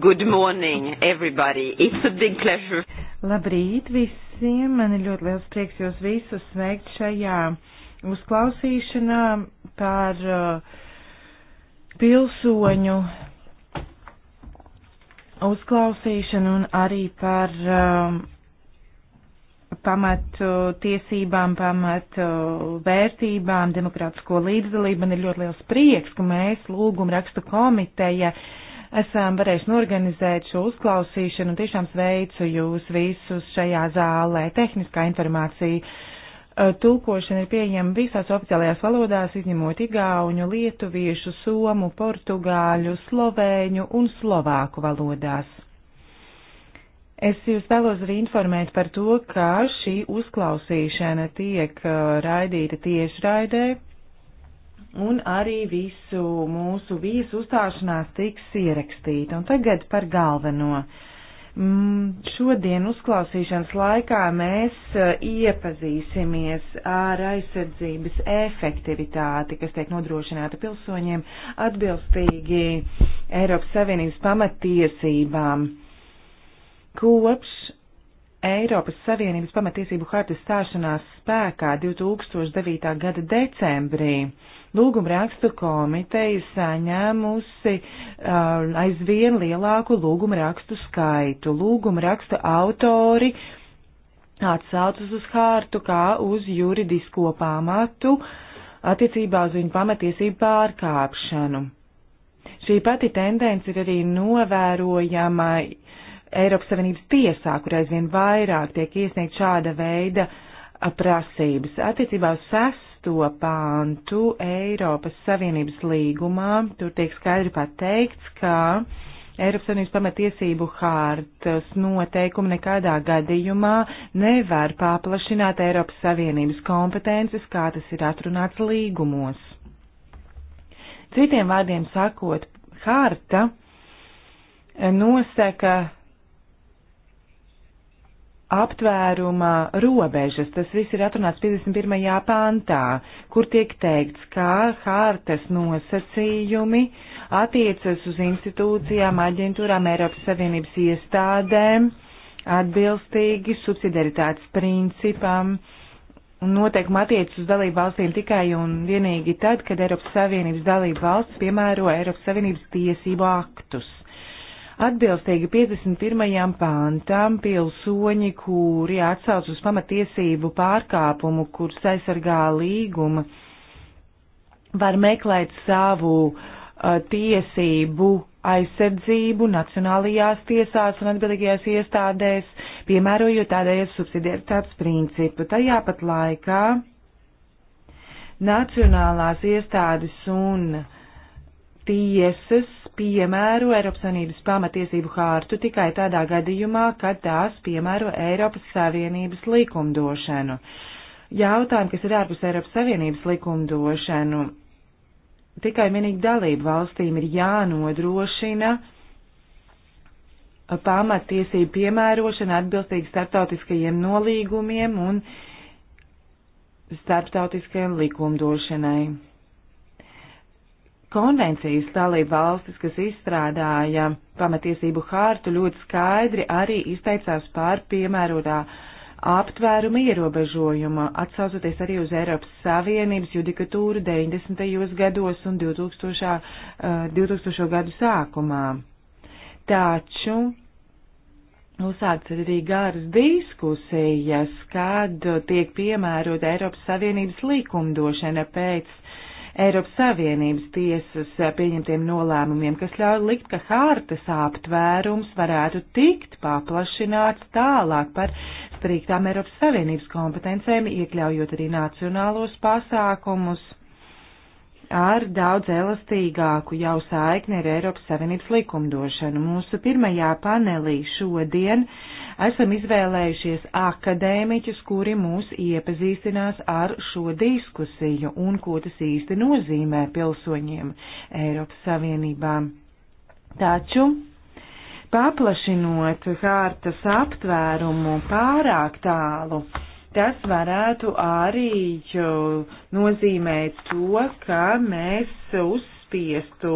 Good morning, everybody. It's a big pleasure. Labrīt visiem! Man ir ļoti liels prieks jūs visus sveikt šajā uzklausīšanā par uh, pilsoņu uzklausīšanu un arī par uh, pamatu tiesībām, pamatu vērtībām, demokrātisko līdzdalību. Man ir ļoti liels prieks, ka mēs lūguma rakstu komiteja uh, esam varējuši norganizēt šo uzklausīšanu un tiešām sveicu jūs visus šajā zālē. Tehniskā informācija eh, tulkošana ir pieejama visās oficiālajās valodās, izņemot igauņu, lietuviešu, somu, portugāļu, slovēņu un slovāku valodās. Es jūs vēlos arī informēt par to, ka šī uzklausīšana tiek eh, raidīta tiešraidē un arī visu mūsu viesu uzstāšanās tiks ierakstīta. Un tagad par galveno. Mm, šodien uzklausīšanas laikā mēs eh, iepazīsimies ar aizsardzības efektivitāti, kas tiek nodrošināta pilsoņiem atbilstīgi Eiropas Savienības pamatiesībām. Kopš Eiropas Savienības pamatiesību hartas stāšanās spēkā 2009. gada decembrī lūguma rakstu komiteja saņēmusi uh, aizvien lielāku lūguma rakstu skaitu. Lūguma rakstu autori atsaucas uz hārtu kā uz juridisko pamatu attiecībā uz viņu pamatiesību pārkāpšanu. Šī pati tendence ir arī novērojama Eiropas Savienības tiesā, kur aizvien vairāk tiek iesniegt šāda veida prasības. Attiecībā uz sesu sesto pāntu Eiropas Savienības līgumā. Tur tiek skaidri pateikts, ka Eiropas Savienības pamatiesību hārtas noteikumi nekādā gadījumā nevar paplašināt Eiropas Savienības kompetences, kā tas ir atrunāts līgumos. Citiem vārdiem sakot, hārta nosaka aptvēruma robežas. Tas viss ir atrunāts 51. pāntā, kur tiek teikts, kā hārtas nosacījumi attiecas uz institūcijām, aģentūrām, Eiropas Savienības iestādēm atbilstīgi subsidiaritātes principam un noteikumi attiecas uz dalību valstīm tikai un vienīgi tad, kad Eiropas Savienības dalību valsts piemēro Eiropas Savienības tiesību aktus. Atbilstīgi 51. pāntam pilsoņi, kuri atsauc uz pamatiesību pārkāpumu, kur aizsargā līguma, var meklēt savu uh, tiesību aizsardzību nacionālajās tiesās un atbildīgajās iestādēs, piemērojot tādējais subsidiaritātes principu. Tajā pat laikā nacionālās iestādes un tiesas piemēro Eiropas Savienības pamatiesību hārtu tikai tādā gadījumā, kad tās piemēro Eiropas Savienības likumdošanu. Jautājumi, kas ir ārpus Eiropas Savienības likumdošanu, tikai vienīgi dalību valstīm ir jānodrošina pamatiesību piemērošana atbilstīgi starptautiskajiem nolīgumiem un starptautiskajai likumdošanai konvencijas dalība valstis, kas izstrādāja pamatiesību hārtu, ļoti skaidri arī izteicās par piemērotā aptvērumu ierobežojumu, atsaucoties arī uz Eiropas Savienības judikatūru 90. gados un 2000, 2000. Eh, gadu sākumā. Taču uzsākts arī garas diskusijas, kad tiek piemērota Eiropas Savienības likumdošana pēc Eiropas Savienības tiesas eh, pieņemtiem nolēmumiem, kas ļauj likt, ka hārtas aptvērums varētu tikt paplašināts tālāk par striktām Eiropas Savienības kompetencēm, iekļaujot arī nacionālos pasākumus ar daudz elastīgāku jau saikni ar Eiropas Savienības likumdošanu. Mūsu pirmajā panelī šodien uh, esam izvēlējušies akadēmiķus, kuri mūs iepazīstinās ar šo diskusiju un ko tas īsti nozīmē pilsoņiem Eiropas Savienībā. Taču, paplašinot hārtas aptvērumu pārāk tālu, tas varētu arī nozīmēt to, ka mēs uzspiestu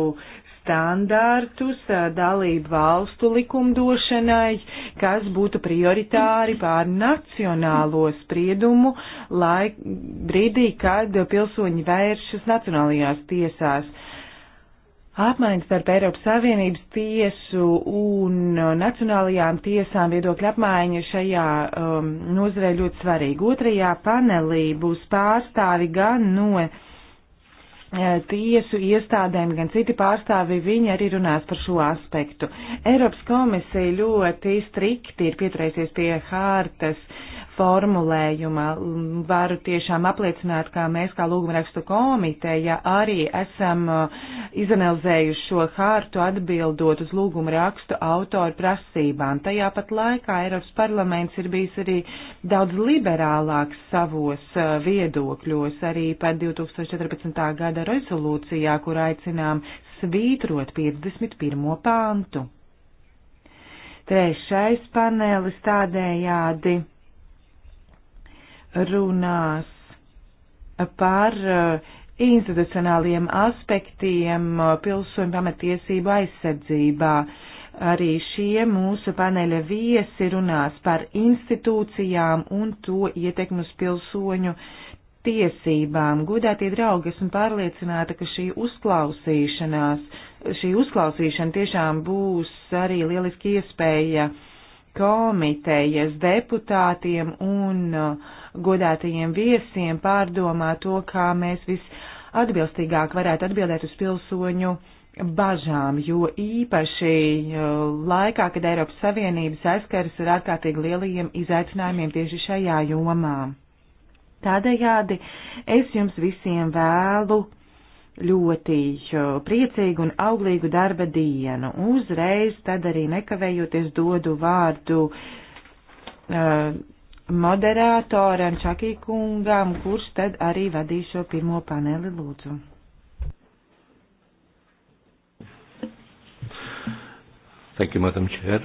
standārtus dalību valstu likumdošanai, kas būtu prioritāri pār nacionālo spriedumu lai, brīdī, kad pilsoņi vēršas nacionālajās tiesās. Apmaiņas starp Eiropas Savienības tiesu un nacionālajām tiesām viedokļa apmaiņa šajā um, nozarē ļoti svarīga. Otrajā panelī būs pārstāvi gan no uh, E, tiesu iestādēm, gan citi pārstāvi, viņi arī runās par šo aspektu. Eiropas komisija ļoti strikti ir pieturējusies pie hārtas formulējuma. Mm, varu tiešām apliecināt, ka mēs kā lūgumrakstu komiteja arī esam uh, izanalizējuši šo hārtu atbildot uz lūgumrakstu autoru prasībām. Tajā pat laikā Eiropas parlaments ir bijis arī daudz liberālāks savos uh, viedokļos, arī par 2014. gada rezolūcijā, kur aicinām svītrot 51. pāntu. Trešais panelis tādējādi runās par eh, institucionāliem aspektiem eh, pilsoņu pamatiesību aizsardzībā. Arī šie mūsu paneļa viesi runās par institūcijām un to ietekmu uz pilsoņu tiesībām. Gudētie draugi, esmu pārliecināta, ka šī uzklausīšanās, šī uzklausīšana tiešām būs arī lieliski iespēja komitejas deputātiem un uh, godātajiem viesiem pārdomāt to, kā mēs visatbilstīgāk varētu atbildēt uz pilsoņu bažām, jo īpaši uh, laikā, kad Eiropas Savienība saskaras ar ārkārtīgi lielajiem izaicinājumiem tieši šajā jomā. Tādējādi es jums visiem vēlu ļoti uh, priecīgu un auglīgu darba dienu. Uzreiz tad arī nekavējoties dodu vārdu uh, moderātoram Čakī kungam, kurš tad arī vadīs šo pirmo paneli lūdzu. Thank you, Madam Chair.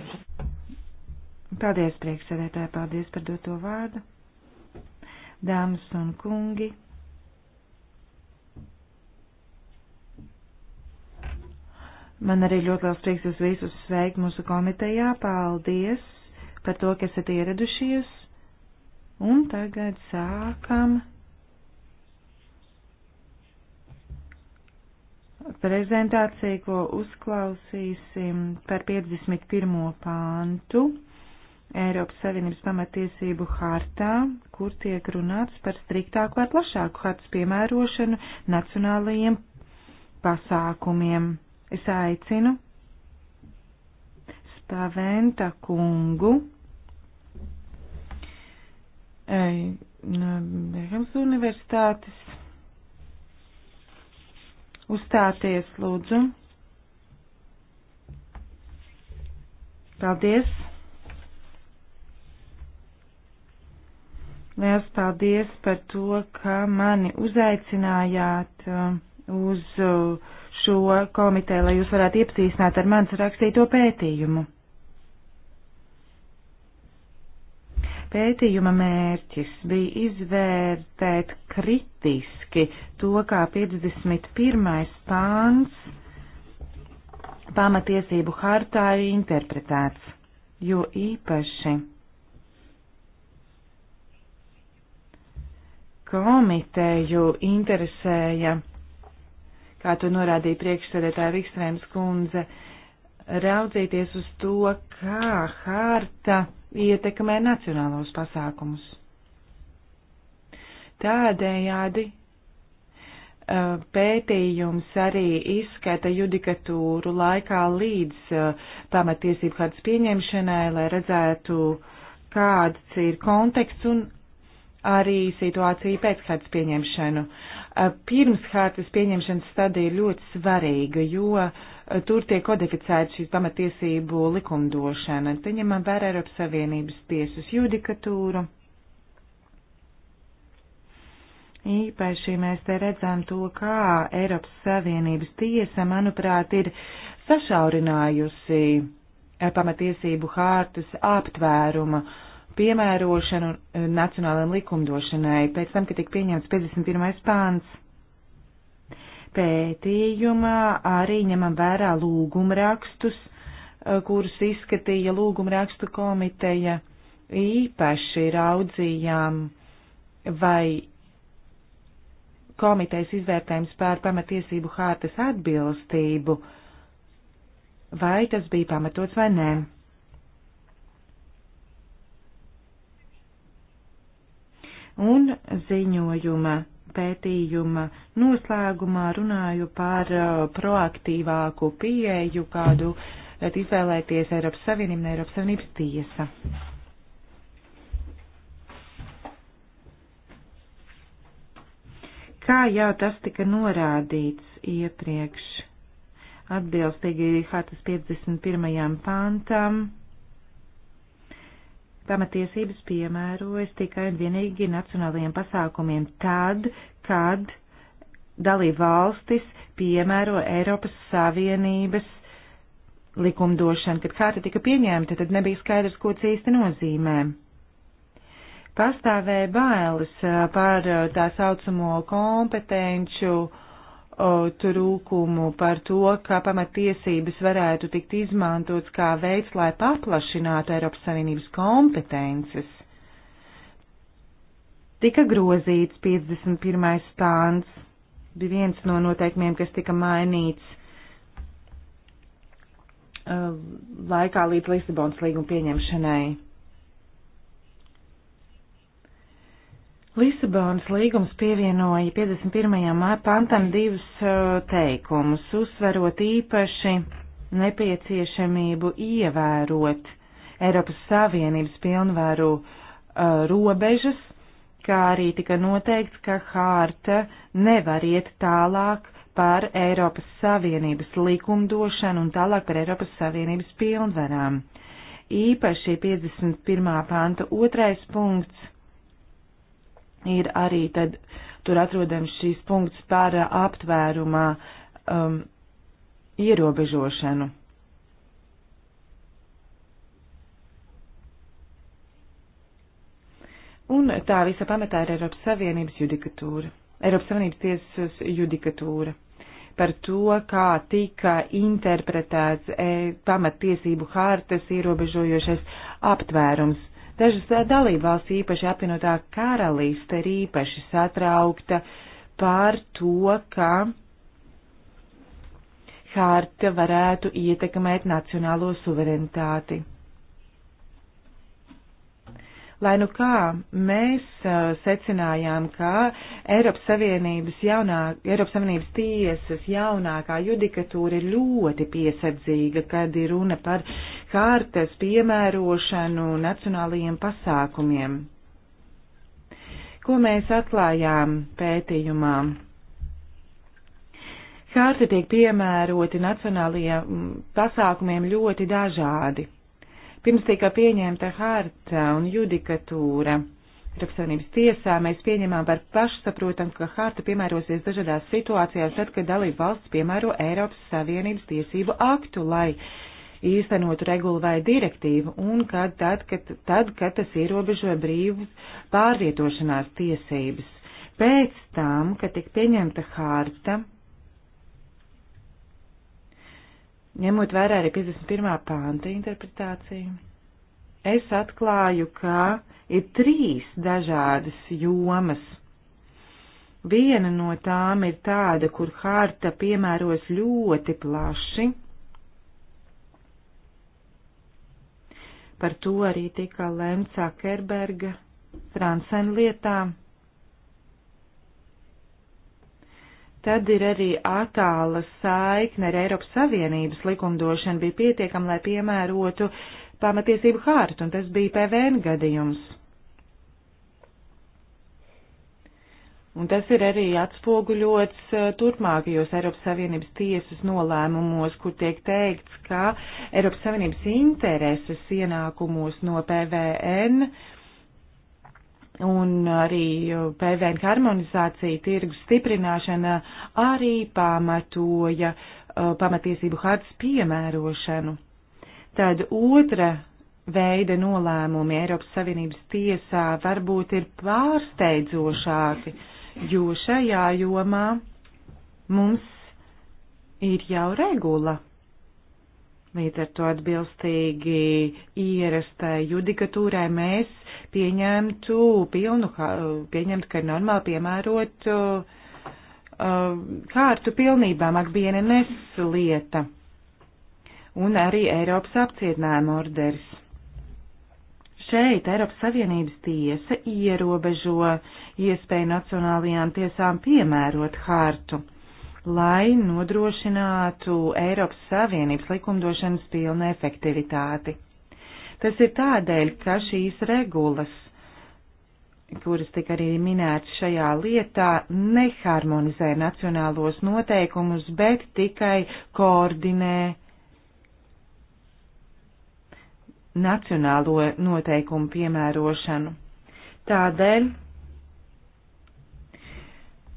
Paldies, priekšsēdētāji, paldies par doto vārdu. Dāmas un kungi. Man arī ļoti liels prieks jūs visus sveikt mūsu komitejā. Paldies par to, ka esat ieradušies Un tagad sākam prezentāciju, ko uzklausīsim par 51. pāntu Eiropas Savienības pamatiesību hartā, kur tiek runāts par striktāku vai plašāku hartas piemērošanu nacionālajiem pasākumiem. Es aicinu Spaventa kungu Birhams universitātes. Uzstāties, lūdzu. Paldies. Liels paldies par to, ka mani uzaicinājāt um, uz uh, šo komiteju, lai jūs varētu iepazīstināt ar mans rakstīto pētījumu. Pētījuma mērķis bija izvērtēt kritiski to, kā 51. pāns pamatiesību hartā ir interpretēts, jo īpaši komiteju interesēja, kā to norādīja priekšsēdētāja Vikstrēms kundze, uh, raudzīties uz to, kā harta ietekmē nacionālos pasākumus. Tādējādi pētījums arī izskata judikatūru laikā līdz pamatiesību kādas pieņemšanai, lai redzētu, kāds ir konteksts un arī situācija pēc kādas pieņemšanu. Pirms kārtas pieņemšanas stadija ir ļoti svarīga, jo uh, tur tiek kodificēta šī pamatiesību likumdošana. Te ņemam vērā Eiropas Savienības tiesas judikatūru. Īpaši mēs te redzam to, kā Eiropas Savienības tiesa, manuprāt, ir sašaurinājusi eh, pamatiesību hārtas aptvērumu piemērošanu eh, nacionālajai likumdošanai, pēc tam, kad tika pieņemts 51. pāns pētījumā arī ņemam vērā lūgumrakstus, eh, kurus izskatīja lūgumrakstu komiteja. Īpaši raudzījām, vai komitejas izvērtējums pār pamatiesību hārtas atbilstību, vai tas bija pamatots vai nē. Un ziņojuma pētījuma noslēgumā runāju par uh, proaktīvāku pieeju, kādu uh, izvēlēties Eiropas Savienība un Eiropas Savienības tiesa. Kā jau tas tika norādīts iepriekš, atbilstīgi Hatas 51. pantam pamatiesības piemērojas tikai un vienīgi nacionālajiem pasākumiem tad, kad dalība valstis piemēro Eiropas Savienības likumdošanu. Kad kārta tika pieņemta, tad nebija skaidrs, ko tas īsti nozīmē. Pastāvēja bailes eh, par eh, tā saucamo kompetenču uh, trūkumu, par to, kā pamatiesības varētu tikt izmantots kā veids, lai paplašinātu Eiropas Savienības kompetences. Tika grozīts 51. stāns, bija viens no noteikumiem, kas tika mainīts uh, laikā līdz Lisabonas līguma pieņemšanai. Lisabonas līgums pievienoja 51. pantam divus teikumus, uzsverot īpaši nepieciešamību ievērot Eiropas Savienības pilnvaru uh, robežas, kā arī tika noteikts, ka hārta nevar iet tālāk par Eiropas Savienības likumdošanu un tālāk par Eiropas Savienības pilnvarām. Īpaši 51. panta otrais punkts ir arī tad tur atrodams šīs punkts par uh, aptvērumā um, ierobežošanu. Un tā visa pamatā ir Eiropas Savienības judikatūra. Eiropas Savienības tiesas judikatūra par to, kā tika interpretēts e, pamattiesību hārtas ierobežojošais aptvērums. Dažas dalībvalsts, īpaši apvienotā karalīste, ir īpaši satraukta par to, ka harta varētu ietekmēt nacionālo suverenitāti. Lai nu kā mēs uh, secinājām, ka Eiropas Savienības, jaunā, Eiropas Savienības tiesas jaunākā judikatūra ir ļoti piesardzīga, kad ir runa par kārtas piemērošanu nacionālajiem pasākumiem. Ko mēs atklājām pētījumā? Kārta tiek piemēroti nacionālajiem pasākumiem ļoti dažādi Pirms tika pieņemta harta un judikatūra Eiropas Savienības tiesā, mēs pieņemām par pašsaprotam, ka harta piemērosies dažādās situācijās, tad, kad dalība valsts piemēro Eiropas Savienības tiesību aktu, lai īstenotu regulu vai direktīvu, un kad, tad, kad, tad, kad tas ierobežo brīvu pārvietošanās tiesības. Pēc tam, kad tika pieņemta harta, ņemot vērā arī 51. pānta interpretāciju, es atklāju, ka ir trīs dažādas jomas. Viena no tām ir tāda, kur harta piemēros ļoti plaši. Par to arī tika lemts Akerberga Fransen lietām Tad ir arī attāla saikne ar Eiropas Savienības likumdošanu bija pietiekama, lai piemērotu pamatiesību hārtu, un tas bija PVN gadījums. Un tas ir arī atspoguļots eh, turpmākajos Eiropas Savienības tiesas nolēmumos, kur tiek teikts, ka Eiropas Savienības intereses ienākumos no PVN uh, un arī PVN harmonizācija, tirgus stiprināšana arī pamatoja uh, pamatiesību hartas piemērošanu. Tad otra veida nolēmumi Eiropas Savienības tiesā varbūt ir pārsteidzošāki, jo šajā jomā mums ir jau regula Līdz ar to atbilstīgi ierastai judikatūrai mēs pieņemtu pilnu, pieņemtu, ka ir normāli piemērot uh, uh kārtu pilnībā Makbienes lieta un arī Eiropas apcietinājuma orders. Šeit Eiropas Savienības tiesa ierobežo iespēju nacionālajām tiesām piemērot hārtu lai nodrošinātu Eiropas Savienības likumdošanas pilnu efektivitāti. Tas ir tādēļ, ka šīs regulas, kuras tika arī minētas šajā lietā, neharmonizē nacionālos noteikumus, bet tikai koordinē nacionālo noteikumu piemērošanu. Tādēļ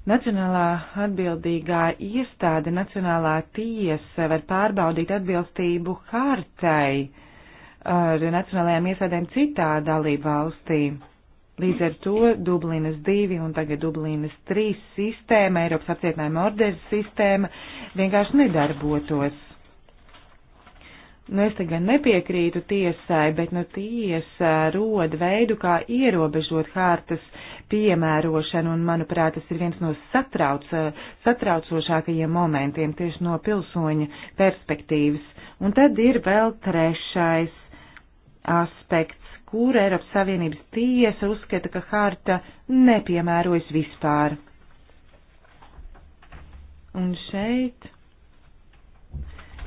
Nacionālā atbildīgā iestāde, Nacionālā tiesa var pārbaudīt atbilstību hartai ar nacionālajām iestādēm citā dalība valstī. Līdz ar to Dublinas 2 un tagad Dublinas 3 sistēma, Eiropas apcietinājuma orders sistēma vienkārši nedarbotos. Nu, es te gan nepiekrītu tiesai, bet nu, tiesa rod veidu, kā ierobežot hārtas piemērošanu, un, manuprāt, tas ir viens no satrauc, satraucošākajiem momentiem tieši no pilsoņa perspektīvas. Un tad ir vēl trešais aspekts, kur Eiropas Savienības tiesa uzskata, ka harta nepiemērojas vispār. Un šeit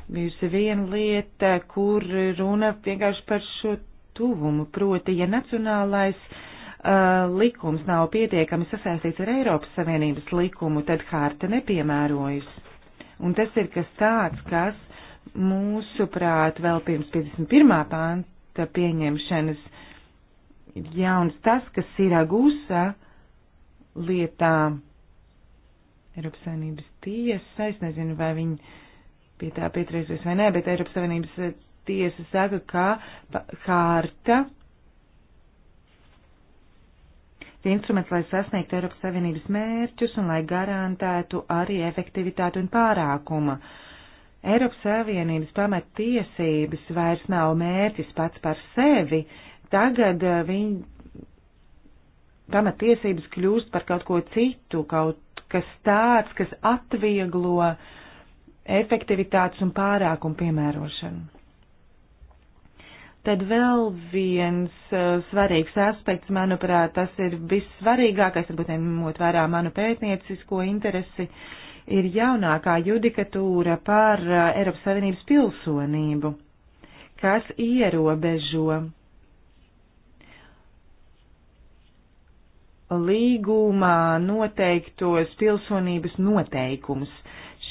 bijusi viena lieta, kur runa vienkārši par šo tuvumu, proti, ja nacionālais uh, Uh, likums nav pietiekami sasaistīts ar Eiropas Savienības likumu, tad harta nepiemērojas. Un tas ir kas tāds, kas mūsuprāt vēl pirms 51. panta pieņemšanas jauns tas, kas ir agusa lietā Eiropas Savienības tiesa. Es nezinu, vai viņi pie tā pieturēsies vai nē, bet Eiropas Savienības tiesa saka, ka harta instruments, lai sasniegtu Eiropas Savienības mērķus un lai garantētu arī efektivitāti un pārākumu. Eiropas Savienības pamattiesības vairs nav mērķis pats par sevi, tagad eh, viņa pamattiesības kļūst par kaut ko citu, kaut kas tāds, kas atvieglo efektivitātes un pārākumu piemērošanu. Tad vēl viens uh, svarīgs aspekts, manuprāt, tas ir vissvarīgākais, varbūt ņemot vērā manu pētniecisko interesi, ir jaunākā judikatūra par uh, Eiropas Savienības pilsonību, kas ierobežo līgumā noteiktos pilsonības noteikumus.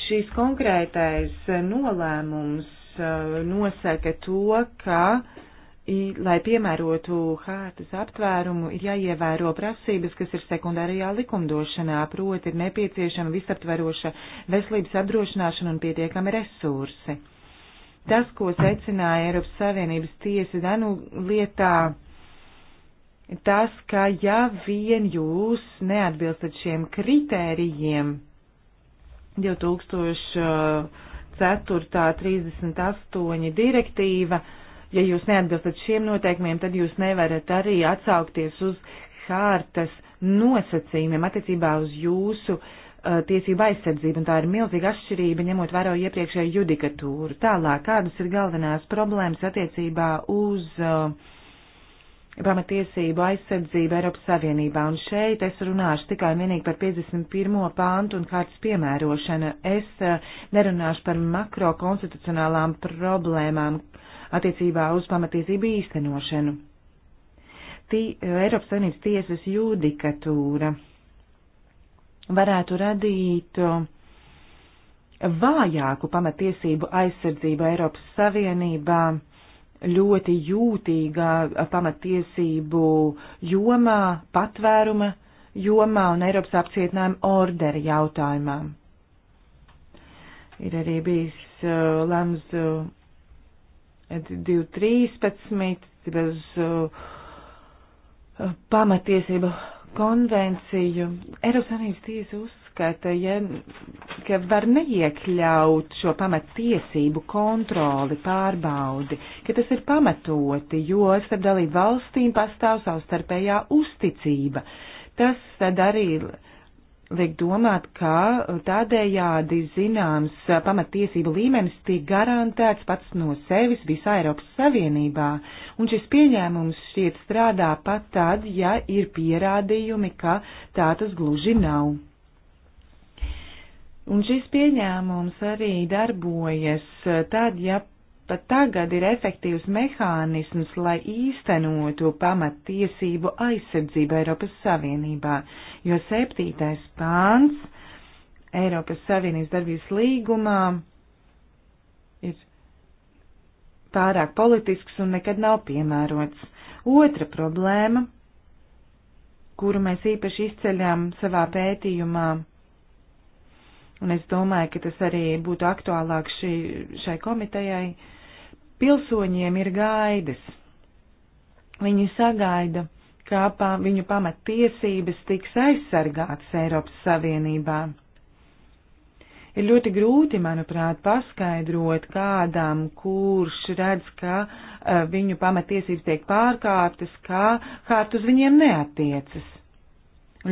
Šīs konkrētais nolēmums uh, nosaka to, ka lai piemērotu hārtas aptvērumu, ir jāievēro prasības, kas ir sekundārajā likumdošanā, proti ir nepieciešama visaptveroša veselības apdrošināšana un pietiekami resursi. Tas, ko secināja Eiropas Savienības tiesa Danu lietā, tas, ka ja vien jūs neatbilstat šiem kritērijiem 2004.38 direktīva, ja jūs neatbilstat šiem noteikumiem, tad jūs nevarat arī atsaukties uz hārtas nosacījumiem attiecībā uz jūsu uh, tiesību aizsardzību, un tā ir milzīga atšķirība, ņemot vērā iepriekšēju judikatūru. Tālāk, kādas ir galvenās problēmas attiecībā uz uh, pamatiesību aizsardzību Eiropas Savienībā, un šeit es runāšu tikai un vienīgi par 51. pāntu un kārtas piemērošanu. Es uh, nerunāšu par makrokonstitucionālām problēmām, uh, attiecībā uz pamatiesību īstenošanu. Tī, Eiropas Savienības tiesas judikatūra varētu radīt vājāku pamatiesību aizsardzību Eiropas Savienībā ļoti jūtīgā pamatiesību jomā, patvēruma jomā un Eiropas apcietinājuma orderi jautājumā. Ir arī bijis uh, lems uh, 213, bez uh, pamatiesību konvenciju. Eiropas Savienības tiesa uzskata, ja, ka var neiekļaut šo pamatiesību kontroli, pārbaudi, ka tas ir pamatoti, jo starp dalību valstīm pastāv savstarpējā uzticība. Tas tad arī uh, liek domāt, ka tādējādi zināms pamatiesība līmenis tiek garantēts pats no sevis visā Eiropas Savienībā, un šis pieņēmums šķiet strādā pat tad, ja ir pierādījumi, ka tā tas gluži nav. Un šis pieņēmums arī darbojas tad, ja pat tagad ir efektīvs mehānisms, lai īstenotu pamattiesību aizsardzību Eiropas Savienībā, jo septītais pāns Eiropas Savienības darbības līgumā ir pārāk politisks un nekad nav piemērots. Otra problēma, kuru mēs īpaši izceļām savā pētījumā, un es domāju, ka tas arī būtu aktuālāk šī, šai komitejai, uh, Pilsoņiem ir gaidas. Viņi sagaida, kā pa viņu pamattiesības tiks aizsargātas Eiropas Savienībā. Ir ļoti grūti, manuprāt, paskaidrot kādam, kurš redz, ka uh, viņu pamatiesības tiek pārkāptas, kā kārt uz viņiem neatiecas.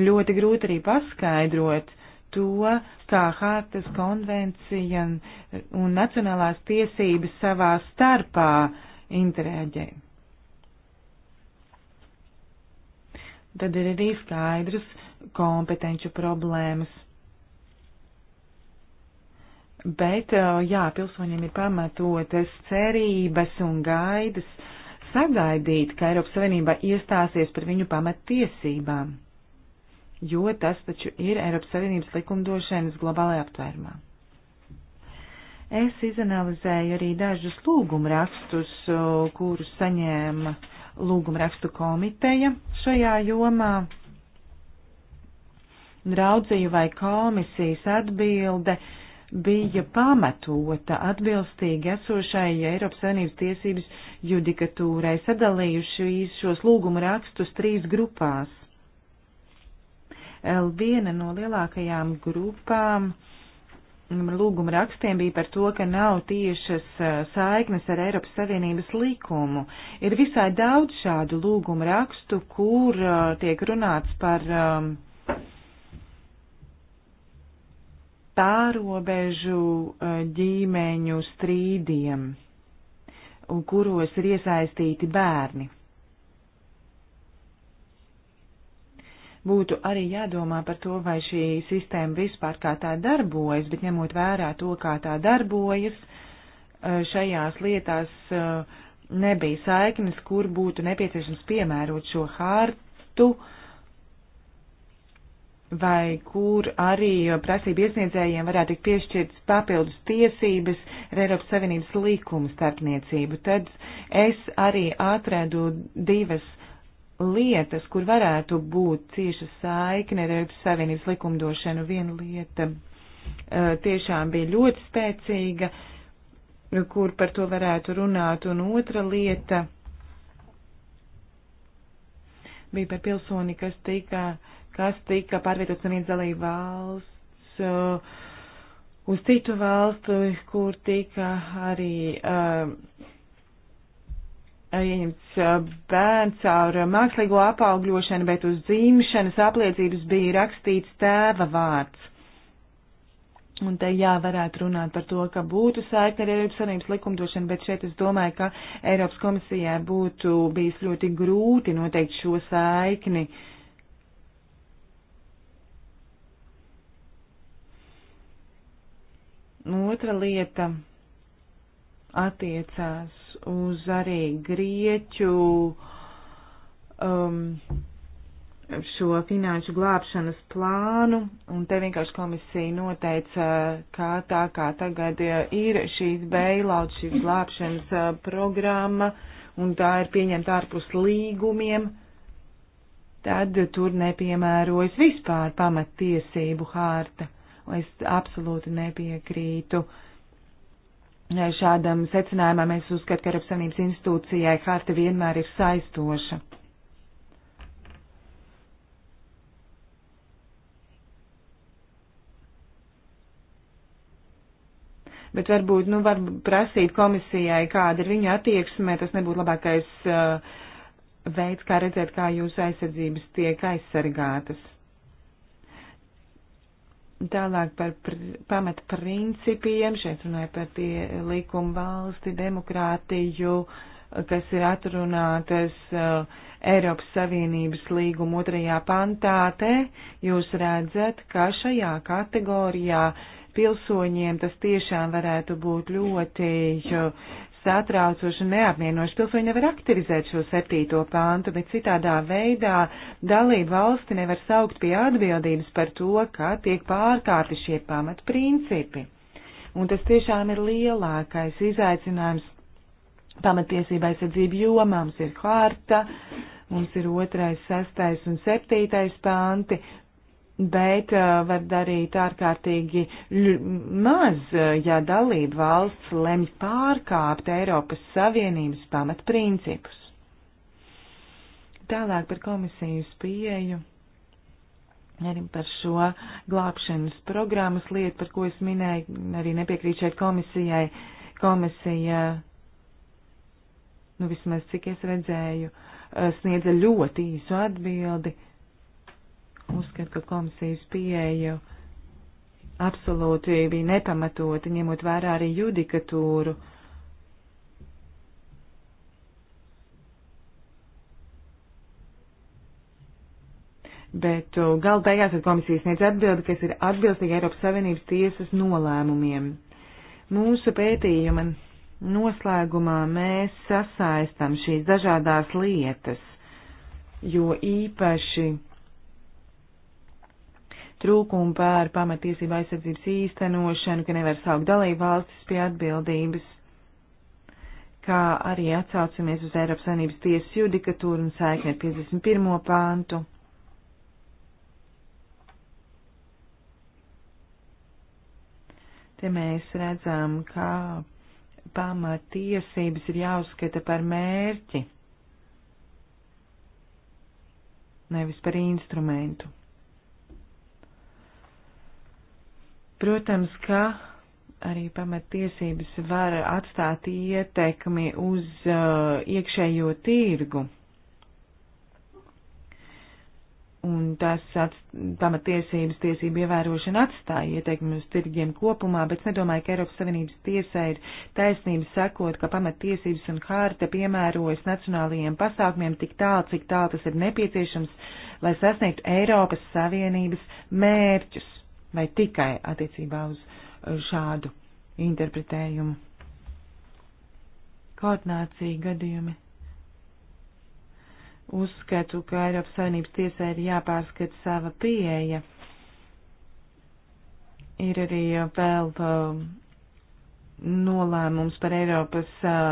Ļoti grūti arī paskaidrot, uh, to, kā Hārtas konvencija un, un nacionālās tiesības savā starpā interēģē. Tad ir arī skaidrs kompetenču problēmas. Bet, jā, pilsoņiem ir pamatotas cerības un gaidas sagaidīt, ka Eiropas Savienība iestāsies par viņu pamattiesībām jo tas taču ir Eiropas Savienības likumdošanas globālajā aptvērumā. Es izanalizēju arī dažus lūgumrakstus, kurus saņēma lūgumrakstu komiteja šajā jomā. Raudzīju, vai komisijas atbilde bija pamatota atbilstīgi esošai Eiropas Savienības tiesības judikatūrai sadalījuši šos lūgumrakstus trīs grupās Viena no lielākajām grupām mm, lūguma rakstiem bija par to, ka nav tiešas eh, saiknes ar Eiropas Savienības likumu. Ir visai daudz šādu lūguma rakstu, kur eh, tiek runāts par ehm, pārobežu eh, ģimeņu strīdiem, kuros ir iesaistīti bērni. būtu arī jādomā par to, vai šī sistēma vispār kā tā darbojas, bet ņemot vērā to, kā tā darbojas, šajās lietās nebija saiknes, kur būtu nepieciešams piemērot šo hartu, vai kur arī prasību iesniedzējiem varētu tikt piešķirtas papildus tiesības ar Eiropas Savienības likumu starpniecību. Tad es arī atradu divas uh, lietas, kur varētu būt cieša saikne ar Eiropas Savienības likumdošanu. Viena lieta eh, tiešām bija ļoti spēcīga, kur par to varētu runāt, un otra lieta bija par pilsoni, kas tika, kas tika pārvietots no vienas dalība valsts eh, uz citu valstu, kur tika arī uh, Eh, ieņemts eh, bērns ar eh, mākslīgo apaugļošanu, bet uz dzimšanas apliecības bija rakstīts tēva vārds. Un te jā, varētu runāt par to, ka būtu saikne ar Eiropas Savienības likumdošanu, bet šeit es domāju, ka Eiropas komisijai būtu bijis ļoti grūti noteikt šo saikni. Otra lieta attiecās uz arī grieķu um, šo finanšu glābšanas plānu, un te vienkārši komisija noteica, kā tā kā tagad ir šīs beilaut, šīs glābšanas uh, programma, un tā ir pieņemta ārpus līgumiem, tad tur nepiemērojas vispār pamattiesību hārta. Es absolūti nepiekrītu uh, šādam secinājumam es uzskatu, ka Eiropas Savienības institūcijai harta vienmēr ir saistoša. Bet varbūt, nu, var prasīt komisijai, kāda ir viņa attieksme, tas nebūtu labākais uh, veids, kā redzēt, kā jūsu aizsardzības tiek aizsargātas. Tālāk par pr pamat principiem, šeit runāja par tie likumu valsti, demokrātiju, kas ir atrunātas uh, Eiropas Savienības līguma otrajā pantā. Te jūs redzat, ka šajā kategorijā pilsoņiem tas tiešām varētu būt ļoti uh, satraucoši un neapmienoši. Pilsoņi nevar aktivizēt šo septīto pāntu, bet citādā veidā dalību valsti nevar saukt pie atbildības par to, ka tiek pārkārti šie pamatprincipi. Un tas tiešām ir lielākais izaicinājums pamatiesībai sadzību jomā. Mums ir harta, mums ir otrais, sastais un septītais pānti, bet eh, var darīt ārkārtīgi maz, eh, ja dalība valsts lemj pārkāpt Eiropas Savienības pamatprincipus. Tālāk par komisijas pieeju, arī par šo glābšanas programmas lietu, par ko es minēju, arī nepiekrīt šeit komisijai. Komisija, nu vismaz cik es redzēju, eh, sniedza ļoti īsu atbildi Uzskat, ka komisijas pieeja absolūti bija nepamatota, ņemot vērā arī judikatūru. Bet uh, galu beigās komisijas sniedz atbildi, kas ir atbilstīga Eiropas Savienības tiesas nolēmumiem. Mūsu pētījuma noslēgumā mēs sasaistam šīs dažādās lietas, jo īpaši trūkumu pār pamatiesību aizsardzības īstenošanu, ka nevar saukt dalību valstis pie atbildības, kā arī atsaucamies uz Eiropas Savienības tiesas judikatūru un saikni ar 51. pāntu. Te mēs redzam, kā pamatiesības ir jāuzskata par mērķi, nevis par instrumentu. Protams, ka arī pamatiesības var atstāt ietekmi uz uh, iekšējo tirgu. Un tas pamatiesības tiesību ievērošana atstāja ieteikumu uz tirgiem kopumā, bet es nedomāju, ka Eiropas Savienības tiesai ir taisnība sakot, ka pamatiesības un hārta piemērojas nacionālajiem pasākumiem tik tālu, cik tālu tas ir nepieciešams, lai sasniegtu Eiropas Savienības mērķus vai tikai attiecībā uz eh, šādu interpretējumu. Koordinācija gadījumi. Uzskatu, ka Eiropas Savienības tiesai ir jāpārskata sava pieeja. Ir arī vēl eh, nolēmums par Eiropas eh,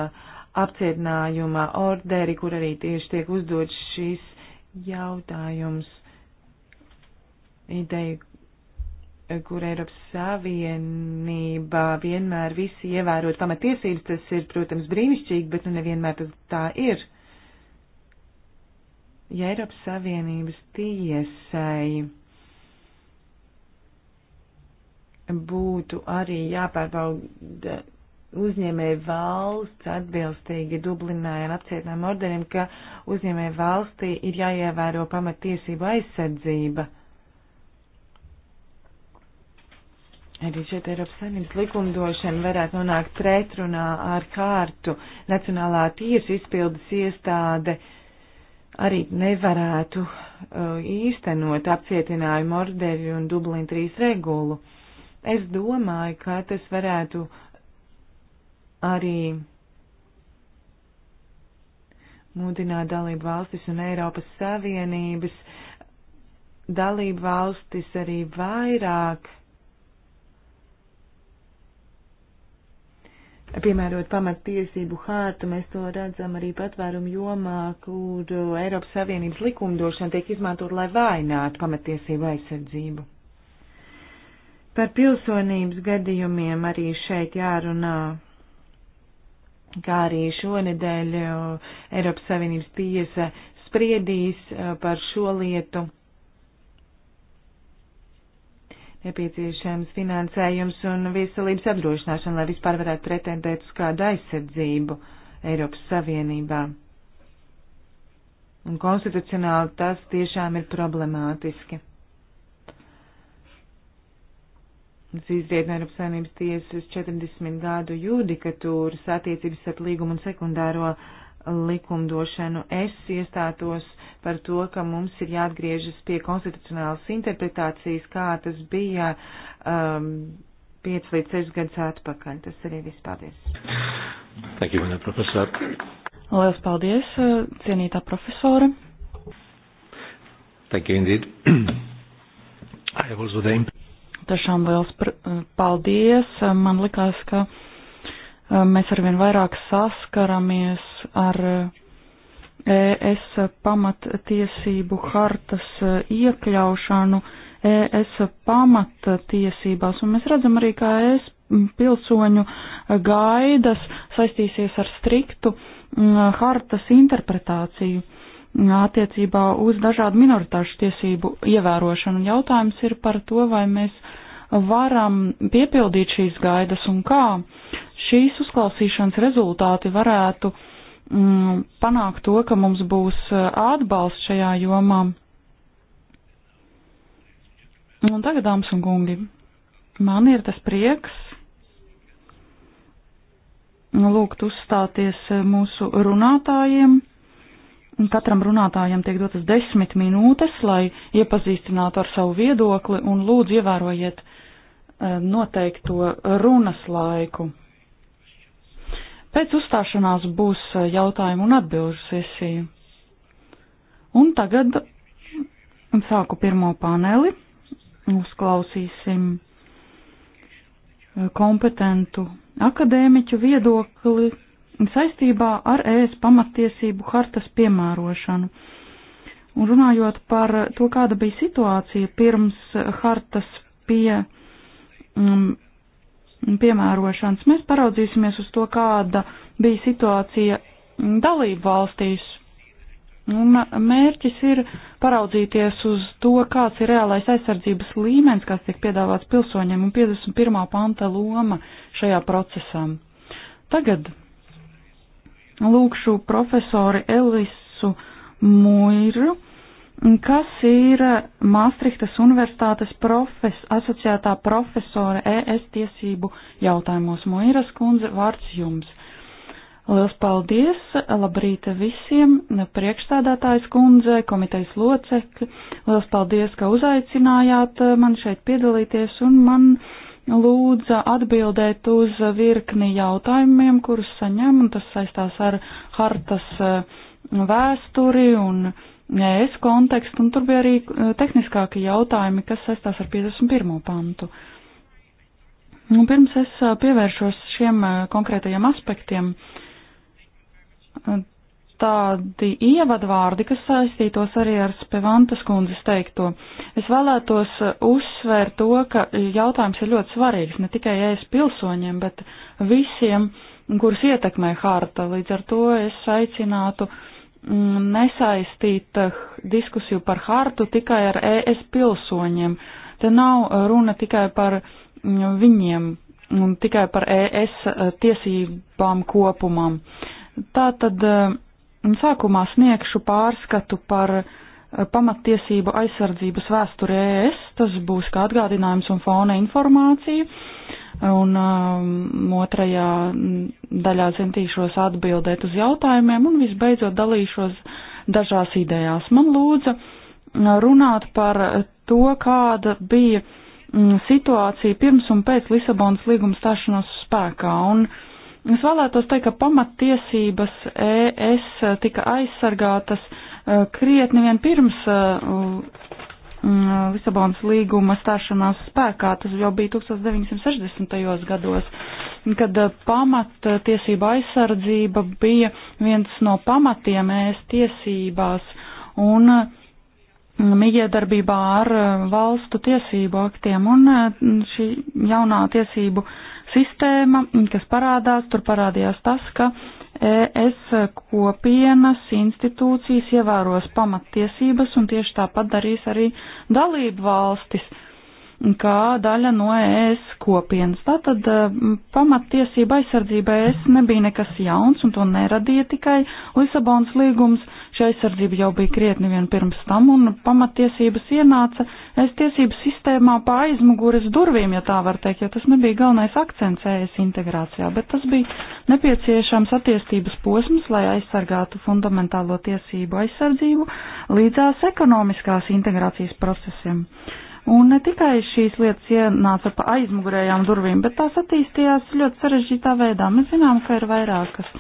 apcietinājuma orderi, kur arī tieši tiek uzdots šis jautājums. Ideja, kur Eiropas Savienība vienmēr visi ievērot pamatiesības, tas ir, protams, brīnišķīgi, bet nu nevienmēr tas tā ir. Ja Eiropas Savienības tiesai būtu arī jāpārbauda uzņēmēja valsts atbilstīgi Dublinai un apcietinājuma orderiem, ka uzņēmēja valstī ir jāievēro pamatiesība aizsardzība. Arī šeit Eiropas Savienības likumdošana varētu nonākt pretrunā ar kārtu. Nacionālā tiesa izpildes iestāde arī nevarētu uh, īstenot apcietinājumu orderi un Dublin 3 regulu. Es domāju, ka tas varētu arī mudināt dalību valstis un Eiropas Savienības dalību valstis arī vairāk piemērot pamattiesību hārtu, mēs to redzam arī patvērumu jomā, kur Eiropas Savienības likumdošana tiek izmantot, lai vainātu pamattiesību aizsardzību. Par pilsonības gadījumiem arī šeit jārunā, kā arī šonedēļ uh, Eiropas Savienības tiesa spriedīs uh, par šo lietu nepieciešams finansējums un veselības apdrošināšana, lai vispār varētu pretendēt uz kādu aizsardzību Eiropas Savienībā. Un konstitucionāli tas tiešām ir problemātiski. Tas izriet no Eiropas Savienības tiesas 40 gadu judikatūras attiecības starp līgumu un sekundāro uh, likumdošanu. Es iestātos par to, ka mums ir jāatgriežas pie konstitucionālas interpretācijas, kā tas bija um, 5 līdz 6 gadus atpakaļ. Tas arī viss paldies. Thank you, Anna, profesor. Lielas paldies, uh, cienītā profesora. Thank you indeed. I have also the Tiešām liels paldies. Man likās, ka mēs arvien vairāk saskaramies ar ES pamattiesību hartas iekļaušanu ES pamattiesībās, un mēs redzam arī, kā ES pilsoņu gaidas saistīsies ar striktu hartas interpretāciju attiecībā uz dažādu minoritāšu tiesību ievērošanu. Jautājums ir par to, vai mēs varam piepildīt šīs gaidas un kā. Uh, šīs uzklausīšanas rezultāti varētu mm, panākt to, ka mums būs e, atbalsts šajā jomā. Un tagad, dāmas un kungi, man ir tas prieks lūgt uzstāties e, mūsu runātājiem. Katram runātājam tiek dotas desmit minūtes, lai iepazīstinātu ar savu viedokli un lūdzu ievērojiet e, noteikto runas laiku. Pēc uzstāšanās būs eh, jautājumu un atbilžu sesija. Un tagad sāku pirmo paneli. Uzklausīsim eh, kompetentu akadēmiķu viedokli saistībā ar ES pamatiesību hartas piemērošanu. Un runājot par to, kāda bija situācija pirms eh, hartas pie um, piemērošanas. Mēs paraudzīsimies uz to, kāda bija situācija dalību valstīs. Un mērķis ir paraudzīties uz to, kāds ir reālais aizsardzības līmenis, kas tiek piedāvāts pilsoņiem un 51. panta loma šajā procesā. Tagad lūkšu profesori Elisu Muiru Kas ir Māstrihtas Universitātes profes, asociētā profesora ES tiesību jautājumos? Moiras kundze, vārds jums. Liels paldies, labrīt visiem, priekšstādātājs kundze, komitejas locekļi. Liels paldies, ka uzaicinājāt man šeit piedalīties un man lūdza atbildēt uz virkni jautājumiem, kurus saņem, un tas saistās ar hartas uh, vēsturi un ES kontekstu, un tur bija arī e, tehniskāki jautājumi, kas saistās ar 51. pantu. Nu, pirms es e, pievēršos šiem e, konkrētajiem aspektiem, tādi ievadvārdi, kas saistītos arī ar Spevantas kundzes teikto. Es vēlētos uzsvērt to, ka jautājums ir ļoti svarīgs ne tikai ES pilsoņiem, bet visiem, kurus ietekmē harta. Līdz ar to es aicinātu uh, nesaistīt eh, diskusiju par hartu tikai ar ES pilsoņiem. Te nav eh, runa tikai par mm, viņiem un tikai par ES eh, tiesībām kopumam. Tātad sākumā sniegšu pārskatu par pamattiesību aizsardzības vēsturi ES. Tas būs kā atgādinājums un fona informācija. Uh, un um, otrajā daļā centīšos atbildēt uz jautājumiem un visbeidzot dalīšos dažās idejās. Man lūdza uh, runāt par to, kāda bija mm, situācija pirms un pēc Lisabonas līguma stāšanos spēkā. Un es vēlētos teikt, ka pamattiesības ES tika aizsargātas uh, krietni vien pirms uh, Mm, Lisabonas līguma stāšanās spēkā. Tas jau bija 1960. gados, kad eh, pamattiesība aizsardzība bija viens no pamatiem ēst tiesībās un mijiedarbībā mm, ar eh, valstu tiesību aktiem. Un eh, šī jaunā tiesību sistēma, kas parādās, tur parādījās tas, ka uh, ES kopienas institūcijas ievēros pamattiesības un tieši tāpat darīs arī dalību valstis kā daļa no ES kopienas. Tātad e, pamattiesība aizsardzība ES nebija nekas jauns un to neradīja tikai Lisabonas līgums Šī aizsardzība jau bija krietni vien pirms tam, un pamatiesības ienāca es tiesību sistēmā pa aizmugures durvīm, ja tā var teikt, jo tas nebija galvenais akcents ES integrācijā, bet tas bija nepieciešams attiestības posms, lai aizsargātu fundamentālo tiesību aizsardzību līdzās ekonomiskās integrācijas procesiem. Un ne tikai šīs lietas ienāca pa aizmugurējām durvīm, bet tās attīstījās ļoti sarežģītā veidā. Mēs zinām, ka ir vairākas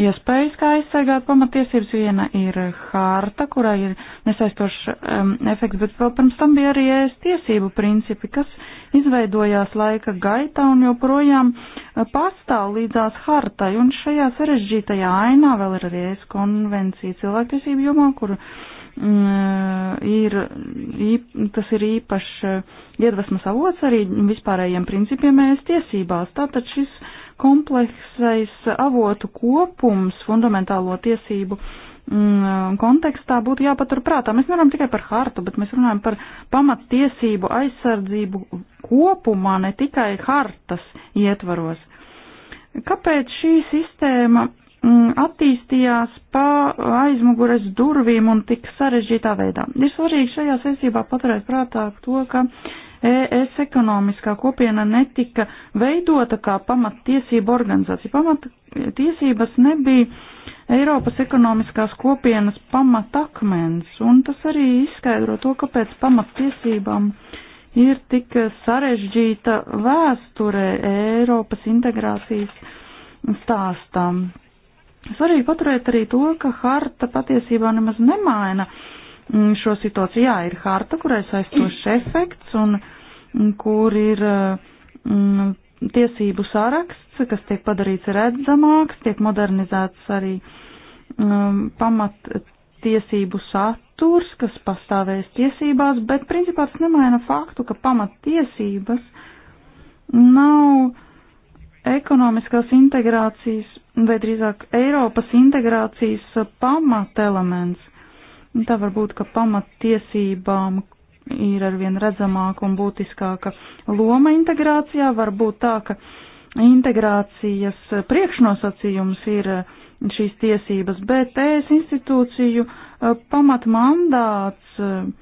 iespējas, kā aizsargāt pamatiesības. Viena ir hārta, kurā ir nesaistošs um, efekts, bet vēl pirms tam bija arī ēst tiesību principi, kas izveidojās laika gaitā un joprojām uh, pastāv līdzās hārtai. Un šajā sarežģītajā ainā vēl ir arī ēst konvencija cilvēktiesību jomā, kuru mm, uh, ir, tas ir īpašs uh, iedvesmas avots arī vispārējiem principiem ēst tiesībās. Tātad šis kompleksais avotu kopums fundamentālo tiesību mm, kontekstā būtu jāpaturprātā. Mēs nerunājam tikai par hartu, bet mēs runājam par pamattiesību aizsardzību kopumā, ne tikai hartas ietvaros. Kāpēc šī sistēma mm, attīstījās pa aizmugures durvīm un tik sarežģītā veidā. Ir svarīgi šajā sesībā paturēt prātā to, ka ES ekonomiskā kopiena netika veidota kā pamattiesība organizācija. Pamattiesības nebija Eiropas ekonomiskās kopienas pamatakmens, un tas arī izskaidro to, kāpēc pamattiesībām ir tik sarežģīta vēsture Eiropas integrācijas stāstam. Svarīgi paturēt arī to, ka harta patiesībā nemaz nemaina Mm, šo situāciju. Jā, ir harta, kurai saistošs efekts un kur ir mm, tiesību saraksts, kas tiek padarīts redzamāks, tiek modernizēts arī mm, pamat tiesību saturs, kas pastāvēs tiesībās, bet principā tas nemaina faktu, ka pamat tiesības nav ekonomiskās integrācijas vai drīzāk Eiropas integrācijas pamatelements. Un nu, tā varbūt, ka pamattiesībām ir arvien redzamāka un būtiskāka loma integrācijā, varbūt tā, ka integrācijas priekšnosacījums ir šīs tiesības, bet ES institūciju eh, pamatmandāts eh,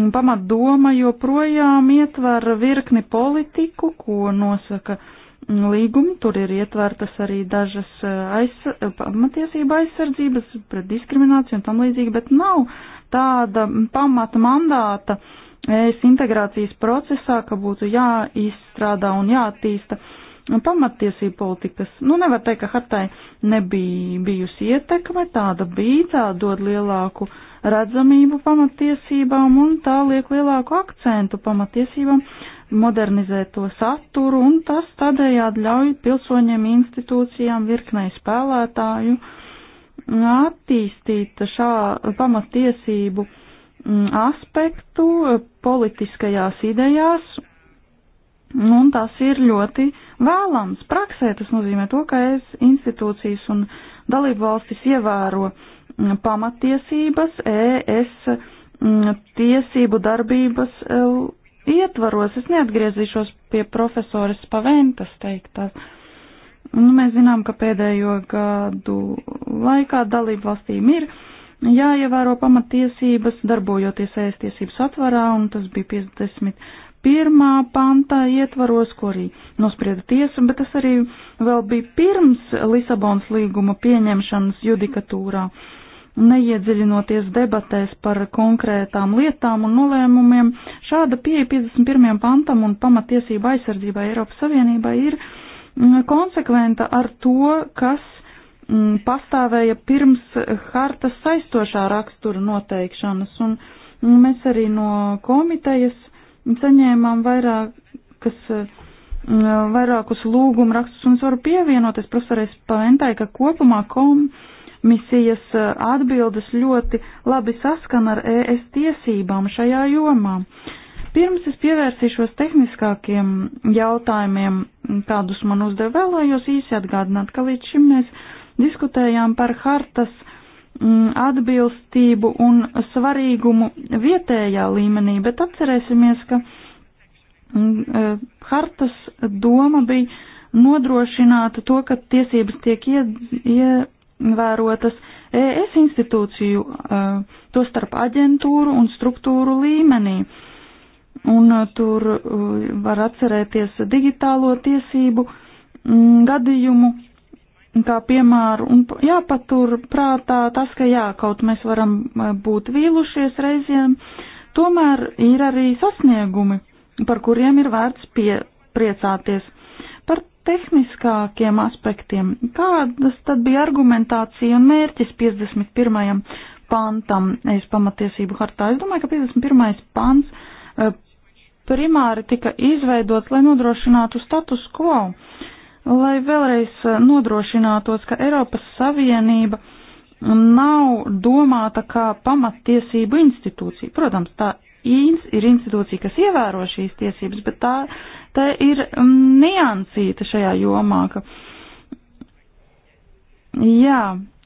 un pamatdoma joprojām ietver virkni politiku, ko nosaka uh, līgumi, tur ir ietvertas arī dažas uh, aiz, uh, pamatiesība aizsardzības pret diskrimināciju un tam līdzīgi, bet nav tāda pamata mandāta es integrācijas procesā, ka būtu jāizstrādā un jāattīsta pamatiesība politikas. Nu, nevar teikt, ka hartai nebija bijusi ietekme, tāda bija, tā dod lielāku redzamību pamatiesībām un tā liek lielāku akcentu pamatiesībām modernizēt to saturu, un tas tādējādi ļauj pilsoņiem, institūcijām, virknei spēlētāju attīstīt šā pamatiesību mm, aspektu politiskajās idejās, un tas ir ļoti vēlams. Praksē tas nozīmē to, ka es institūcijas un dalību valstis ievēro mm, pamatiesības, ES mm, tiesību darbības ietvaros. Es neatgriezīšos pie profesoras Paventas teiktā. Nu, mēs zinām, ka pēdējo gadu laikā dalību valstīm ir jāievēro pamatiesības, darbojoties ēstiesības atvarā, un tas bija 50 pirmā pantā ietvaros, ko arī nosprieda tiesa, bet tas arī vēl bija pirms Lisabonas līguma pieņemšanas judikatūrā neiedziļinoties debatēs par konkrētām lietām un nolēmumiem, šāda pieeja 51. pantam un pamatiesība aizsardzībai Eiropas Savienībai ir mm, konsekventa ar to, kas mm, pastāvēja pirms hartas saistošā rakstura noteikšanas, un mm, mēs arī no komitejas saņēmām vairākas vairākus lūgumu rakstus, un es varu pievienoties profesorais Paventai, ka kopumā kom, uh, misijas eh, atbildes ļoti labi saskana ar ES tiesībām šajā jomā. Pirms es pievērsīšos tehniskākiem jautājumiem, kādus man uzdev vēlējos īsi atgādināt, ka līdz šim mēs diskutējām par hartas mm, atbilstību un svarīgumu vietējā līmenī, bet atcerēsimies, ka mm, eh, hartas doma bija nodrošināt to, ka tiesības tiek ie, ie, ievērotas ES institūciju, e, to starp aģentūru un struktūru līmenī. Un e, tur e, var atcerēties digitālo tiesību mm, gadījumu, kā piemēru, un jāpatur prātā tas, ka jā, kaut mēs varam būt vīlušies reizēm, tomēr ir arī sasniegumi, par kuriem ir vērts pie, priecāties tehniskākiem aspektiem. Kādas tad bija argumentācija un mērķis 51. pantam es pamatiesību hartā? Es domāju, ka 51. pants eh, primāri tika izveidots, lai nodrošinātu status quo, lai vēlreiz eh, nodrošinātos, ka Eiropas Savienība nav domāta kā pamatiesību institūcija. Protams, tā ir institūcija, kas ievēro šīs tiesības, bet tā te ir niansīta šajā jomā, ka jā,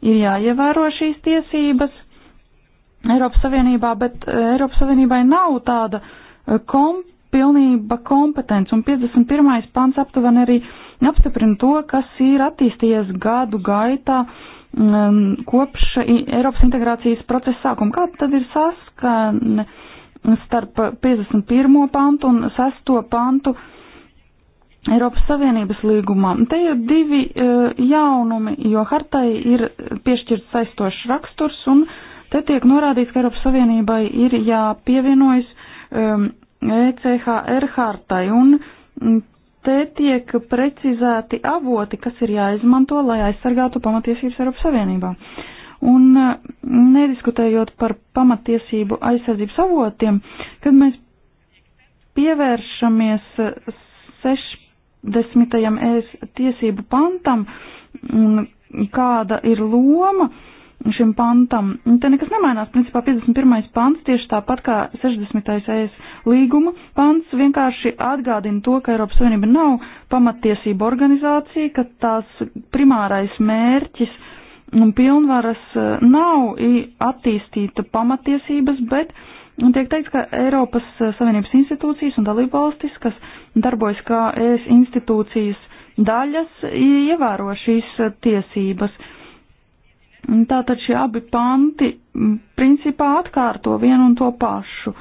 ir jāievēro šīs tiesības Eiropas Savienībā, bet eh, Eiropas Savienībai nav tāda eh, kom, pilnība kompetence, un 51. pants aptuveni arī apstiprina to, kas ir attīstījies gadu gaitā mm, kopš Eiropas integrācijas procesa sākuma. Kāda tad ir saskana starp 51. pantu un 6. pantu Eiropas Savienības līgumā. Te ir divi e, jaunumi, jo hartai ir piešķirts saistošs raksturs, un te tiek norādīts, ka Eiropas Savienībai ir jāpievienojas ECHR e hartai, un te tiek precizēti avoti, kas ir jāizmanto, lai aizsargātu pamatiesības Eiropas Savienībā. Un nediskutējot par pamatiesību aizsardzības avotiem, kad mēs pievēršamies e, seš, desmitajam ES tiesību pantam un kāda ir loma šim pantam. Te nekas nemainās, principā 51. pants tieši tāpat kā 60. ES līguma pants vienkārši atgādina to, ka Eiropas Savienība nav pamattiesība organizācija, ka tās primārais mērķis un pilnvaras eh, nav attīstīta pamatiesības, bet uh, Un tiek teikts, ka Eiropas eh, Savienības institūcijas un dalībvalstis, kas darbojas kā ES institūcijas daļas, ievēro šīs eh, tiesības. Tātad šie abi panti principā atkārto vienu un to pašu.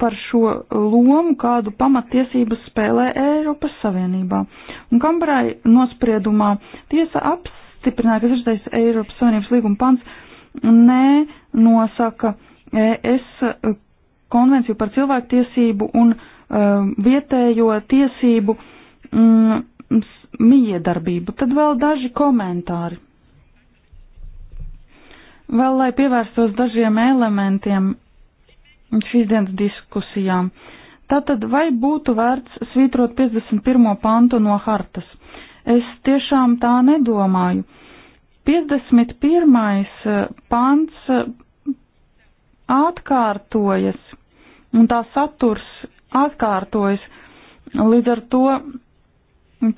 Par šo lomu, kādu pamatiesības spēlē Eiropas Savienībā. Un Kambarai nospriedumā tiesa apstiprināja, ka 6. Eiropas Savienības līguma pants nē nosaka ES konvenciju par cilvēktiesību un um, vietējo tiesību miedarbību. Mm, Tad vēl daži komentāri. Vēl lai pievērstos dažiem elementiem šīs dienas diskusijām. Tātad vai būtu vērts svītrot 51. pantu no hartas? Es tiešām tā nedomāju. 51. Eh, pants eh, atkārtojas, un tā saturs atkārtojas. Līdz ar to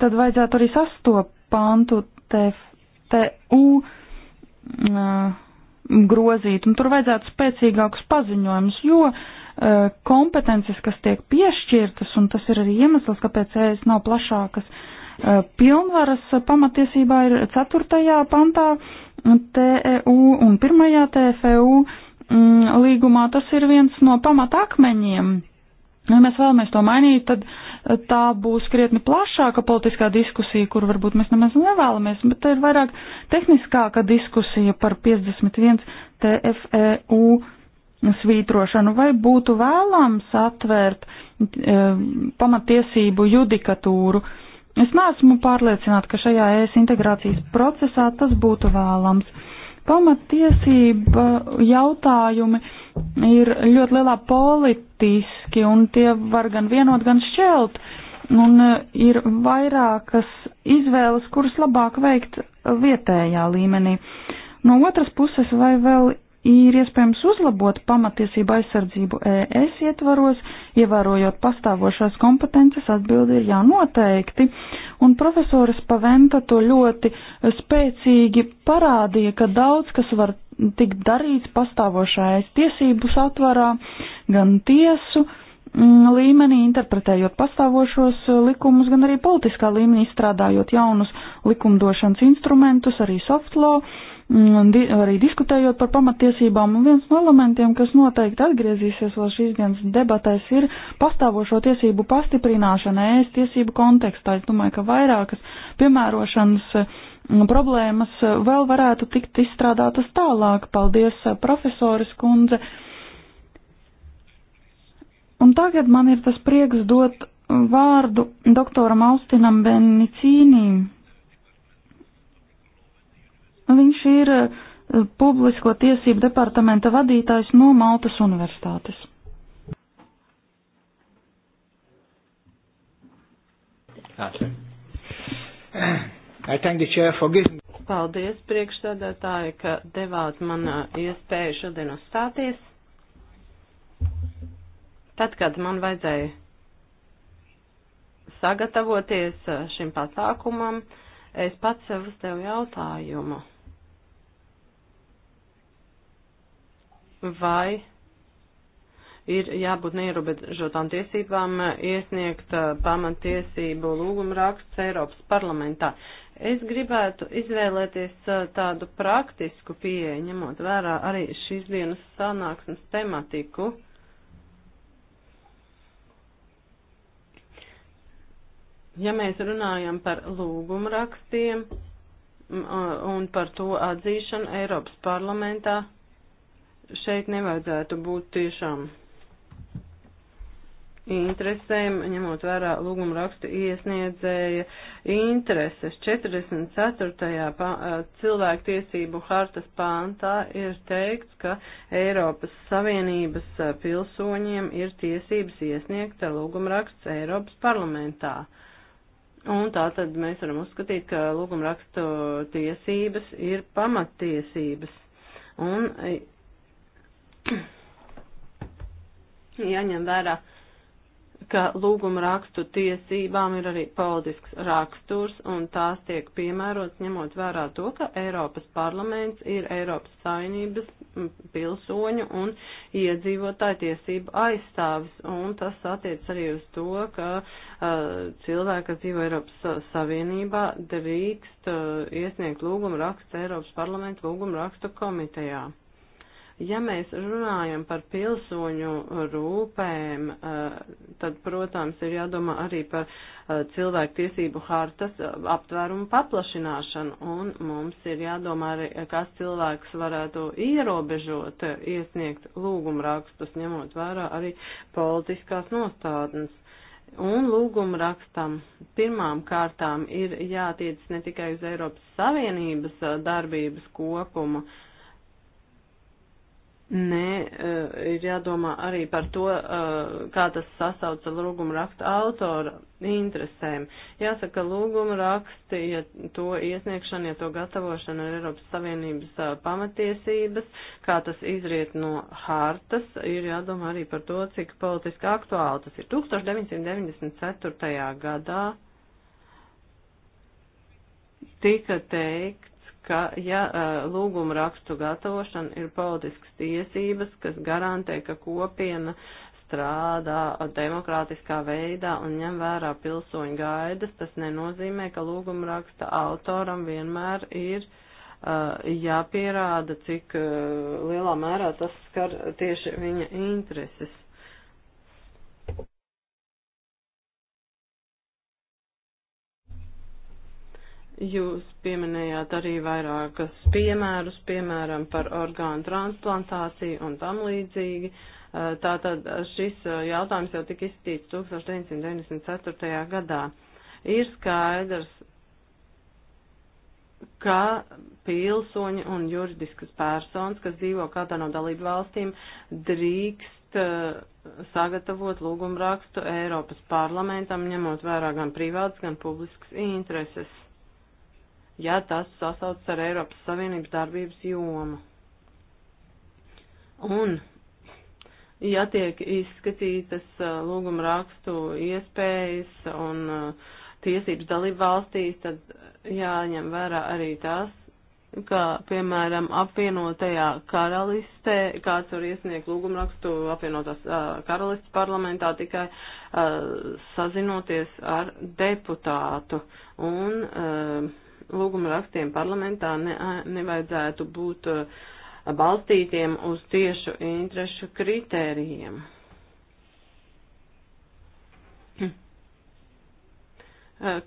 tad vajadzētu arī sastop pantu TU grozīt, un tur vajadzētu spēcīgākus paziņojumus, jo kompetences, kas tiek piešķirtas, un tas ir arī iemesls, kāpēc es nav plašākas pilnvaras pamatiesībā ir 4. pantā TEU un 1. TFU e Mm, līgumā, tas ir viens no pamatakmeņiem. Ja mēs vēlamies to mainīt, tad eh, tā būs krietni plašāka politiskā diskusija, kur varbūt mēs nemaz nevēlamies, bet tā ir vairāk tehniskāka diskusija par 51 TFEU svītrošanu, vai būtu vēlams atvērt e, pamatiesību judikatūru. Es neesmu pārliecināta, ka šajā ES integrācijas procesā tas būtu vēlams. Pamatiesība jautājumi ir ļoti lielā politiski, un tie var gan vienot, gan šķelt. Un e, ir vairākas izvēles, kuras labāk veikt vietējā līmenī. No otras puses, vai vēl ir iespējams uzlabot pamatiesību aizsardzību ES ietvaros, ievērojot pastāvošās kompetences, atbildi ir jānoteikti. Uh, Un profesors Paventa to ļoti spēcīgi parādīja, ka daudz kas var tikt darīts pastāvošais tiesību satvarā, gan tiesu mm, līmenī, interpretējot pastāvošos eh, likumus, gan arī politiskā līmenī strādājot jaunus likumdošanas instrumentus, arī soft law Mm, di arī diskutējot par pamatiesībām, un viens no elementiem, kas noteikti atgriezīsies vēl šīs dienas debatēs, ir pastāvošo tiesību pastiprināšana ēst tiesību kontekstā. Es domāju, ka vairākas piemērošanas mm, problēmas vēl varētu tikt izstrādātas tālāk. Paldies, eh, profesoris kundze! Un tagad man ir tas prieks dot vārdu doktoram Austinam Benicīnīm Viņš ir eh, publisko tiesību departamenta vadītājs no Maltas universitātes. Paldies, priekšstādātāji, ka devāt man eh, iespēju šodien uzstāties. Tad, kad man vajadzēja sagatavoties eh, šim pasākumam, es pats sev uzdevu jautājumu vai ir jābūt neierobežotām tiesībām iesniegt uh, pamatiesību lūgumu rakstus Eiropas parlamentā. Es gribētu izvēlēties uh, tādu praktisku pieeju, ņemot vērā arī šīs dienas sanāksmes tematiku. Ja mēs runājam par lūgumu rakstiem uh, un par to atzīšanu Eiropas parlamentā, šeit nevajadzētu būt tiešām interesēm, ņemot vērā lūguma rakstu iesniedzēja intereses. 44. cilvēktiesību hartas pāntā ir teikts, ka Eiropas Savienības pilsoņiem ir tiesības iesniegt lūguma raksts Eiropas parlamentā. Un tā tad mēs varam uzskatīt, ka lūguma rakstu tiesības ir pamattiesības. Un Jāņem vērā, ka lūguma rakstu tiesībām ir arī politisks raksturs, un tās tiek piemērots ņemot vērā to, ka Eiropas parlaments ir Eiropas saimnības pilsoņu un iedzīvotāju tiesību aizstāvis, un tas attiec arī uz to, ka uh, cilvēki, kas dzīvo Eiropas Savienībā, drīkst uh, iesniegt lūguma rakstu Eiropas parlamentu lūguma rakstu komitejā. Ja mēs runājam par pilsoņu rūpēm, eh, tad, protams, ir jādomā arī par eh, cilvēku tiesību hartas eh, aptvērumu paplašināšanu, un mums ir jādomā arī, kas cilvēks varētu ierobežot, iesniegt lūgumrakstus, ņemot vērā arī politiskās nostādnes. Un lūguma rakstam pirmām kārtām ir jātiec ne tikai uz Eiropas Savienības darbības kopumu, uh, Nē, eh, ir jādomā arī par to, eh, kā tas sasauc ar lūguma rakstu autora interesēm. Jāsaka, lūguma raksti, ja to iesniegšana, ja to gatavošana ir Eiropas Savienības eh, pamatiesības, kā tas izriet no hartas, ir jādomā arī par to, cik politiski aktuāli tas ir. 1994. gadā tika teikt, ka, ja lūguma rakstu gatavošana ir politiskas tiesības, kas garantē, ka kopiena strādā demokrātiskā veidā un ņem vērā pilsoņu gaidas, tas nenozīmē, ka lūguma raksta autoram vienmēr ir uh, jāpierāda, cik uh, lielā mērā tas skar tieši viņa intereses. Jūs pieminējāt arī vairākas piemērus, piemēram, par orgānu transplantāciju un tam līdzīgi. Tātad šis jautājums jau tika izstīts 1994. gadā. Ir skaidrs, ka pilsoņi un juridiskas personas, kas dzīvo kādā no dalību valstīm, drīkst sagatavot lūgumu rakstu Eiropas parlamentam, ņemot vērā gan privātas, gan publiskas intereses ja tas sasaucas ar Eiropas Savienības darbības jomu. Un, ja tiek izskatītas uh, lūguma rakstu iespējas un uh, tiesības dalību valstīs, tad jāņem vērā arī tas, ka, piemēram, apvienotajā karalistē kāds var iesniegt lūgumrakstu apvienotās uh, karalistas parlamentā tikai uh, sazinoties ar deputātu. Un uh, lūguma rakstiem parlamentā ne, nevajadzētu būt balstītiem uz tiešu interešu kritērijiem.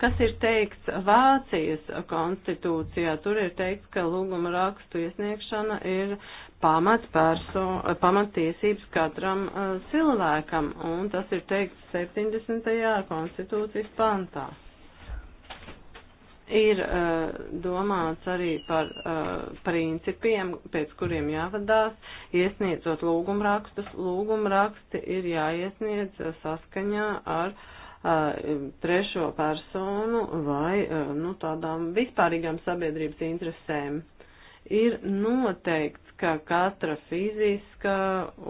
Kas ir teikts Vācijas konstitūcijā? Tur ir teikts, ka lūguma rakstu iesniegšana ir pamats perso, pamatiesības katram cilvēkam, un tas ir teikts 70. konstitūcijas pantā ir uh, domāts arī par uh, principiem, pēc kuriem jāvadās, iesniedzot lūgumrakstus. Lūgumraksti ir jāiesniedz saskaņā ar uh, trešo personu vai uh, nu, tādām vispārīgām sabiedrības interesēm. Ir noteikts, ka katra fiziska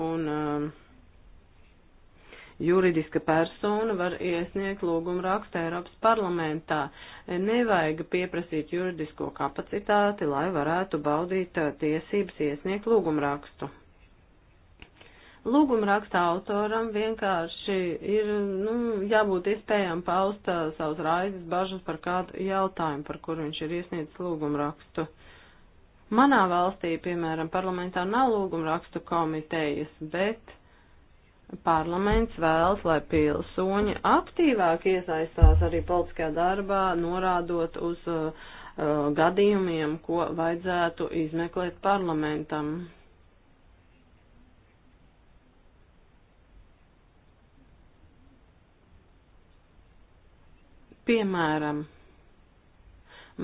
un uh, juridiska persona var iesniegt lūgumu rakstu Eiropas parlamentā. Nevajag pieprasīt juridisko kapacitāti, lai varētu baudīt eh, tiesības iesniegt lūgumu rakstu. Lūguma raksta autoram vienkārši ir nu, jābūt iespējām paust eh, savus raizes bažas par kādu jautājumu, par kuru viņš ir iesniedzis lūguma rakstu. Manā valstī, piemēram, parlamentā nav lūguma rakstu komitejas, bet Parlaments vēlas, lai pilsoņi aktīvāk iesaistās arī politiskajā darbā, norādot uz uh, uh gadījumiem, ko vajadzētu izmeklēt parlamentam. Piemēram,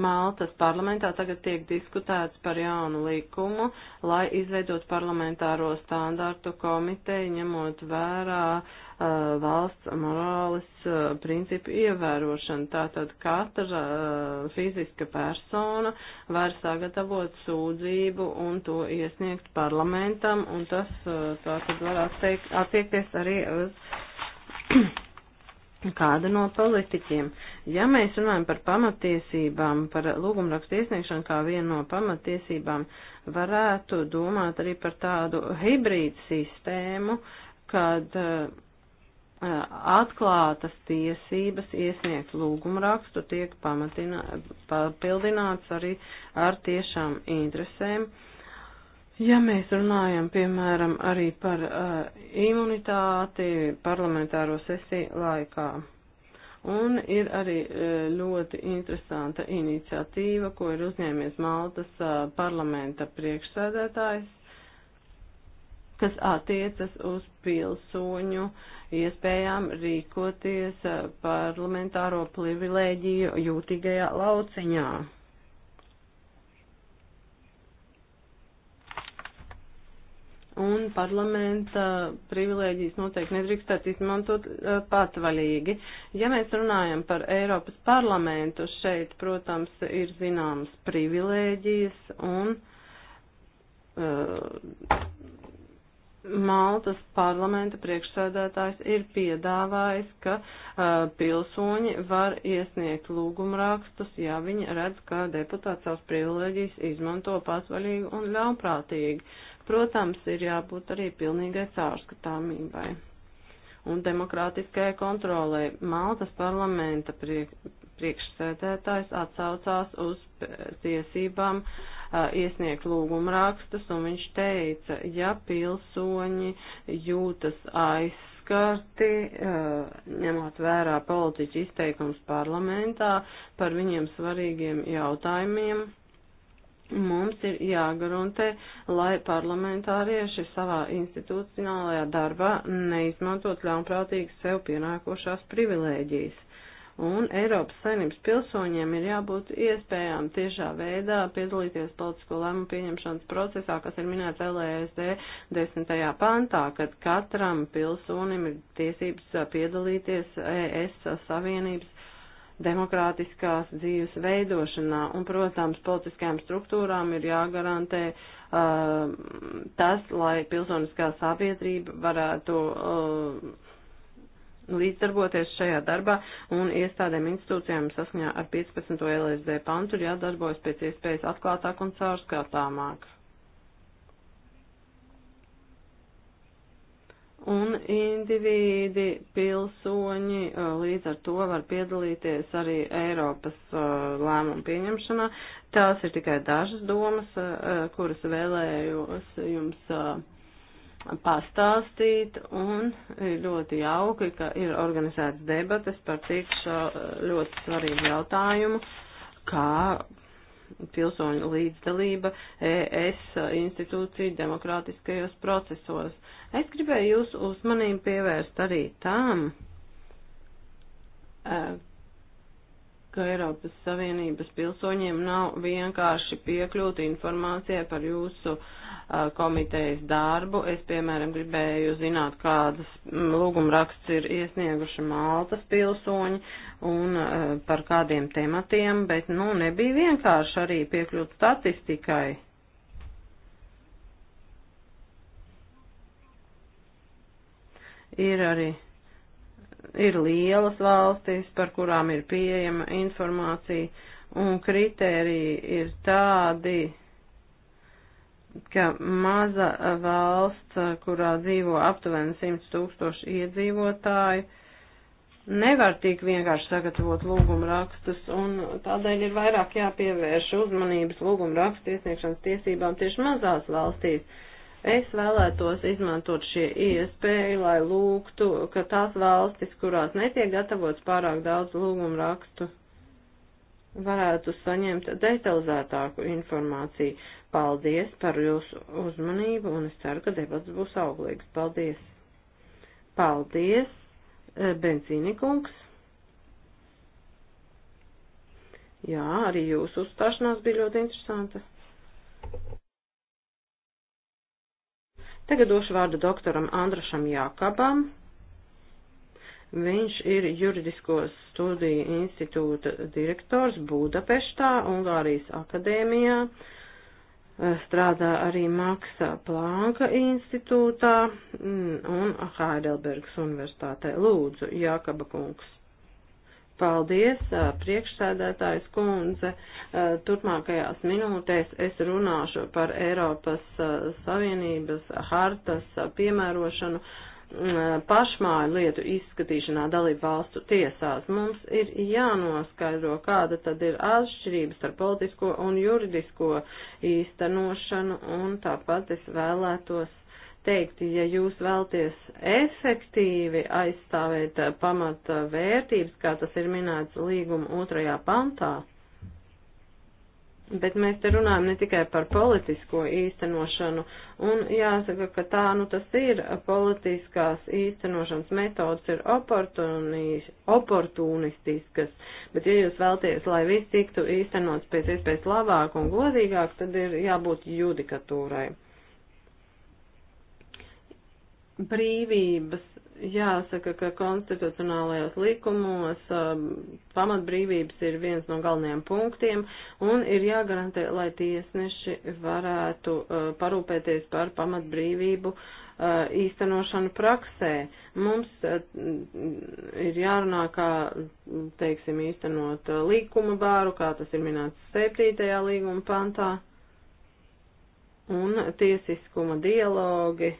Maltas parlamentā tagad tiek diskutēts par jaunu likumu, lai izveidot parlamentāro standārtu komiteju, ņemot vērā uh, valsts morāles uh, principu ievērošanu. Tātad katra uh, fiziska persona var sagatavot sūdzību un to iesniegt parlamentam, un tas uh, tātad var attiekties arī uz kādu no politiķiem. Ja mēs runājam par pamatiesībām, par lūgumrakstu iesniegšanu kā vienu no pamatiesībām, varētu domāt arī par tādu hibrīdu sistēmu, kad uh, atklātas tiesības iesniegt lūgumrakstu tiek pamatina, papildināts arī ar tiešām interesēm. Uh, Ja mēs runājam, piemēram, arī par uh, imunitāti parlamentāro sesiju laikā, un ir arī uh, ļoti interesanta iniciatīva, ko ir uzņēmies Maltas uh, parlamenta priekšsēdētājs, kas attiecas uz pilsoņu iespējām rīkoties uh, parlamentāro privilēģiju jūtīgajā lauciņā. un parlamenta privilēģijas noteikti nedrīkstētu izmantot patvaļīgi. Ja mēs runājam par Eiropas parlamentu, šeit, protams, ir zināmas privilēģijas un uh, Maltas parlamenta priekšsēdētājs ir piedāvājis, ka uh, pilsoņi var iesniegt lūgumrakstus, ja viņi redz, ka deputāts savas privilēģijas izmanto pasvaļīgi un ļaunprātīgi. Protams, ir jābūt arī pilnīgai caurskatāmībai un demokrātiskajai kontrolē. Maltas parlamenta priek, priekšsēdētājs atsaucās uz tiesībām iesniegt lūgumu rakstus, un viņš teica, ja pilsoņi jūtas aizskarti, ņemot vērā politiķu izteikums parlamentā par viņiem svarīgiem jautājumiem, mums ir jāgarantē, lai parlamentārieši savā institucionālajā darbā neizmantot ļaunprātīgi sev pienākošās privilēģijas. Un Eiropas saimnības pilsoņiem ir jābūt iespējām tiešā veidā piedalīties politisko lēmumu pieņemšanas procesā, kas ir minēts LSD e 10. pantā, kad katram pilsonim ir tiesības piedalīties ES Savienības demokrātiskās dzīves veidošanā. Un, protams, politiskajām struktūrām ir jāgarantē uh, tas, lai pilsoniskā sabiedrība varētu uh, līdzdarboties šajā darbā un iestādēm institūcijām saskaņā ar 15. LSD pantu ir jādarbojas pēc iespējas atklātāk un caurskatāmāk. un indivīdi, pilsoņi līdz ar to var piedalīties arī Eiropas lēmumu pieņemšanā. Tās ir tikai dažas domas, kuras vēlējos jums pastāstīt, un ir ļoti jauki, ka ir organizēts debates par tik ļoti svarīgu jautājumu, kā pilsoņu līdzdalība ES institūciju demokrātiskajos procesos. Es gribēju jūsu uzmanību pievērst arī tām, eh, ka Eiropas Savienības pilsoņiem nav vienkārši piekļūt informācijai par jūsu uh, komitejas darbu. Es, piemēram, gribēju zināt, kādas lūgumraksts ir iesnieguši Maltas pilsoņi un uh, par kādiem tematiem, bet, nu, nebija vienkārši arī piekļūt statistikai. Ir arī ir lielas valstis, par kurām ir pieejama informācija, un kritēriji ir tādi, ka maza valsts, kurā dzīvo aptuveni 100 tūkstoši iedzīvotāji, nevar tik vienkārši sagatavot lūguma rakstus, un tādēļ ir vairāk jāpievērš uzmanības lūguma rakstu iesniegšanas tiesībām tieši mazās valstīs Es vēlētos izmantot šie iespēju, lai lūgtu, ka tās valstis, kurās netiek gatavots pārāk daudz lūgumu rakstu, varētu saņemt detalizētāku informāciju. Paldies par jūsu uzmanību un es ceru, ka debats būs auglīgs. Paldies! Paldies, eh, benzīnikungs! Jā, arī jūsu uzstāšanās bija ļoti interesanta. Tagad došu vārdu doktoram Andrašam Jākabam. Viņš ir juridisko studiju institūta direktors Budapeštā, Ungārijas akadēmijā, eh, strādā arī Maksa Plānka institūtā mm, un Heidelbergas universitātē. Lūdzu, Jākaba kungs. Paldies, priekšsēdētājs kundze. Turpmākajās minūtēs es runāšu par Eiropas Savienības hartas piemērošanu pašmāju lietu izskatīšanā dalību valstu tiesās. Mums ir jānoskaidro, kāda tad ir atšķirības ar politisko un juridisko īstenošanu, un tāpat es vēlētos teikt, ja jūs vēlties efektīvi aizstāvēt pamata vērtības, kā tas ir minēts līguma otrajā pantā, bet mēs te runājam ne tikai par politisko īstenošanu, un jāsaka, ka tā, nu tas ir politiskās īstenošanas metodas ir oportunistiskas, bet ja jūs vēlties, lai viss tiktu īstenots pēc iespējas labāk un godīgāk, tad ir jābūt judikatūrai brīvības. Jāsaka, ka konstitucionālajos likumos um, pamatbrīvības ir viens no galvenajiem punktiem un ir jāgarantē, lai tiesneši varētu uh, parūpēties par pamatbrīvību uh, īstenošanu praksē. Mums uh, ir jārunā, kā, teiksim, īstenot uh, līkuma bāru, kā tas ir minēts 7. līguma pantā, un tiesiskuma dialogi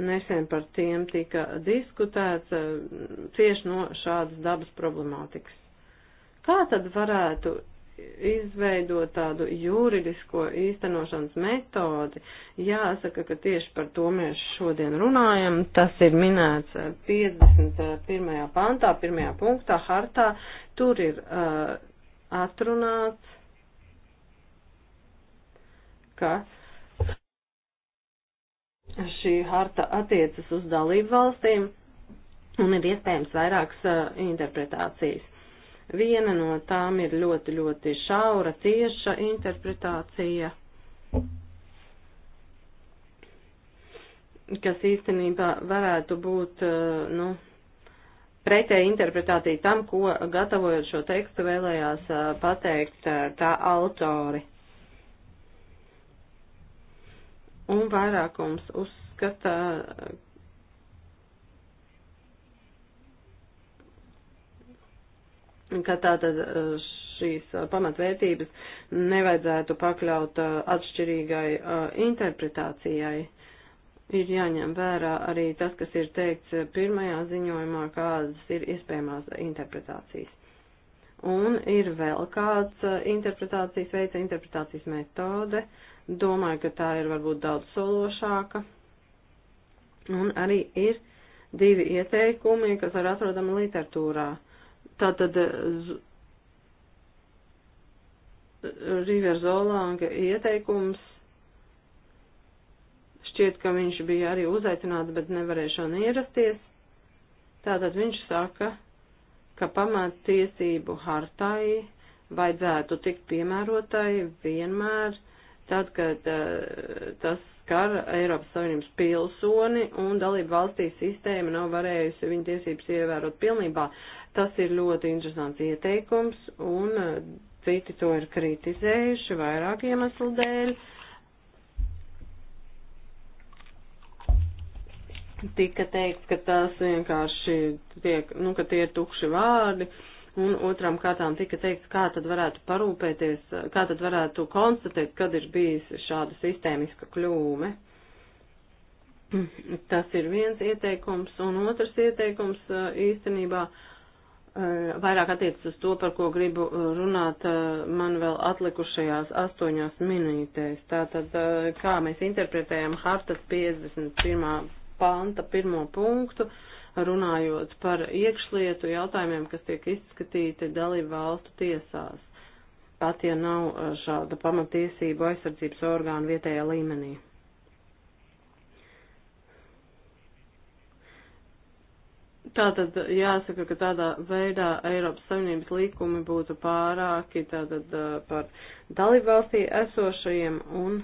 Nesen par tiem tika diskutēts tieši eh, no šādas dabas problemātikas. Kā tad varētu izveidot tādu juridisko īstenošanas metodi. Jāsaka, ka tieši par to mēs šodien runājam. Tas ir minēts 51. Eh, eh, pantā, 1. punktā, hartā. Tur ir uh, atrunāts, ka uh, šī harta attiecas uz dalību valstīm un ir iespējams vairākas interpretācijas. Viena no tām ir ļoti, ļoti šaura, tieša interpretācija, kas īstenībā varētu būt, nu, pretēji interpretācija tam, ko gatavojot šo tekstu vēlējās pateikt tā autori. Un vairākums uzskata, ka tātad eh, šīs eh, pamatvērtības nevajadzētu pakļaut eh, atšķirīgai interpretācijai. Ir jāņem vērā arī tas, kas ir teikts pirmajā ziņojumā, kādas ir iespējamās interpretācijas. Un ir vēl kāds uh, interpretācijas veids, interpretācijas metode. Domāju, ka tā ir varbūt daudz sološāka. Un arī ir divi ieteikumi, kas ir atrodami literatūrā. Tātad uh, River Zolanga ieteikums šķiet, ka viņš bija arī uzaicināts, bet nevarēja šodien ierasties. Tātad viņš saka, ka pamattiesību hartai vajadzētu tikt piemērotai vienmēr tad, kad uh, tas skar Eiropas Savienības pilsoni un dalību valstī sistēma nav varējusi viņa tiesības ievērot pilnībā. Tas ir ļoti interesants ieteikums un eh, citi to ir kritizējuši vairāk iemeslu dēļ. Uh, tika teikts, ka tas vienkārši tiek, nu, ka tie ir tukši vārdi, un otram kārtām tika teikts, kā tad varētu parūpēties, kā tad varētu konstatēt, kad ir bijis šāda sistēmiska kļūme. Tas ir viens ieteikums, un otrs ieteikums eh, īstenībā eh, vairāk attiecas uz to, par ko gribu eh, runāt man vēl atlikušajās astoņās minūtēs. Tātad, kā mēs interpretējam hartas 51 panta pirmo punktu, runājot par iekšlietu jautājumiem, kas tiek izskatīti dalību valstu tiesās, pat ja nav uh, šāda pamatiesību aizsardzības orgāna vietējā līmenī. Tātad uh, jāsaka, ka tādā veidā Eiropas Savienības līkumi būtu pārāki tātad uh, par dalībvalstī esošajiem un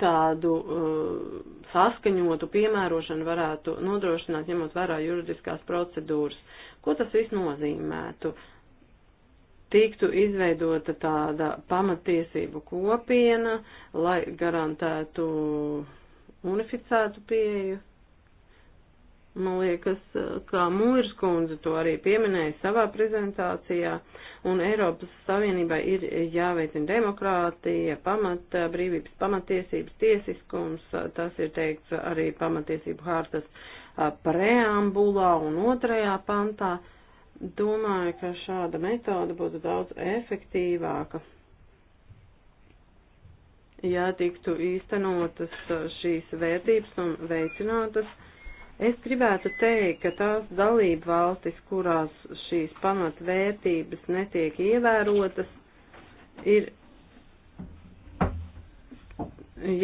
tādu uh, saskaņotu piemērošanu varētu nodrošināt, ņemot vērā juridiskās procedūras. Ko tas viss nozīmētu? Tiktu izveidota tāda pamatiesību kopiena, lai garantētu unificētu pieeju Man liekas, eh, kā Mūrs kundze to arī pieminēja savā prezentācijā, un Eiropas Savienībai ir jāveicina demokrātija, pamata, brīvības pamatiesības, tiesiskums, eh, tas ir teikts arī pamatiesību hārtas eh, preambulā un otrajā pantā. Domāju, ka šāda metode būtu daudz efektīvāka, ja tiktu īstenotas šīs vērtības un veicinātas Es gribētu teikt, ka tās dalība valstis, kurās šīs pamatvērtības netiek ievērotas, ir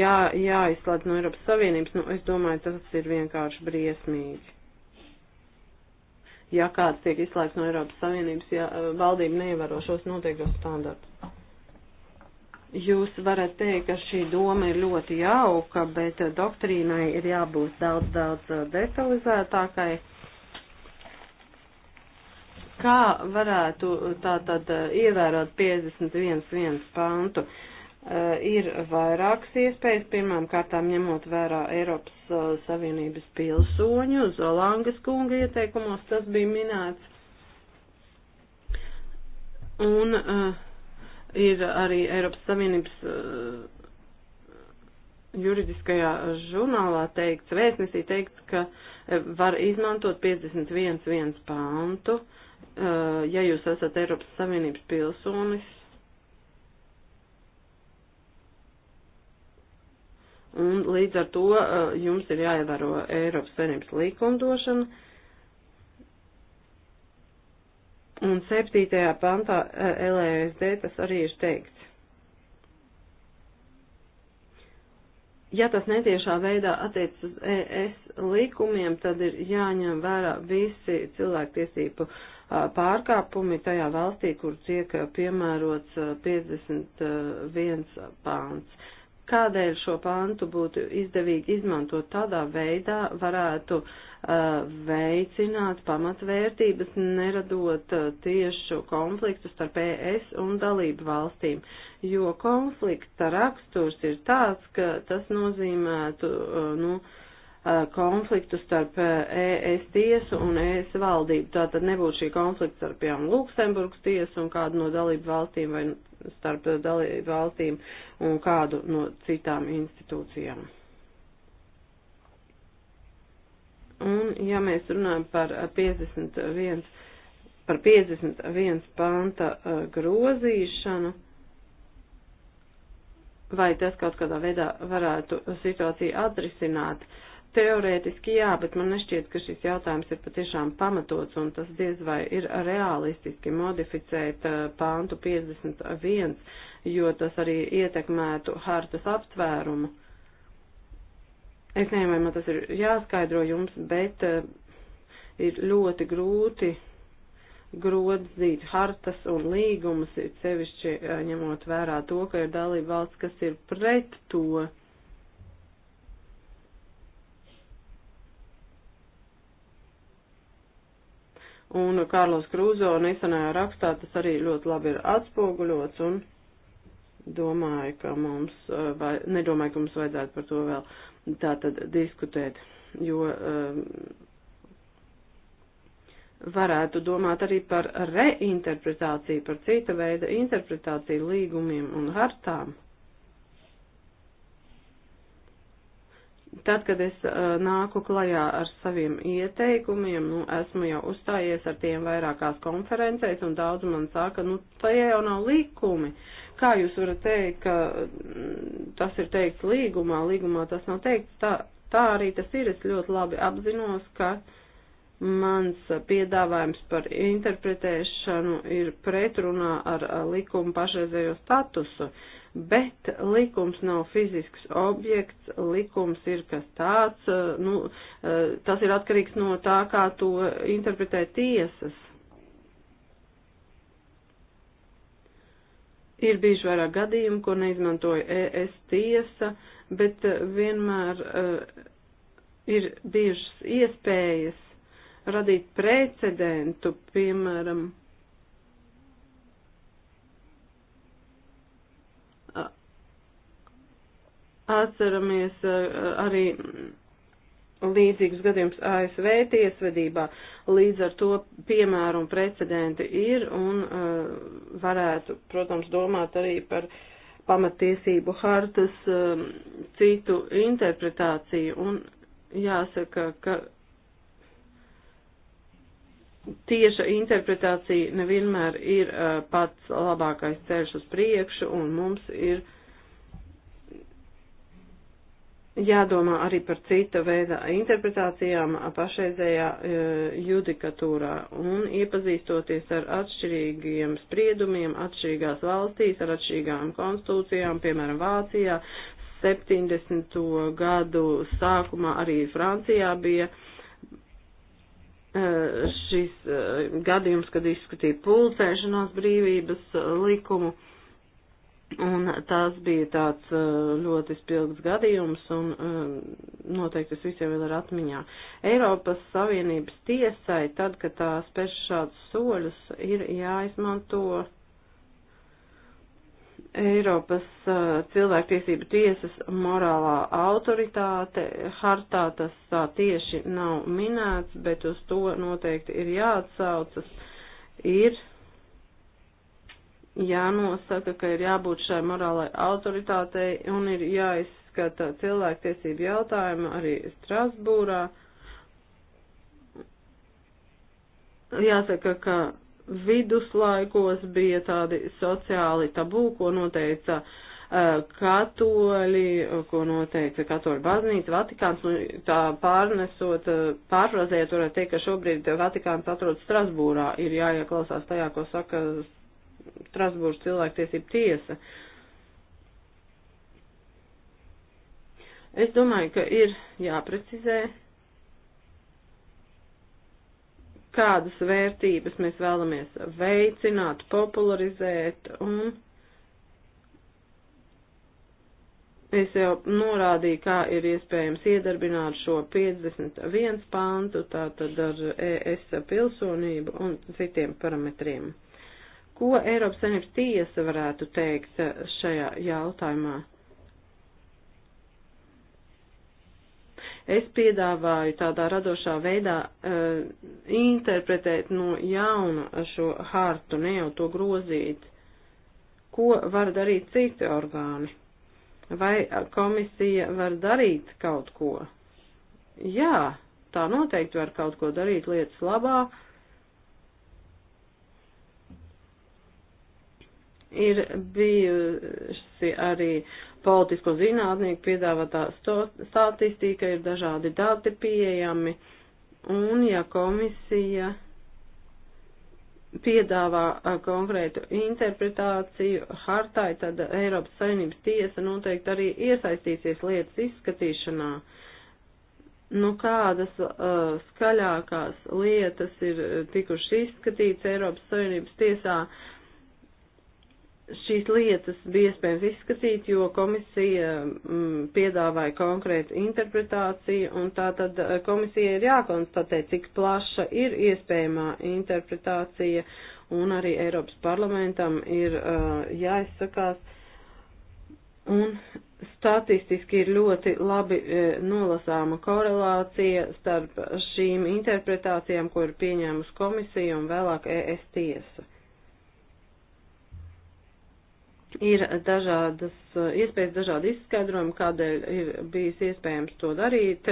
jā, jāizslēdz no Eiropas Savienības. Nu, es domāju, tas ir vienkārši briesmīgi. Ja kāds tiek izslēgts no Eiropas Savienības, ja eh, valdība neievēro šos noteiktos standartus. Jūs varat teikt, ka šī doma ir ļoti jauka, bet doktrīnai ir jābūt daudz, daudz detalizētākai. Kā varētu tātad ievērot 51.1 pantu? Eh, ir vairākas iespējas, pirmām kārtām ņemot vērā Eiropas eh, Savienības pilsoņu, Zolangas kunga ieteikumos tas bija minēts. Un uh, ir arī Eiropas Savienības eh, juridiskajā žurnālā teikts, vēstnesī teikts, ka eh, var izmantot 51.1 pāntu, eh, ja jūs esat Eiropas Savienības pilsonis. Un līdz ar to jums ir jāievēro Eiropas Savienības likumdošana Un 7. pantā eh, LSD e tas arī ir teikts. Ja tas netiešā veidā attiec uz ES likumiem, tad ir jāņem vērā visi cilvēktiesību pārkāpumi tajā valstī, kur tiek piemērots 51 pāns kādēļ šo pantu būtu izdevīgi izmantot tādā veidā, varētu uh, veicināt pamatvērtības, neradot uh, tiešu konfliktu starp ES un dalību valstīm, jo konflikta raksturs ir tāds, ka tas nozīmētu, uh, nu, Uh, konfliktu starp uh, ES tiesu un ES valdību. Tātad nebūtu šī konflikta starp jām Luksemburgas tiesu un kādu no dalību valstīm vai starp uh, dalību valstīm un kādu no citām institūcijām. Un ja mēs runājam par 51, par 51 panta grozīšanu, vai tas kaut kādā veidā varētu situāciju atrisināt, uh, teorētiski jā, bet man nešķiet, ka šis jautājums ir patiešām pamatots un tas diez vai ir realistiski modificēt eh, pāntu 51, jo tas arī ietekmētu hartas aptvērumu. Es nezinu, vai man tas ir jāskaidro jums, bet eh, ir ļoti grūti grozīt hartas un līgumus, sevišķi eh, ņemot vērā to, ka ir dalība valsts, kas ir pret to. Un Kārlos Krūzo nesenajā rakstā tas arī ļoti labi ir atspoguļots un domāju, ka mums, uh, vai, nedomāju, ka mums vajadzētu par to vēl tā tad diskutēt, jo um, varētu domāt arī par reinterpretāciju, par cita veida interpretāciju līgumiem un hartām. Tad, kad es uh, nāku klajā ar saviem ieteikumiem, nu, esmu jau uzstājies ar tiem vairākās konferencēs, un daudz man saka, nu, tie jau nav likumi. Kā jūs varat teikt, ka mm, tas ir teikts līgumā, līgumā tas nav teikts, tā, tā arī tas ir, es ļoti labi apzinos, ka mans piedāvājums par interpretēšanu ir pretrunā ar uh, likumu pašreizējo statusu. Uh, bet likums nav fizisks objekts, likums ir kas tāds, eh, nu, eh, tas ir atkarīgs no tā, kā to interpretē tiesas. Ir bijuši vairāk gadījumu, ko neizmantoja ES tiesa, bet eh, vienmēr uh, ir bijušas iespējas radīt precedentu, piemēram, Atceramies eh, arī līdzīgus gadījumus ASV tiesvedībā, līdz ar to piemēru un precedenti ir un uh, varētu, protams, domāt arī par pamatiesību hartas um, citu interpretāciju un jāsaka, ka tieša interpretācija nevienmēr ir uh, pats labākais ceļš uz priekšu un mums ir uh, jādomā arī par cita veida interpretācijām pašreizējā e, judikatūrā un iepazīstoties ar atšķirīgiem spriedumiem atšķirīgās valstīs, ar atšķirīgām konstitūcijām, piemēram, Vācijā. 70. gadu sākumā arī Francijā bija e, šis e, gadījums, kad izskatīja pulcēšanās brīvības likumu. Un tas bija tāds uh, ļoti spilgts gadījums, un uh, noteikti tas visiem vēl ir atmiņā. Eiropas Savienības tiesai, tad, kad tā spēš šādus soļus, ir jāizmanto Eiropas uh, cilvēktiesību tiesas morālā autoritāte. Hartā tas tā tieši nav minēts, bet uz to noteikti ir jāatsaucas. Ir jānosaka, ka ir jābūt šai morālai autoritātei un ir jāizskata cilvēktiesību jautājumu arī Strasbūrā. Jāsaka, ka viduslaikos bija tādi sociāli tabū, ko noteica uh, katoļi, ko noteica katoļu baznīca, Vatikāns, nu, tā pārnesot, uh, eh, pārfrazējot, varētu teikt, ka šobrīd Vatikāns atrodas Strasbūrā, ir jāieklausās tajā, ko saka Strasbūras cilvēktiesība tiesa. Es domāju, ka ir jāprecizē, kādas vērtības mēs vēlamies veicināt, popularizēt, un es jau norādīju, kā ir iespējams iedarbināt šo 51 pāntu, tātad ar ES pilsonību un citiem parametriem. Ko Eiropas Savienības tiesa varētu teikt eh, šajā jautājumā? Es piedāvāju tādā radošā veidā uh, interpretēt no jaunu šo hartu, ne jau to grozīt. Ko var darīt citi orgāni? Vai komisija var darīt kaut ko? Jā, tā noteikti var kaut ko darīt lietas labā. Uh, ir bijusi arī politisko zinātnieku piedāvātā statistika, ir dažādi dati pieejami, un ja komisija piedāvā konkrētu interpretāciju hartai, tad Eiropas Savienības tiesa noteikti arī iesaistīsies lietas izskatīšanā. Nu, kādas uh, skaļākās lietas ir tikuši izskatīts Eiropas Savienības tiesā, uh, šīs lietas bija iespējams izskatīt, jo komisija m, mm, piedāvāja konkrētu interpretāciju, un tā tad eh, komisija ir jākonstatē, cik plaša ir iespējamā interpretācija, un arī Eiropas parlamentam ir uh, jāizsakās. Un statistiski ir ļoti labi e, nolasāma korelācija starp šīm interpretācijām, ko ir pieņēmusi komisija un vēlāk ES tiesa ir dažādas eh, iespējas, dažādi izskaidrojumi, kādēļ ir bijis iespējams to darīt.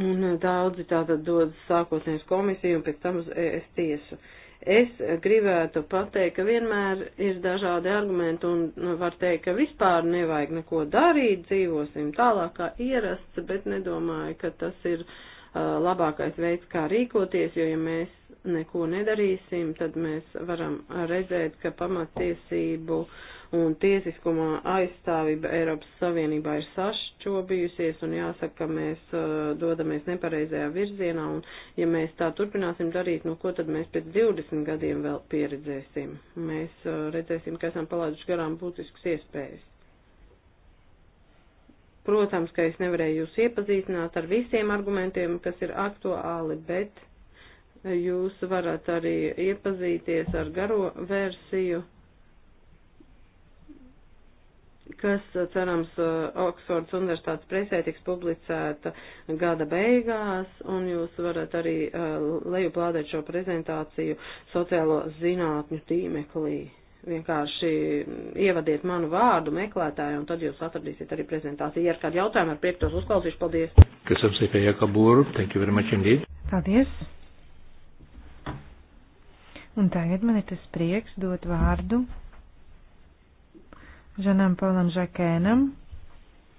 Un eh, daudzi tātad dod sākotnēs komisiju un pēc tam uz ES tiesu. Es gribētu pateikt, ka vienmēr ir dažādi argumenti un nu, var teikt, ka vispār nevajag neko darīt, dzīvosim tālāk kā ierasts, bet nedomāju, ka tas ir uh, labākais veids, kā rīkoties, jo ja mēs neko nedarīsim, tad mēs varam redzēt, ka pamatiesību un tiesiskuma aizstāvība Eiropas Savienībā ir sašķobījusies un jāsaka, ka mēs uh, dodamies nepareizajā virzienā un ja mēs tā turpināsim darīt, nu ko tad mēs pēc 20 gadiem vēl pieredzēsim? Mēs uh, redzēsim, ka esam palaiduši garām būtiskas iespējas. Protams, ka es nevarēju jūs iepazīstināt ar visiem argumentiem, kas ir aktuāli, bet Jūs varat arī iepazīties ar garo versiju, kas, cerams, Oksfords universitātes presē tiks publicēta gada beigās, un jūs varat arī uh, lejuplādēt šo prezentāciju sociālo zinātņu tīmeklī vienkārši ievadiet manu vārdu meklētāju, un tad jūs atradīsiet arī prezentāciju. Ja ir kādi jautājumi, ar prieku tos uzklausīšu. Paldies! Köszönöm szépen, Jakab úr! Thank you very much indeed! Paldies! Un tagad man ir tas prieks dot vārdu Žanam Paulam Žakēnam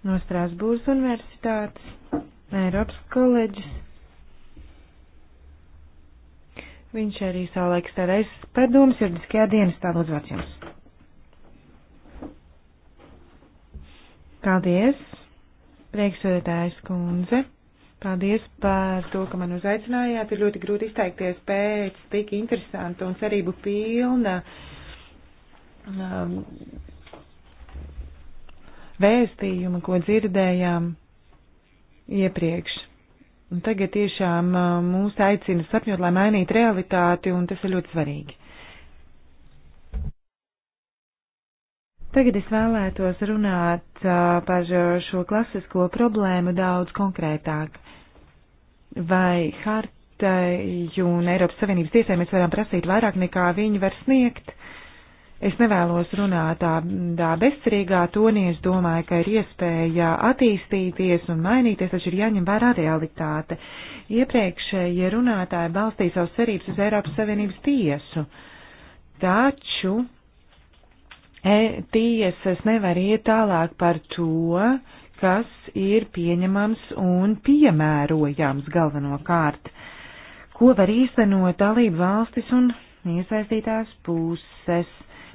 no Strasbūras Universitātes, Eiropas koledžas. Viņš arī savulaik stāvēs padomus juridiskajā dienestā. Lūdzu, vārds jums. Paldies, priekšsēdētājs kundze. Paldies par to, ka man uzaicinājāt. Ir ļoti grūti izteikties pēc tik interesanta un cerību pilna um, vēstījuma, ko dzirdējām iepriekš. Un tagad tiešām uh, mūs aicina sapņot, lai mainītu realitāti, un tas ir ļoti svarīgi. Tagad es vēlētos runāt uh, par šo klasisko problēmu daudz konkrētāk vai hartai un Eiropas Savienības tiesai mēs varam prasīt vairāk nekā viņi var sniegt. Es nevēlos runāt tādā bezcerīgā tonī, es domāju, ka ir iespēja attīstīties un mainīties, taču ir jāņem vērā realitāte. Iepriekšējie runātāji balstīja savus cerības uz Eiropas Savienības tiesu, taču e, tiesas nevar iet tālāk par to, uh, kas ir pieņemams un piemērojams galvenokārt, ko var īstenot dalību valstis un iesaistītās puses.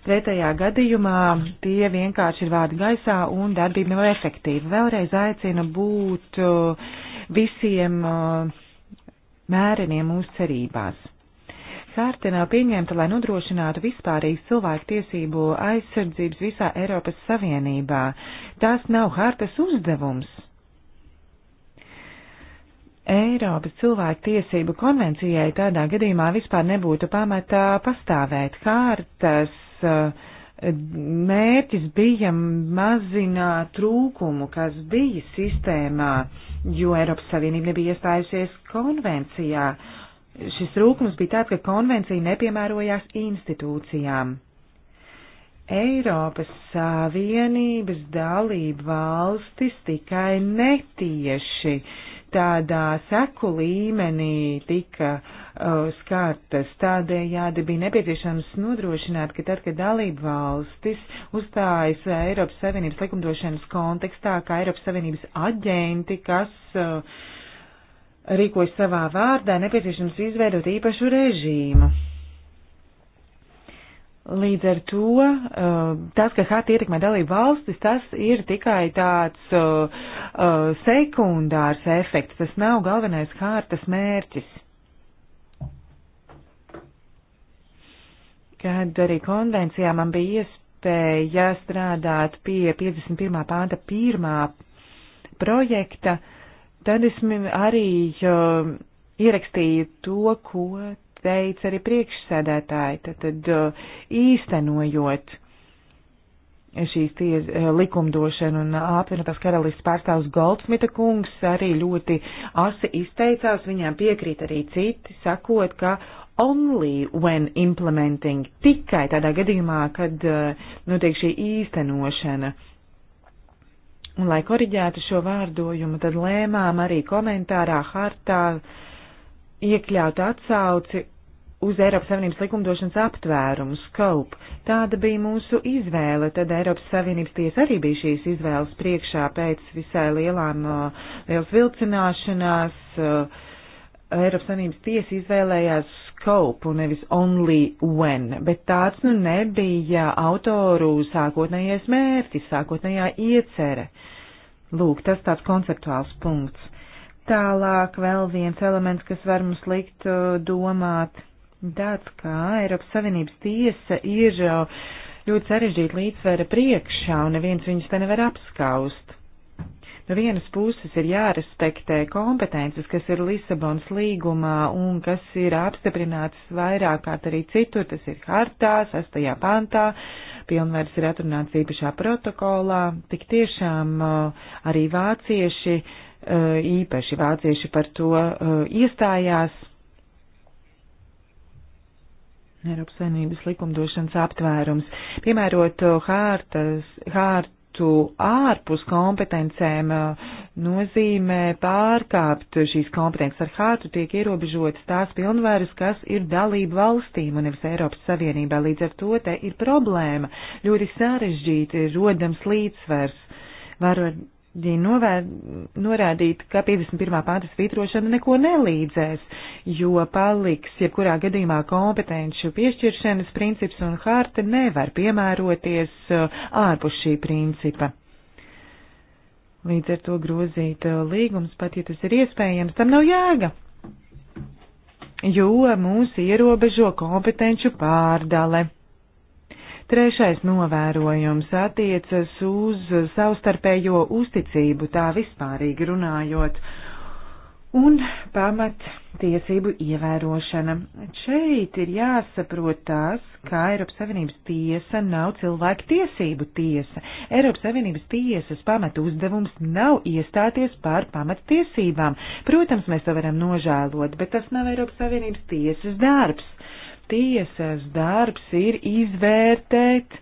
Pretējā gadījumā tie vienkārši ir vārdi gaisā un darbība nav efektīva. Vēlreiz aicinu būt uh, visiem uh, mēreniem mūsu cerībās. Harta nav pieņemta, lai nodrošinātu vispārīgu cilvēku tiesību aizsardzības visā Eiropas Savienībā. Tās nav hartas uzdevums. Eiropas cilvēku tiesību konvencijai tādā gadījumā vispār nebūtu pamatā pastāvēt. Hartas mērķis bija mazināt trūkumu, kas bija sistēmā, jo Eiropas Savienība nebija iestājusies konvencijā šis trūkums bija tāds, ka konvencija nepiemērojās institūcijām. Eiropas Savienības dalība valstis tikai netieši tādā seku līmenī tika uh, skartas. Tādējādi bija nepieciešams nodrošināt, ka tad, kad dalība valstis uzstājas Eiropas Savienības likumdošanas kontekstā, kā Eiropas Savienības aģenti, kas uh, rīkojas savā vārdā, nepieciešams izveidot īpašu režīmu. Līdz ar to eh, tas, ka hati ietekmē dalību valstis, tas ir tikai tāds uh, sekundārs efekts, tas nav galvenais hārtas mērķis. Kad arī konvencijā man bija iespēja strādāt pie 51. pānta pirmā projekta, uh, Tad es arī uh, ierakstīju to, ko teica arī priekšsēdētāji, tad, tad uh, īstenojot šīs ties, likumdošana un apvienotās karalists pārstāvs Goldsmita kungs arī ļoti asi izteicās, viņām piekrīt arī citi, sakot, ka only when implementing, tikai tādā gadījumā, kad uh, notiek šī īstenošana, Un, lai koriģētu šo vārdojumu, tad lēmām arī komentārā hartā iekļaut atsauci uz Eiropas Savienības likumdošanas aptvērumu, scope. Tāda bija mūsu izvēle, tad Eiropas Savienības tiesa arī bija šīs izvēles priekšā pēc visai lielām, uh, liels vilcināšanās, uh, Eiropas Savienības tiesa izvēlējās scope un nevis only when, bet tāds nu nebija autoru sākotnējais mērķis, sākotnējā iecere. Lūk, tas tāds konceptuāls punkts. Tālāk vēl viens elements, kas var mums likt uh, domāt, tāds kā Eiropas Savienības tiesa ir uh, ļoti sarežģīta līdzsvera priekšā un neviens viņus te nevar apskaust No vienas puses ir jārespektē kompetences, kas ir Lisabons līgumā un kas ir apstiprinātas vairāk kārt arī citur, tas ir hartā, sastajā pantā, pilnvērs ir atrunāts īpašā protokolā, tik tiešām uh, arī vācieši, uh, īpaši vācieši par to uh, iestājās. Eiropas Savienības likumdošanas aptvērums, piemērot hārtas, hārt, būtu ārpus kompetencēm, nozīmē pārkāpt šīs kompetences ar hārtu, tiek ierobežotas tās pilnvaras, kas ir dalība valstīm un nevis Eiropas Savienībā. Līdz ar to te ir problēma. Ļoti sarežģīti ir rodams līdzsvers. Varu Viņi novēr, norādīt, ka 51. pānta svītrošana neko nelīdzēs, jo paliks jebkurā gadījumā kompetenču piešķiršanas princips un harta nevar piemēroties uh, ārpus šī principa. Līdz ar to grozīt uh, līgums, pat ja tas ir iespējams, tam nav jēga, jo mūs ierobežo kompetenču pārdale. Trešais novērojums attiecas uz savstarpējo uzticību, tā vispārīgi runājot, un pamat tiesību ievērošana. Šeit ir jāsaprot tās, ka Eiropas Savienības tiesa nav cilvēku tiesību tiesa. Eiropas Savienības tiesas pamat uzdevums nav iestāties par pamat tiesībām. Protams, mēs to varam nožēlot, bet tas nav Eiropas Savienības tiesas darbs tiesas darbs ir izvērtēt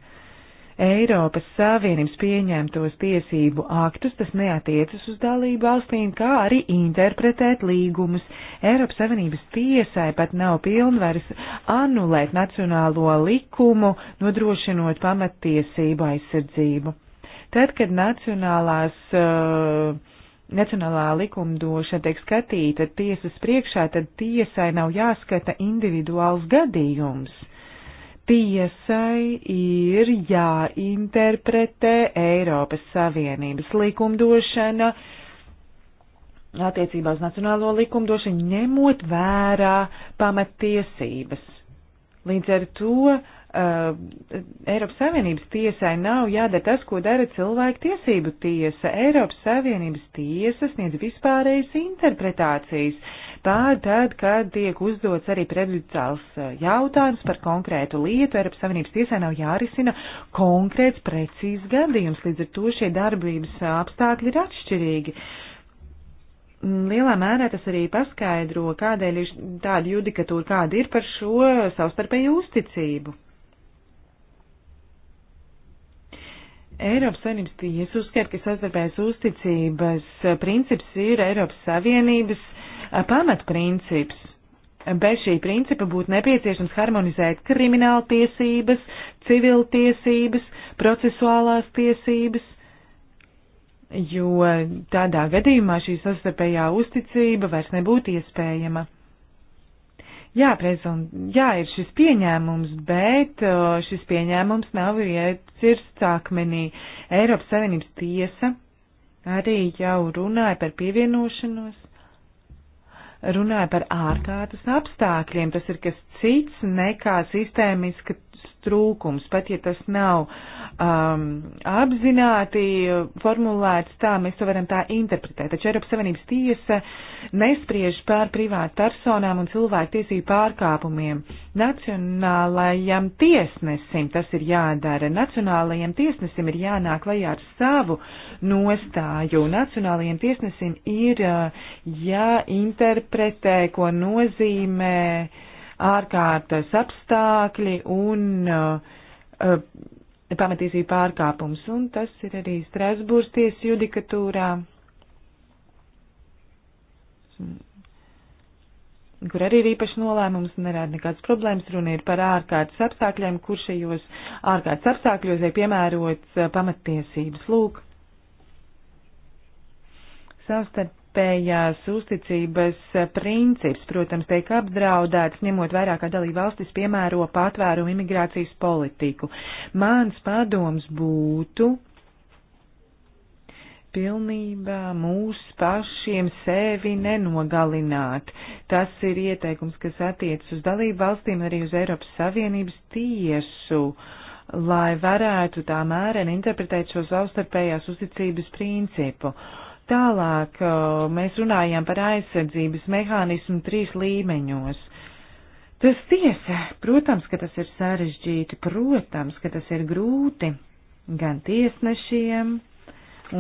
Eiropas Savienības pieņemtos tiesību aktus, tas neatiecas uz dalību valstīm, kā arī interpretēt līgumus. Eiropas Savienības tiesai pat nav pilnvaras anulēt nacionālo likumu, nodrošinot pamattiesību aizsardzību. Tad, kad nacionālās uh, nacionālā likumdošana tiek skatīta tiesas priekšā, tad tiesai nav jāskata individuāls gadījums. Tiesai ir jāinterpretē Eiropas Savienības likumdošana attiecībā uz nacionālo likumdošanu, ņemot vērā pamatiesības. Līdz ar to Uh, Eiropas Savienības tiesai nav jādara tas, ko dara cilvēku tiesību tiesa. Eiropas Savienības tiesa sniedz vispārējas interpretācijas pār tad, kad tiek uzdots arī prejudicāls uh, jautājums par konkrētu lietu. Eiropas Savienības tiesai nav jārisina konkrēts precīzs gadījums, līdz ar to šie darbības uh, apstākļi ir atšķirīgi. Mm, lielā mērā tas arī paskaidro, kādēļ ir tāda judikatūra, kāda ir par šo savstarpēju uzticību. Eiropas Savienības tiesa uzskata, ka sastarpējas uzticības eh, princips ir Eiropas Savienības eh, pamatprincips. Bez šī principa būtu nepieciešams harmonizēt krimināla tiesības, civil tiesības, procesuālās tiesības, jo tādā gadījumā šī sastarpējā uzticība vairs nebūtu iespējama. Jā, prezum, jā, ir šis pieņēmums, bet šis pieņēmums nav iecirsts akmenī. Eiropas Savienības tiesa arī jau runāja par pievienošanos, runāja par ārkārtas apstākļiem. Tas ir kas cits nekā sistēmiska trūkums, pat ja tas nav um, apzināti formulēts tā, mēs to varam tā interpretēt. Taču Eiropas Savienības tiesa nespriež pār privātu personām un cilvēku tiesību pārkāpumiem. Nacionālajam tiesnesim tas ir jādara. Nacionālajam tiesnesim ir jānāk lajā ar savu nostāju. Nacionālajiem tiesnesim ir uh, jāinterpretē, ko nozīmē ārkārtas apstākļi un uh, uh pamatīsība pārkāpums, un tas ir arī Strasbūrs tiesu judikatūrā, kur arī ir īpaši nolēmums, nerāda nekādas problēmas, runa ir par ārkārtas apstākļiem, kur šajos ārkārtas apstākļos ir piemērots uh, pamatiesības lūk. Savstarp savstarpējās uzticības eh, princips, protams, tiek apdraudēts, ņemot vairāk kā dalība valstis piemēro patvērumu imigrācijas politiku. Mans padoms būtu pilnībā mūs pašiem sevi nenogalināt. Tas ir ieteikums, kas attiecas uz dalību valstīm arī uz Eiropas Savienības tiesu, lai varētu tā mēreni interpretēt šo savstarpējās uzticības principu. Tālāk mēs runājam par aizsardzības mehānismu trīs līmeņos. Tas tiesa, protams, ka tas ir sarežģīti, protams, ka tas ir grūti gan tiesnešiem,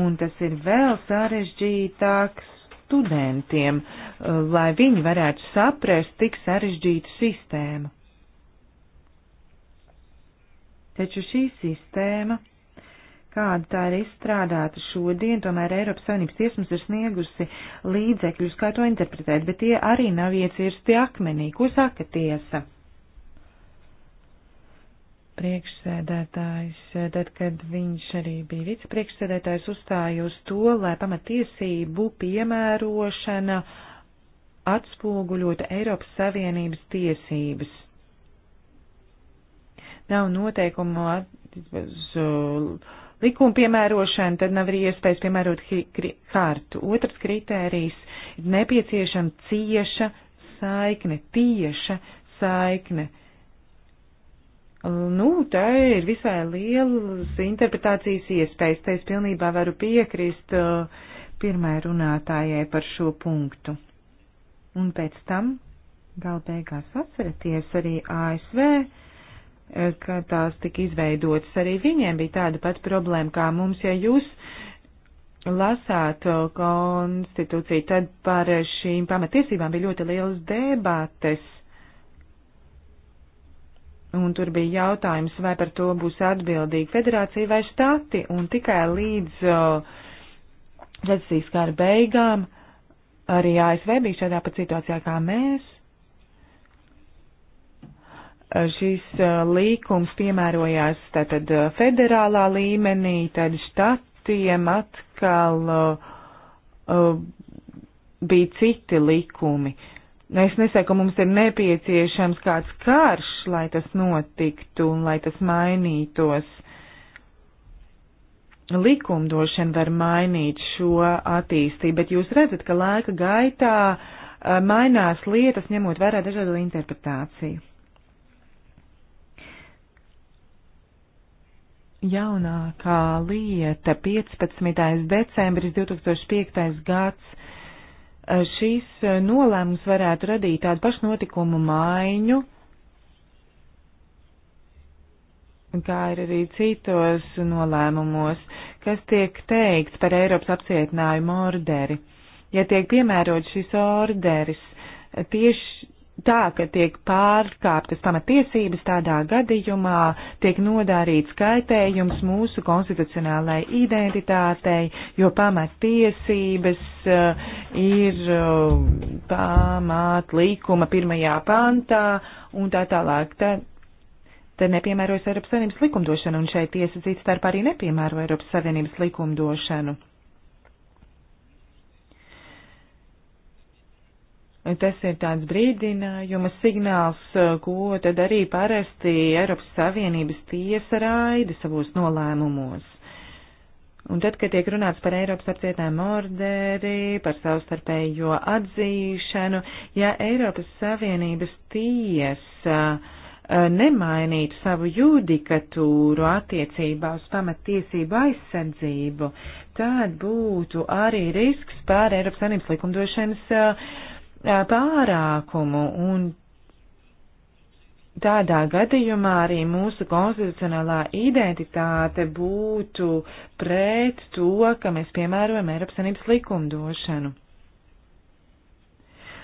un tas ir vēl sarežģītāk studentiem, lai viņi varētu saprast tik sarežģītu sistēmu. Taču šī sistēma kāda tā ir izstrādāta šodien, tomēr Eiropas Savienības tiesmas ir sniegusi līdzekļus, kā to interpretēt, bet tie arī nav iecirsti akmenī. Ko saka tiesa? Priekšsēdētājs, tad, kad viņš arī bija vicepriekšsēdētājs, uzstāja uz to, lai pamatiesību piemērošana atspoguļota Eiropas Savienības tiesības. Nav noteikumu attiecībā uz uh, likuma piemērošanu, tad nav arī iespējas piemērot hārtu. Otrs kritērijs ir nepieciešama cieša saikne, tieša saikne. Nu, tā ir visai lielas interpretācijas iespējas, tā es pilnībā varu piekrist uh, pirmai runātājai par šo punktu. Un pēc tam, gal beigās atceraties, arī ASV Eh, ka tās tika izveidotas. Arī viņiem bija tāda pat problēma kā mums, ja jūs lasāt eh, konstitūciju, tad par šīm pamatiesībām bija ļoti liels debates. Un tur bija jautājums, vai par to būs atbildīga federācija vai štati, un tikai līdz eh, redzesīs kā ar beigām arī ASV bija šādā pat situācijā kā mēs Eh, šis eh, līkums piemērojās tātad eh, federālā līmenī, tad štatiem atkal bija citi likumi. Es nesaku, ka mums ir nepieciešams kāds karš, lai tas notiktu un lai tas mainītos. Likumdošana var mainīt šo attīstību, bet jūs redzat, ka laika gaitā mainās lietas, ņemot vērā dažādu interpretāciju. jaunākā lieta, 15. decembris 2005. gads. Eh, Šīs eh, nolēmums varētu radīt tādu pašnotikumu maiņu, kā ir arī citos nolēmumos, kas tiek teikts par Eiropas apcietinājumu orderi. Ja tiek piemērots šis orderis, tieši tā, ka tiek pārkāptas pamatiesības, tādā gadījumā tiek nodārīts kaitējums mūsu konstitucionālai identitātei, jo pamatiesības uh, ir uh, eh, pamāt līkuma pirmajā pantā un tā tālāk. Tad, tad nepiemērojas Eiropas Savienības likumdošana, un šeit tiesa cits starp arī nepiemēro Eiropas Savienības likumdošanu. Tas ir tāds brīdinājuma signāls, eh, ko tad arī parasti Eiropas Savienības tiesa raida savos nolēmumos. Un tad, kad tiek runāts par Eiropas apcietinājumu orderi, par savstarpējo atzīšanu, ja Eiropas Savienības tiesa eh, nemainītu savu judikatūru attiecībā uz pamatiesību aizsardzību, tad būtu arī risks pār Eiropas Savienības likumdošanas uh, pārākumu, un tādā gadījumā arī mūsu konstitucionālā identitāte būtu pret to, ka mēs piemērojam Eiropas Sanības likumdošanu.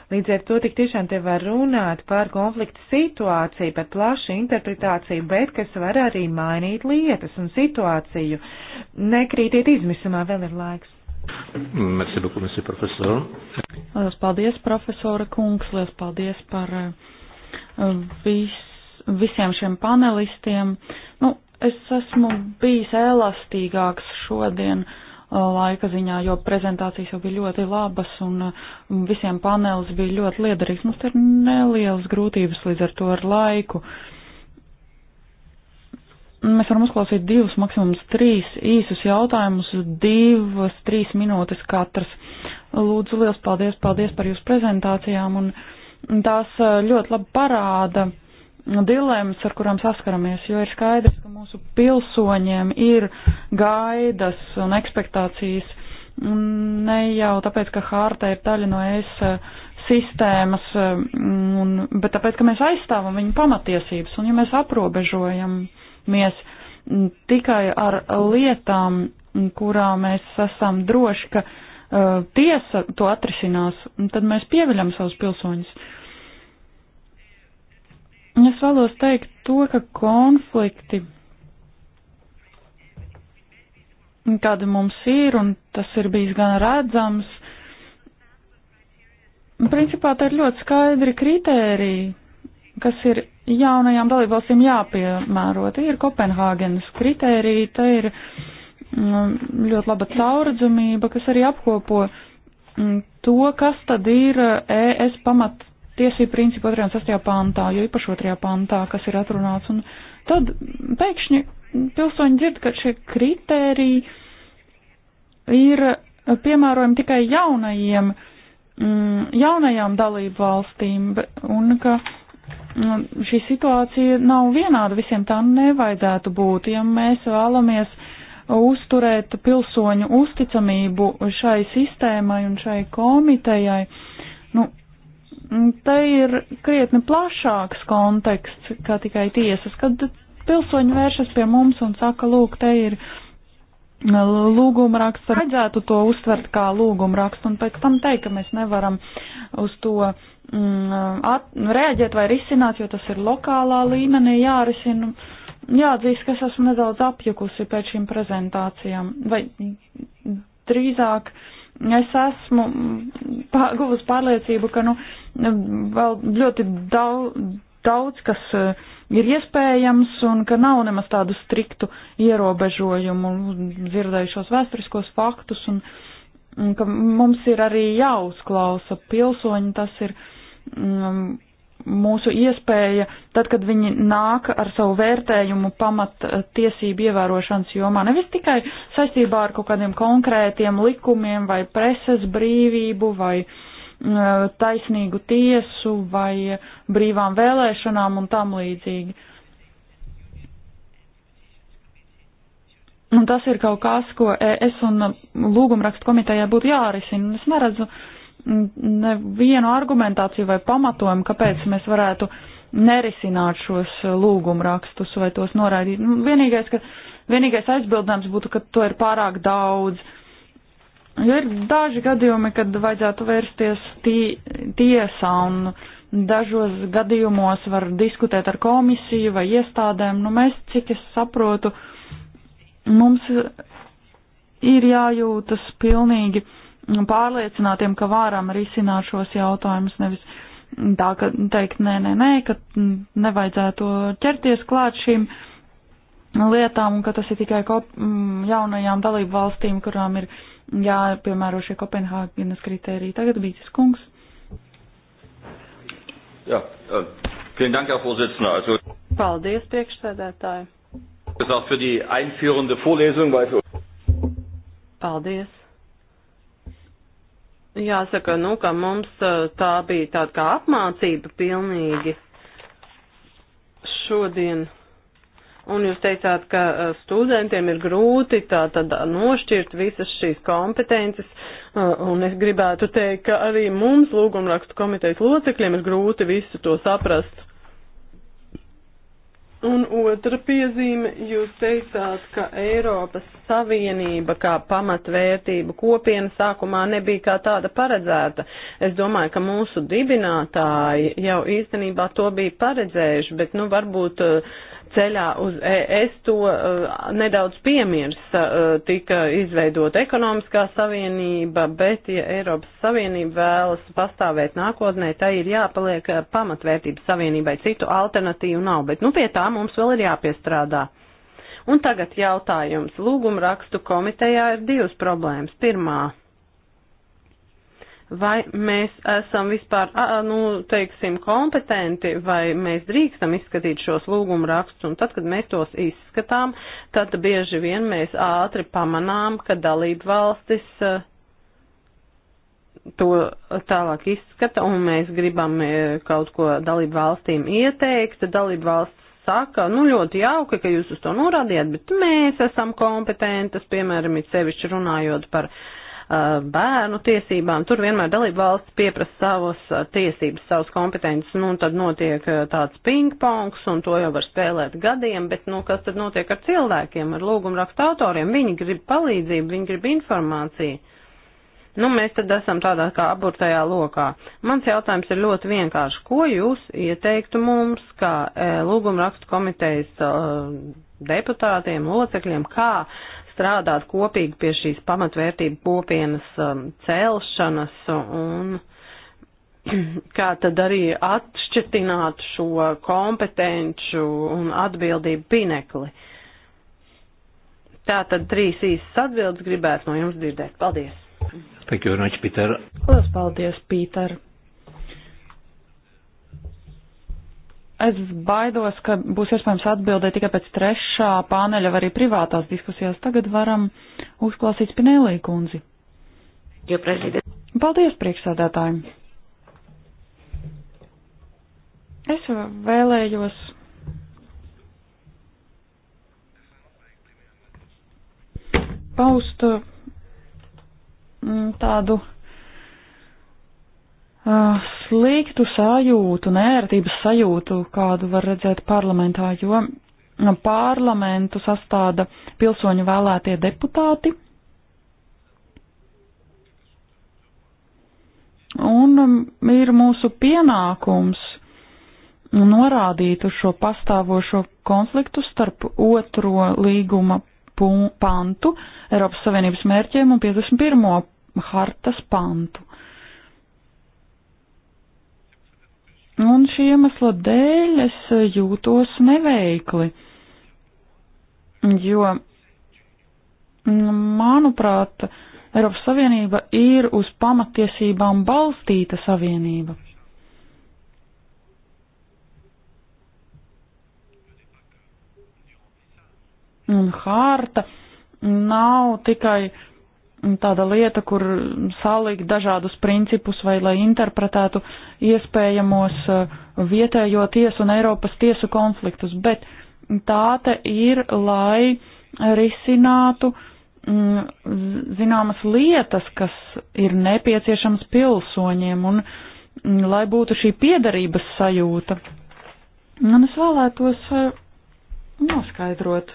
Līdz ar to tik tiešām te var runāt par konfliktu situāciju, par plašu interpretāciju, bet kas var arī mainīt lietas un situāciju. Nekrītiet izmisumā, vēl ir laiks. Merci beaucoup, monsieur profesor. Lielas paldies, profesora kungs, lielas paldies par eh, vis, visiem šiem panelistiem. Nu, es esmu bijis elastīgāks šodien eh, laika ziņā, jo prezentācijas jau bija ļoti labas un eh, visiem panelis bija ļoti liederīgs. Mums ir nelielas grūtības līdz ar to ar laiku. Uh, Mēs varam uzklausīt divus, maksimums trīs īsus jautājumus, divas, trīs minūtes katrs. Lūdzu, liels paldies, paldies par jūsu prezentācijām, un tās eh, ļoti labi parāda dilemmas, ar kurām saskaramies, jo ir skaidrs, ka mūsu pilsoņiem ir gaidas un ekspektācijas, ne jau tāpēc, ka hārta ir daļa no es eh, sistēmas, eh, un, bet tāpēc, ka mēs aizstāvam viņu pamatiesības, un ja mēs aprobežojam uh, saskaramies mm, tikai ar lietām, mm, kurā mēs esam droši, ka uh, tiesa to atrisinās, tad mēs pieviļam savus pilsoņus. Es vēlos teikt to, ka konflikti, mm, kādi mums ir, un tas ir bijis gan redzams, principā tā ir ļoti skaidri kritēriji, kas ir jaunajām dalībvalstīm jāpiemērot. Ir Kopenhāgenes kritērija, te ir mm, ļoti laba cauradzamība, kas arī apkopo mm, to, kas tad ir e, ES pamat tiesību principu 2. un 6. pantā, jo īpaši 2. pantā, kas ir atrunāts. Un tad pēkšņi pilsoņi dzird, ka šie kritēriji ir piemērojami tikai jaunajiem, mm, jaunajām dalību valstīm, un ka Nu, šī situācija nav vienāda, visiem tā nevajadzētu būt. Ja mēs vēlamies uzturēt pilsoņu uzticamību šai sistēmai un šai komitejai, nu, te ir krietni plašāks konteksts, kā tikai tiesas, kad pilsoņi vēršas pie mums un saka, lūk, te ir lūguma raksts, vajadzētu to uztvert kā lūguma rakstu un pēc tam teikt, ka mēs nevaram uz to Mm, at, reaģēt vai risināt, jo tas ir lokālā līmenī jārisina. Jāatzīst, ka es esmu nedaudz apjukusi pēc šīm prezentācijām, vai drīzāk es esmu guvusi pārliecību, ka nu, vēl ļoti daudz, daudz kas eh, ir iespējams un ka nav nemaz tādu striktu ierobežojumu, dzirdējušos vēsturiskos faktus un, un ka mums ir arī jāuzklausa pilsoņi, tas ir. Uh, Mm, mūsu iespēja, tad, kad viņi nāk ar savu vērtējumu pamat eh, tiesību ievērošanas jomā, nevis tikai saistībā ar kaut kādiem konkrētiem likumiem vai preses brīvību vai eh, taisnīgu tiesu vai brīvām vēlēšanām un tam līdzīgi. Un tas ir kaut kas, ko es un lūgumrakstu komitejai būtu jārisina. Es neredzu uh, nevienu argumentāciju vai pamatojumu, kāpēc mēs varētu nerisināt šos lūgumrakstus vai tos noraidīt. Nu, vienīgais, ka, vienīgais aizbildnājums būtu, ka to ir pārāk daudz. Jo ir daži gadījumi, kad vajadzētu vērsties tī, tiesā un dažos gadījumos var diskutēt ar komisiju vai iestādēm. Nu, mēs, cik es saprotu, mums ir jājūtas pilnīgi Mm, pārliecinātiem, ka varam risināt šos jautājumus, nevis tā, ka teikt nē, nē, nē, ka mm, nevajadzētu ķerties klāt šīm lietām un ka tas ir tikai kop, mm, jaunajām dalību valstīm, kurām ir jāpiemēro šie Kopenhāgenes kritēriji. Tagad Bītis kungs. Jā, eh, vielen Dank, Herr Vorsitzender. Also, Paldies, priekšsēdētāji. Gesagt für die einführende Vorlesung, weil für Paldies Jāsaka, nu, ka mums tā bija tāda kā apmācība pilnīgi šodien. Un jūs teicāt, ka studentiem ir grūti tā tad nošķirt visas šīs kompetences, un es gribētu teikt, ka arī mums lūgumrakstu komitejas locekļiem ir grūti visu to saprast. Un otra piezīme, jūs teicāt, ka Eiropas Savienība kā pamatvērtība kopiena sākumā nebija kā tāda paredzēta. Es domāju, ka mūsu dibinātāji jau īstenībā to bija paredzējuši, bet nu varbūt uh, ceļā uz ES to uh, nedaudz piemirst, uh, tika izveidota ekonomiskā savienība, bet ja Eiropas Savienība vēlas pastāvēt nākotnē, tai ir jāpaliek uh, pamatvērtības savienībai, citu alternatīvu nav, bet nu pie tā mums vēl ir jāpiestrādā. Un tagad jautājums. Lūguma rakstu komitejā ir divas problēmas. Pirmā vai mēs esam vispār, nu, teiksim, kompetenti, vai mēs drīkstam izskatīt šos lūgumu rakstus, un tad, kad mēs tos izskatām, tad bieži vien mēs ātri pamanām, ka dalība valstis to tālāk izskata, un mēs gribam e, kaut ko dalību valstīm ieteikt, dalību valsts saka, nu ļoti jauki, ka jūs uz to norādījāt, bet mēs esam kompetentas, piemēram, it sevišķi runājot par uh, Uh, bērnu tiesībām. Tur vienmēr dalība valsts pieprasa savas uh, tiesības, savas kompetences, nu, un tad notiek uh, tāds pingpongs, un to jau var spēlēt gadiem, bet, nu, kas tad notiek ar cilvēkiem, ar lūgumrakstu autoriem? Viņi grib palīdzību, viņi grib informāciju. Nu, mēs tad esam tādā kā aburtajā lokā. Mans jautājums ir ļoti vienkārši. Ko jūs ieteiktu mums, kā e, lūgumrakstu komitejas e, deputātiem, locekļiem, kā strādāt kopīgi pie šīs pamatvērtību kopienas um, celšanas un kā tad arī atšķetināt šo kompetenču un atbildību pinekli. Tā tad trīs īsas atbildes gribētu no jums dzirdēt. Paldies! Thank you very much, Peter. Lielas paldies, Pīter. Es baidos, ka būs iespējams atbildēt tikai pēc trešā pāneļa vai arī privātās diskusijās. Tagad varam uzklausīt Spinēlī kundzi. Jo prezident. Paldies, priekšsādātāji. Es vēlējos. Paust mm, tādu Ah, sliktu sajūtu, nērtības sajūtu, kādu var redzēt parlamentā, jo parlamentu sastāda pilsoņu vēlētie deputāti. Un um, ir mūsu pienākums norādīt uz šo pastāvošo konfliktu starp otro līguma pantu, Eiropas Savienības mērķiem un 51. hartas pantu. Un šī iemesla dēļ es jūtos neveikli, jo, manuprāt, Eiropas Savienība ir uz pamatiesībām balstīta savienība. Un hārta nav tikai uh, tāda lieta, kur salikt dažādus principus vai lai interpretētu iespējamos eh, vietējo tiesu un Eiropas tiesu konfliktus, bet tā te ir, lai risinātu mm, zināmas lietas, kas ir nepieciešams pilsoņiem un mm, lai būtu šī piedarības sajūta. Un es vēlētos eh, noskaidrot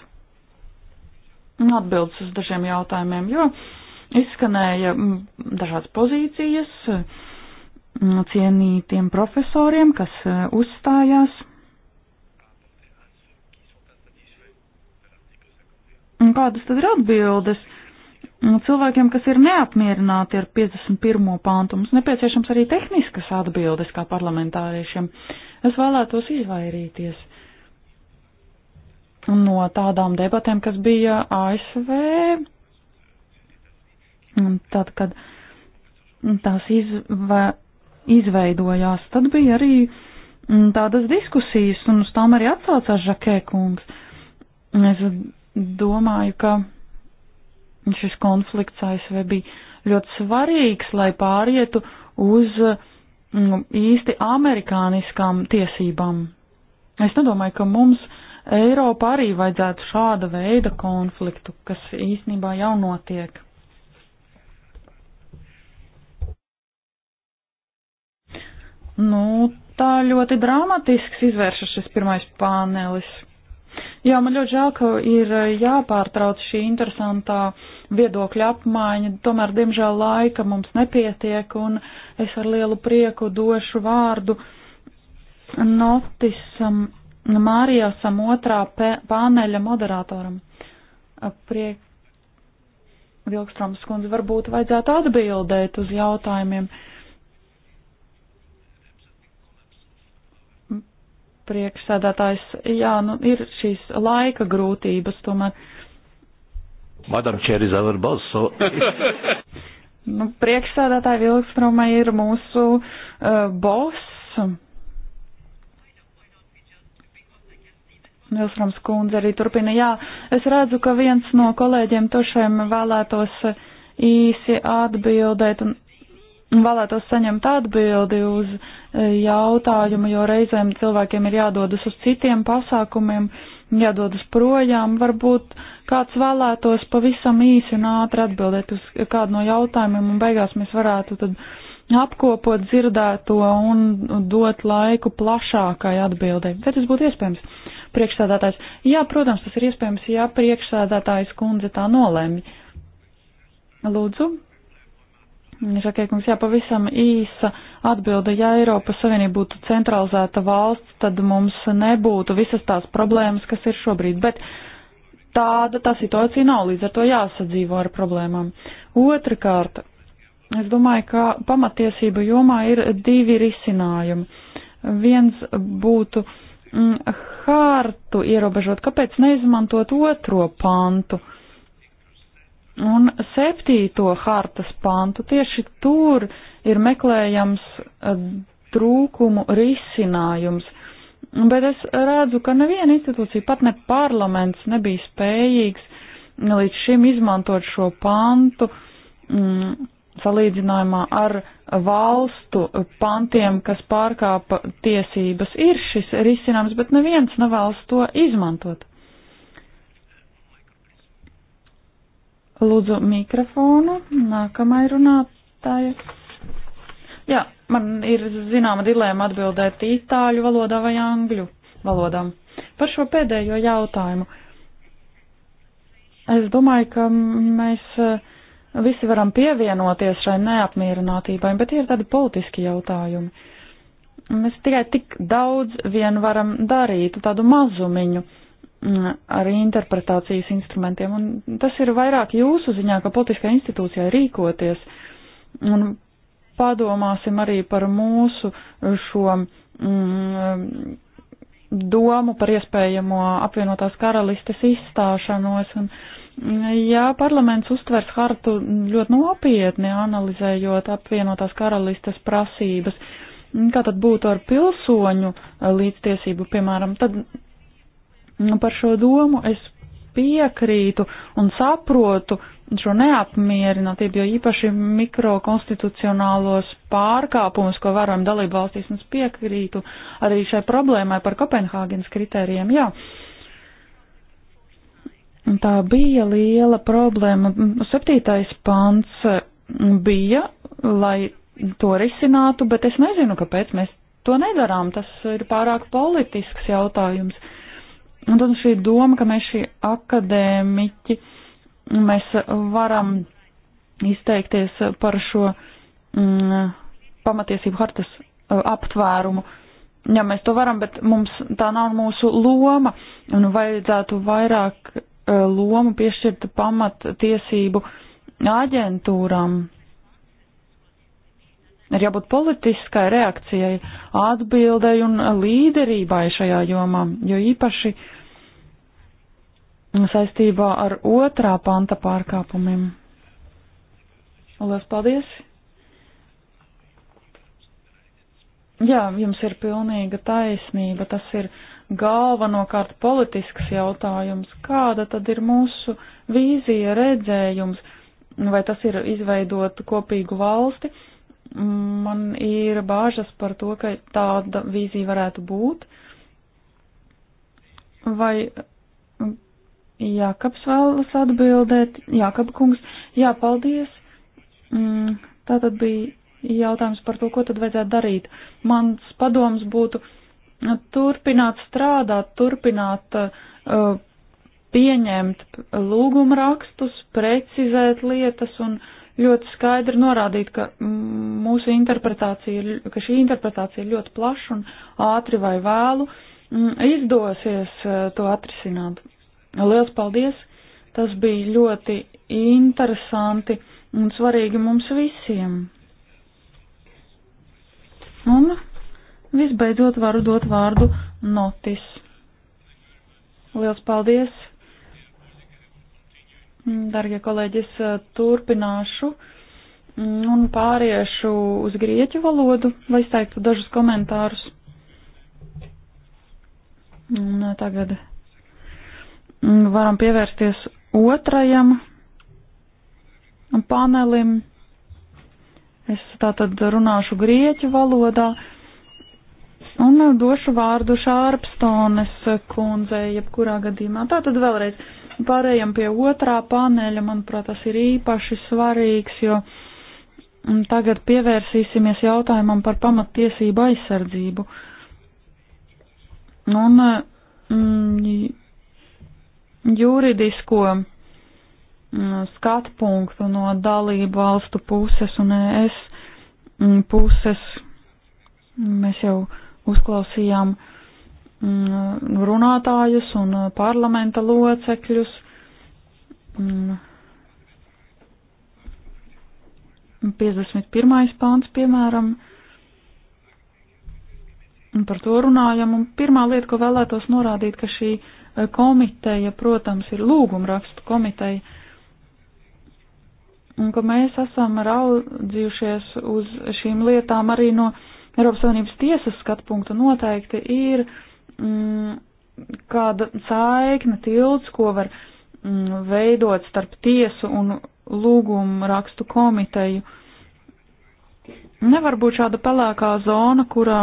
atbildes uz dažiem jautājumiem, jo uh, Izskanēja mm, dažādas pozīcijas mm, cienītiem profesoriem, kas e, uzstājās. Un kādas tad ir atbildes mm, cilvēkiem, kas ir neapmierināti ar 51. pāntu? Mums nepieciešams arī tehniskas atbildes kā parlamentāriešiem. Es vēlētos izvairīties no tādām debatēm, kas bija ASV Tad, kad tās izve, izveidojās, tad bija arī mm, tādas diskusijas, un uz tām arī atsaucās Žakē kungs. Es domāju, ka šis konflikts ASV bija ļoti svarīgs, lai pārietu uz mm, īsti amerikāniskām tiesībām. Es nedomāju, ka mums Eiropā arī vajadzētu šāda veida konfliktu, kas īstenībā jau notiek. Nu, tā ļoti dramatisks izvēršas šis pirmais panelis. Jā, man ļoti žēl, ka ir eh, jāpārtrauc šī interesantā viedokļa apmaiņa, tomēr, diemžēl, laika mums nepietiek, un es ar lielu prieku došu vārdu Notisam Mārijasam otrā pāneļa moderatoram. Priek Vilkstroms kundze varbūt vajadzētu atbildēt uz jautājumiem. Uh, priekšsēdētājs. Jā, nu ir šīs laika grūtības tomēr. Madam Chair is our boss, so. nu, priekšsēdētāja Vilksproma ir mūsu uh, boss. Vilsprams kundze arī turpina. Jā, es redzu, ka viens no kolēģiem tošiem vēlētos uh, īsi atbildēt, un vēlētos saņemt atbildi uz e, jautājumu, jo reizēm cilvēkiem ir jādodas uz citiem pasākumiem, jādodas projām. Varbūt kāds vēlētos pavisam īsi un ātri atbildēt uz kādu no jautājumiem, un beigās mēs varētu tad apkopot dzirdēto un dot laiku plašākai atbildēji. Vai tas būtu iespējams? Priekšsēdētājs. Jā, protams, tas ir iespējams, ja priekšsēdētājs kundze tā nolēma. Lūdzu, Žakie kungs, jā, pavisam īsa atbilde. Ja Eiropas Savienība būtu centralizēta valsts, tad mums nebūtu visas tās problēmas, kas ir šobrīd. Bet tāda tā situācija nav, līdz ar to jāsadzīvo ar problēmām. Otrakārt, es domāju, ka pamatiesība jomā ir divi risinājumi. Viens būtu mm, hārtu ierobežot, kāpēc neizmantot otro pantu? un septīto hartas pantu. Tieši tur ir meklējams e, trūkumu risinājums. Bet es redzu, ka neviena institūcija, pat ne parlaments, nebija spējīgs līdz šim izmantot šo pantu mm, salīdzinājumā ar valstu pantiem, kas pārkāpa tiesības. Ir šis risinājums, bet neviens nevēlas to izmantot. Lūdzu mikrofonu, nākamai runātāja. Jā, man ir zināma dilēma atbildēt itāļu valodā vai angļu valodā. Par šo pēdējo jautājumu. Es domāju, ka mēs eh, visi varam pievienoties šai neapmierinātībai, bet ir tādi politiski jautājumi. Mēs tikai tik daudz vien varam darīt, tādu mazumiņu Mm, arī interpretācijas instrumentiem. Un tas ir vairāk jūsu ziņā, ka politiskā institūcijā rīkoties. Un padomāsim arī par mūsu šo mm, domu par iespējamo apvienotās karalistes izstāšanos. Un, ja parlaments uztvers hartu ļoti nopietni, analizējot apvienotās karalistes prasības, kā tad būtu ar pilsoņu līdztiesību, piemēram, tad par šo domu. Es piekrītu un saprotu šo neapmierinātību, jo īpaši mikrokonstitucionālos pārkāpumus, ko varam dalību valstīs, un es piekrītu arī šai problēmai par Kopenhāgenes kritērijiem. Jā. Tā bija liela problēma. Septītais pants bija, lai to risinātu, bet es nezinu, kāpēc mēs to nedarām. Tas ir pārāk politisks jautājums. Uh, Un tad šī doma, ka mēs šī akadēmiķi, mēs varam izteikties par šo mm, pamatiesību hartas uh, aptvērumu. Ja mēs to varam, bet mums tā nav mūsu loma, un vajadzētu vairāk uh, lomu piešķirt pamattiesību aģentūrām. Ir jābūt politiskai reakcijai, atbildei un līderībai šajā jomā, jo īpaši uh, saistībā ar otrā panta pārkāpumiem. Lielas paldies! Jā, jums ir pilnīga taisnība. Tas ir galvenokārt politisks jautājums. Kāda tad ir mūsu vīzija, redzējums? Vai tas ir izveidot kopīgu valsti? Man ir bāžas par to, ka tāda vīzija varētu būt. Vai Jākaps vēlas atbildēt. Jākap kungs, jā, paldies. Mm, tā tad bija jautājums par to, ko tad vajadzētu darīt. Mans padoms būtu turpināt strādāt, turpināt uh, pieņemt lūguma rakstus, precizēt lietas un ļoti skaidri norādīt, ka mūsu interpretācija, ka šī interpretācija ir ļoti plaša un ātri vai vēlu izdosies uh, to atrisināt. Liels paldies! Tas bija ļoti interesanti un svarīgi mums visiem. Un visbeidzot varu dot vārdu notis. Liels paldies! Dargie kolēģi, es eh, turpināšu un pāriešu uz grieķu valodu, lai izteiktu dažus komentārus. Un eh, tagad Mm, varam pievērsties otrajam panelim. Es tātad runāšu grieķu valodā un došu vārdu Šārpstones kundzei, jebkurā gadījumā. Tātad vēlreiz pārējām pie otrā paneļa, manuprāt, tas ir īpaši svarīgs, jo mm, tagad pievērsīsimies jautājumam par pamattiesību aizsardzību. Un, mm, juridisko mm, skatu punktu no dalību valstu puses un ES mm, puses. Mēs jau uzklausījām mm, runātājus un parlamenta locekļus. Un 51. pāns, piemēram, par to runājam. Un pirmā lieta, ko vēlētos norādīt, ka šī uh, komiteja, protams, ir lūgumrakstu komiteja, un ka mēs esam raudzījušies uz šīm lietām arī no Eiropas Savienības tiesas skatu punktu noteikti ir mm, kāda saikne tilts, ko var mm, veidot starp tiesu un lūgumrakstu komiteju. Nevar būt šāda pelēkā zona, kurā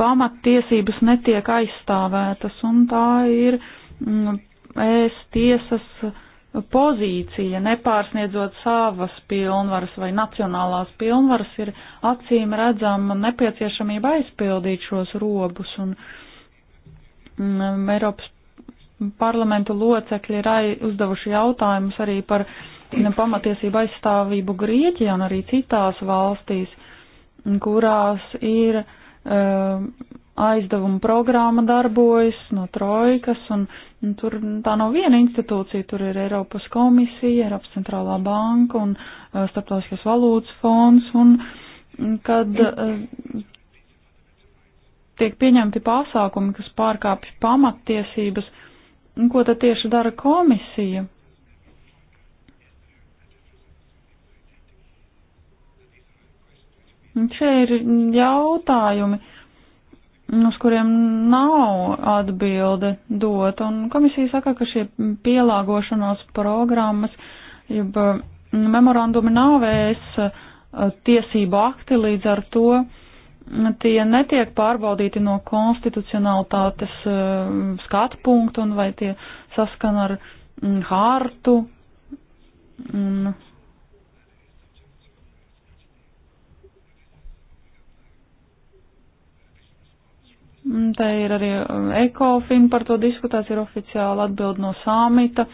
pamattiesības netiek aizstāvētas, un tā ir uh, Nu, es tiesas pozīcija, nepārsniedzot savas pilnvaras vai nacionālās pilnvaras, ir acīm redzama nepieciešamība aizpildīt šos robus. Un, mm, Eiropas parlamentu locekļi ir uzdevuši jautājumus arī par mm, pamatiesību aizstāvību Grieķijā un arī citās valstīs, kurās ir um, aizdevuma programma darbojas no trojkas, un, un tur tā nav viena institūcija, tur ir Eiropas komisija, Eiropas centrālā banka un uh, starptautiskais valūtas fonds, un kad uh, tiek pieņemti pasākumi, kas pārkāpj pamattiesības, ko tad tieši dara komisija? Šie ir jautājumi. Uh, uz kuriem nav atbilde dot, un komisija saka, ka šie pielāgošanos programmas, jeb mm, memorandumi nav es tiesību akti, līdz ar to mm, tie netiek pārbaudīti no konstitucionalitātes skatu punktu un vai tie saskan ar mm, hartu un Mm, Te ir arī um, ECOFIN par to diskutēts, ir oficiāli atbild no samita.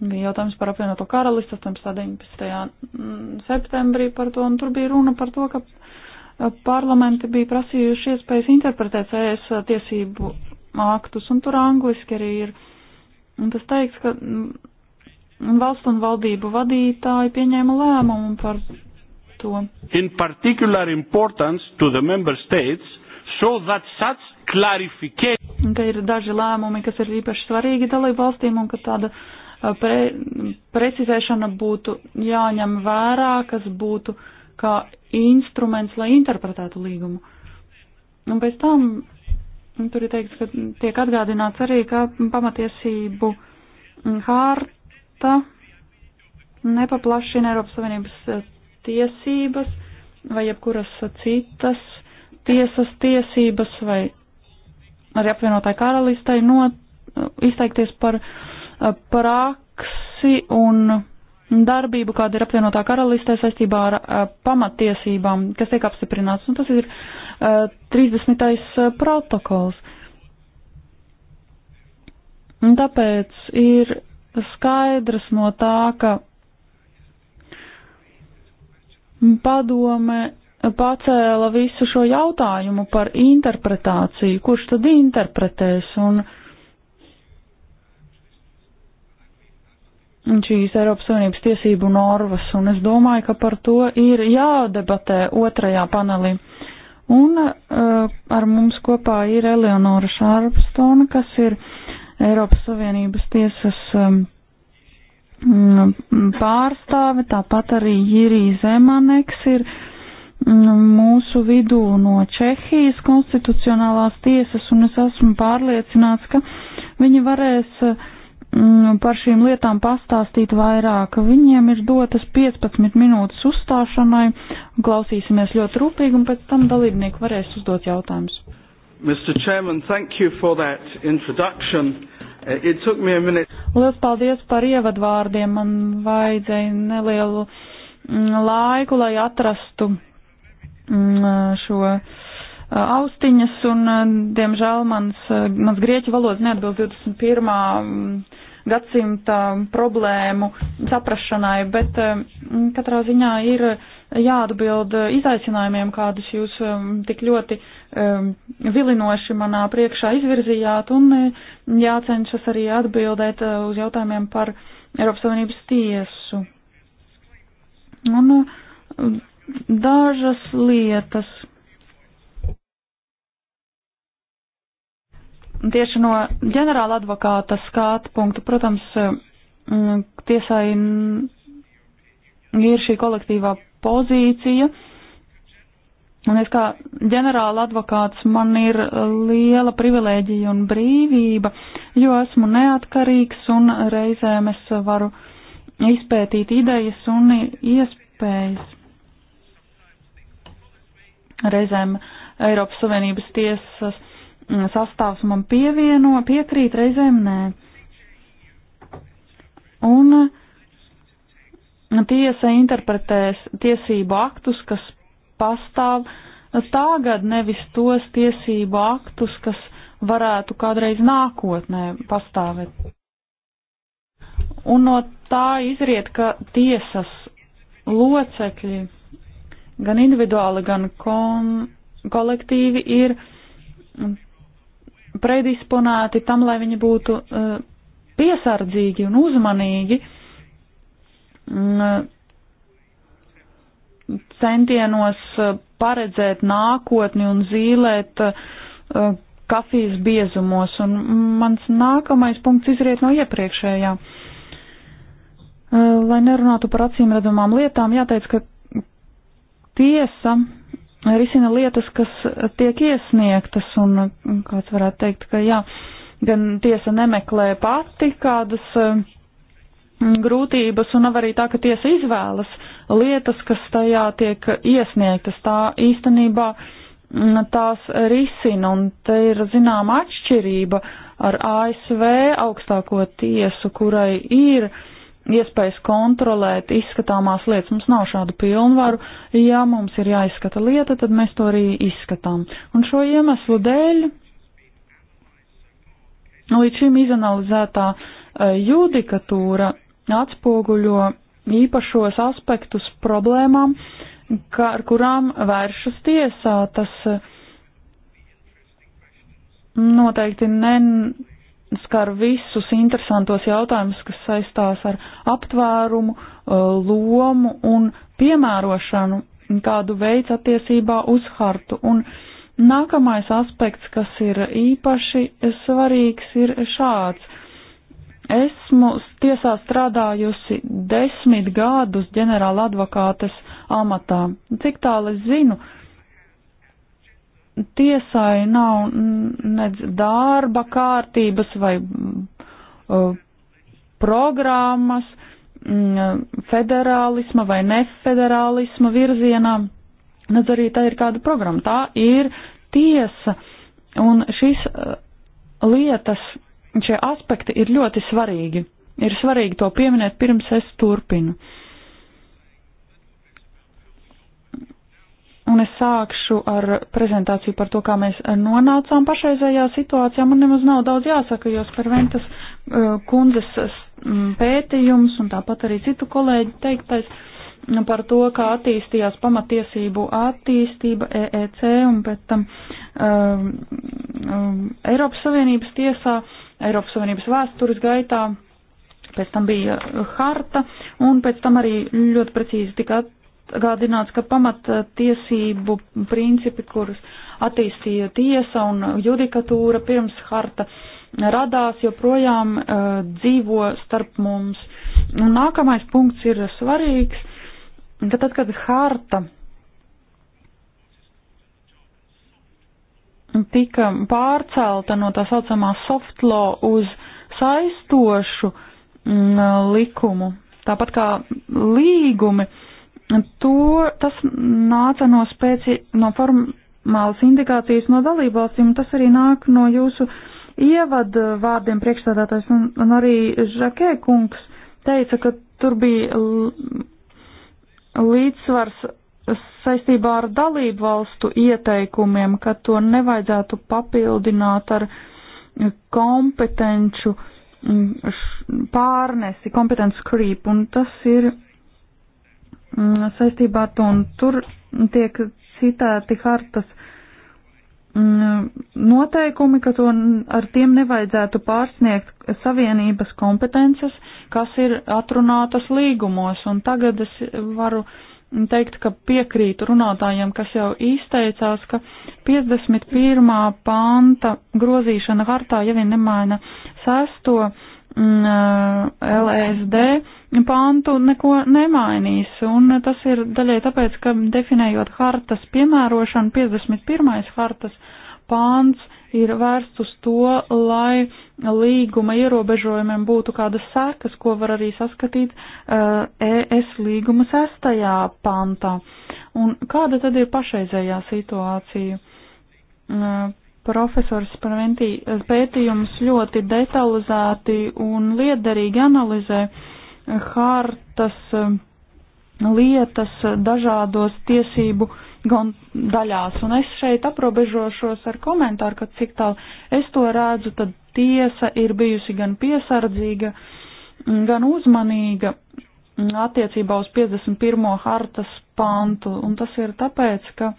Bija jautājums par apvienoto karalistu 18. Mm, septembrī par to, un tur bija runa par to, ka uh, parlamenti bija prasījuši iespējas interpretēt ES tiesību aktus, un tur angliski arī ir. Un tas teiks, ka mm, valsts un valdību vadītāji pieņēma lēmumu par to. In particular importance to the member states so that such clarification. Un ka ir daži lēmumi, kas ir īpaši svarīgi dalību valstīm un ka tāda pre, precizēšana būtu jāņem vērā, kas būtu kā instruments, lai interpretētu līgumu. Un pēc tam tur ir teikts, ka tiek atgādināts arī, ka pamatiesību hārta nepaplašina Eiropas Savienības tiesības vai jebkuras citas tiesas tiesības vai arī apvienotāji karalistei no, izteikties par praksi un darbību, kāda ir apvienotā karalistē saistībā ar a, pamatiesībām, kas tiek apstiprināts. Un tas ir a, 30. protokols. Un tāpēc ir skaidrs no tā, ka padome pacēla visu šo jautājumu par interpretāciju, kurš tad interpretēs un šīs Eiropas Savienības tiesību normas, un es domāju, ka par to ir jādebatē otrajā panelī. Un uh, ar mums kopā ir Eleonora Šārpstona, kas ir Eiropas Savienības tiesas um, Mm, pārstāve, tāpat arī Jirija Zemaneks ir mm, mūsu vidū no Čehijas konstitucionālās tiesas, un es esmu pārliecināts, ka viņi varēs mm, par šīm lietām pastāstīt vairāk. Viņiem ir dotas 15 minūtes uzstāšanai, klausīsimies ļoti rūpīgi, un pēc tam dalībnieki varēs uzdot jautājumus. Mr. Chairman, thank you for that introduction. Uh, Lielas paldies par ievadvārdiem. Man vajadzēja nelielu mm, laiku, lai atrastu mm, šo uh, austiņas, un, uh, diemžēl, mans, mans grieķu valodas neatbilst 21. Mm, gadsimta problēmu saprašanai, bet katrā ziņā ir jāatbild izaicinājumiem, kādus jūs um, tik ļoti uh, um, vilinoši manā priekšā izvirzījāt, un um, jācenšas arī atbildēt uh, uz jautājumiem par Eiropas Savienības tiesu. Un uh, dažas lietas. Tieši no ģenerāla advokāta skatu punktu, protams, um, tiesai ir šī kolektīvā pozīcija. Uh, Un es kā ģenerāla advokāts man ir uh, liela privilēģija un brīvība, jo esmu neatkarīgs un reizēm es varu izpētīt idejas un iespējas. Reizēm Eiropas Savienības tiesas mm, sastāvs man pievieno, piekrīt, reizēm nē. Un tiesa interpretēs tiesību aktus, kas pastāv tagad, nevis tos tiesību aktus, kas varētu kādreiz nākotnē pastāvēt. Un no tā izriet, ka tiesas locekļi gan individuāli, gan kom, kolektīvi ir predisponēti tam, lai viņi būtu uh, piesardzīgi un uzmanīgi uh, centienos eh, paredzēt nākotni un zīlēt eh, kafijas biezumos, un mans nākamais punkts izriet no iepriekšējā. Eh, lai nerunātu par acīm redzamām lietām, jāteic, ka tiesa risina lietas, kas tiek iesniegtas, un kāds varētu teikt, ka jā, gan tiesa nemeklē pati kādas grūtības, un nav arī tā, ka tiesa izvēlas uh, lietas, kas tajā tiek iesniegtas. Tā īstenībā mm, tās risina, un te ir zināma atšķirība ar ASV augstāko tiesu, kurai ir iespējas kontrolēt izskatāmās lietas. Mums nav šādu pilnvaru. Ja mums ir jāizskata lieta, tad mēs to arī izskatām. Un šo iemeslu dēļ līdz šim izanalizētā eh, judikatūra atspoguļo īpašos aspektus problēmām, ka, ar kurām vēršas tiesā. Tas eh, noteikti neskar visus interesantos jautājumus, kas saistās ar aptvērumu, eh, lomu un piemērošanu, kādu veids attiecībā uz hartu. Un nākamais aspekts, kas ir īpaši svarīgs, ir šāds Esmu tiesā strādājusi desmit gadus ģenerāla advokātes amatā. Cik tālu es zinu, tiesai nav nec darba kārtības vai uh, programmas mm, federālisma vai nefederālisma virzienā, nec arī tā ir kāda programma. Tā ir tiesa, un šīs uh, lietas Un šie aspekti ir ļoti svarīgi. Ir svarīgi to pieminēt pirms es turpinu. Un es sākšu ar prezentāciju par to, kā mēs nonācām pašreizējā situācijā. Man nemaz nav daudz jāsaka, jo Sperventas uh, kundzes mm, pētījums un tāpat arī citu kolēģu teiktais par to, kā attīstījās pamatiesību attīstība EEC un pēc tam um, um, Eiropas Savienības tiesā Eiropas Savienības vēstures gaitā, pēc tam bija uh, harta, un pēc tam arī ļoti precīzi tika atgādināts, ka pamattiesību principi, kurus attīstīja tiesa un judikatūra pirms harta, radās joprojām uh, dzīvo starp mums. Un nākamais punkts ir svarīgs, ka tad, kad harta tika pārcelta no tā saucamā soft law uz saistošu mm, likumu. Tāpat kā līgumi, to, tas nāca no spēci, no formālas indikācijas no dalībvalstīm, un tas arī nāk no jūsu ievadu vārdiem priekšstādātājs, un, un arī Žakē kungs teica, ka tur bija līdzsvars saistībā ar dalību valstu ieteikumiem, ka to nevajadzētu papildināt ar eh, kompetenču mm, pārnesi, kompetenci creep, un tas ir mm, saistībā ar to, un tur tiek citēti hartas mm, noteikumi, ka to ar tiem nevajadzētu pārsniegt savienības kompetences, kas ir atrunātas līgumos, un tagad es varu uh, teikt, ka piekrītu runātājiem, kas jau izteicās, ka 51. panta grozīšana hartā, ja vien nemaina 6. Mm, eh, LSD e pantu neko nemainīs, un tas ir daļai tāpēc, ka definējot hartas piemērošanu, 51. hartas pants ir vērsts uz to, lai līguma ierobežojumiem būtu kādas sekas, ko var arī saskatīt uh, eh, ES līguma sestajā pantā. Un kāda tad ir pašreizējā situācija? Uh, profesors Praventī eh, pētījums ļoti detalizēti un liederīgi analizē hartas lietas dažādos tiesību uh, gan daļās, un es šeit aprobežošos ar komentāru, ka cik tālu es to redzu, tad tiesa ir bijusi gan piesardzīga, gan uzmanīga attiecībā uz 51. hartas pantu, un tas ir tāpēc, ka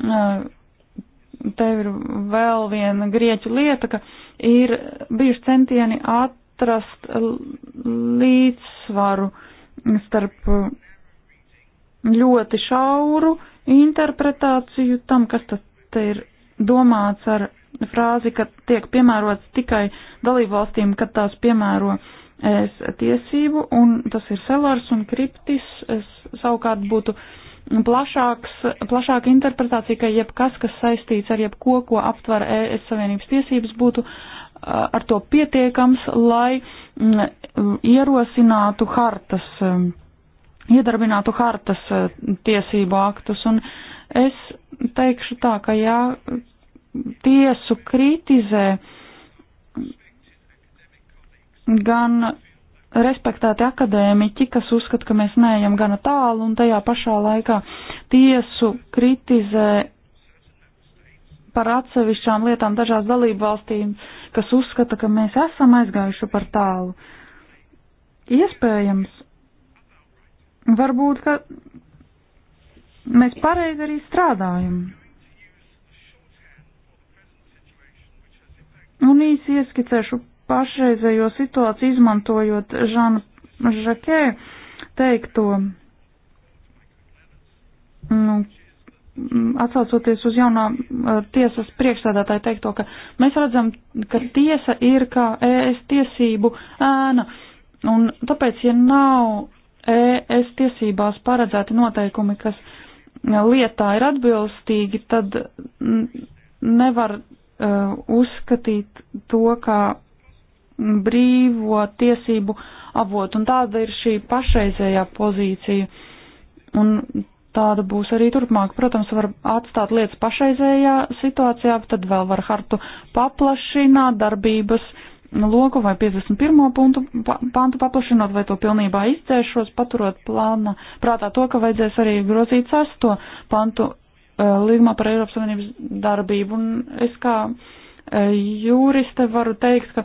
eh, te ir vēl viena grieķu lieta, ka ir bijuši centieni atrast līdzsvaru starp ļoti šauru interpretāciju tam, kas tas te ir domāts ar frāzi, ka tiek piemērots tikai dalībvalstīm, kad tās piemēro es tiesību, un tas ir selars un kriptis, es savukārt būtu plašāks, plašāka interpretācija, ka jebkas, kas saistīts ar jebko, ko aptver ES Savienības tiesības, būtu uh, ar to pietiekams, lai mm, ierosinātu hartas um, iedarbinātu hartas eh, tiesību aktus. Un es teikšu tā, ka ja tiesu kritizē gan respektēti akadēmiķi, kas uzskata, ka mēs neejam gana tālu un tajā pašā laikā tiesu kritizē par atsevišķām lietām dažās dalību valstīm, kas uzskata, ka mēs esam aizgājuši par tālu. Iespējams, Varbūt, ka mēs pareizi arī strādājam. Un īsi ieskicēšu pašreizējo situāciju, izmantojot Žana Žakē teikto, nu, atsaucoties uz jaunā tiesas priekšsēdētāja teikto, ka mēs redzam, ka tiesa ir kā ES tiesību ēna. Un tāpēc, ja nav ES tiesībās paredzēti noteikumi, kas e, lietā ir atbilstīgi, tad nevar uh, uzskatīt to kā brīvo tiesību avotu, un tāda ir šī pašreizējā pozīcija, un tāda būs arī turpmāk. Protams, var atstāt lietas pašreizējā situācijā, tad vēl var hartu paplašināt darbības uh, loku vai 51. Puntu, pantu paplašinot vai to pilnībā izcēšos, paturot plāna prātā to, ka vajadzēs arī grozīt 6. pantu e, līgumā par Eiropas Savienības darbību. Un es kā e, jūriste varu teikt, ka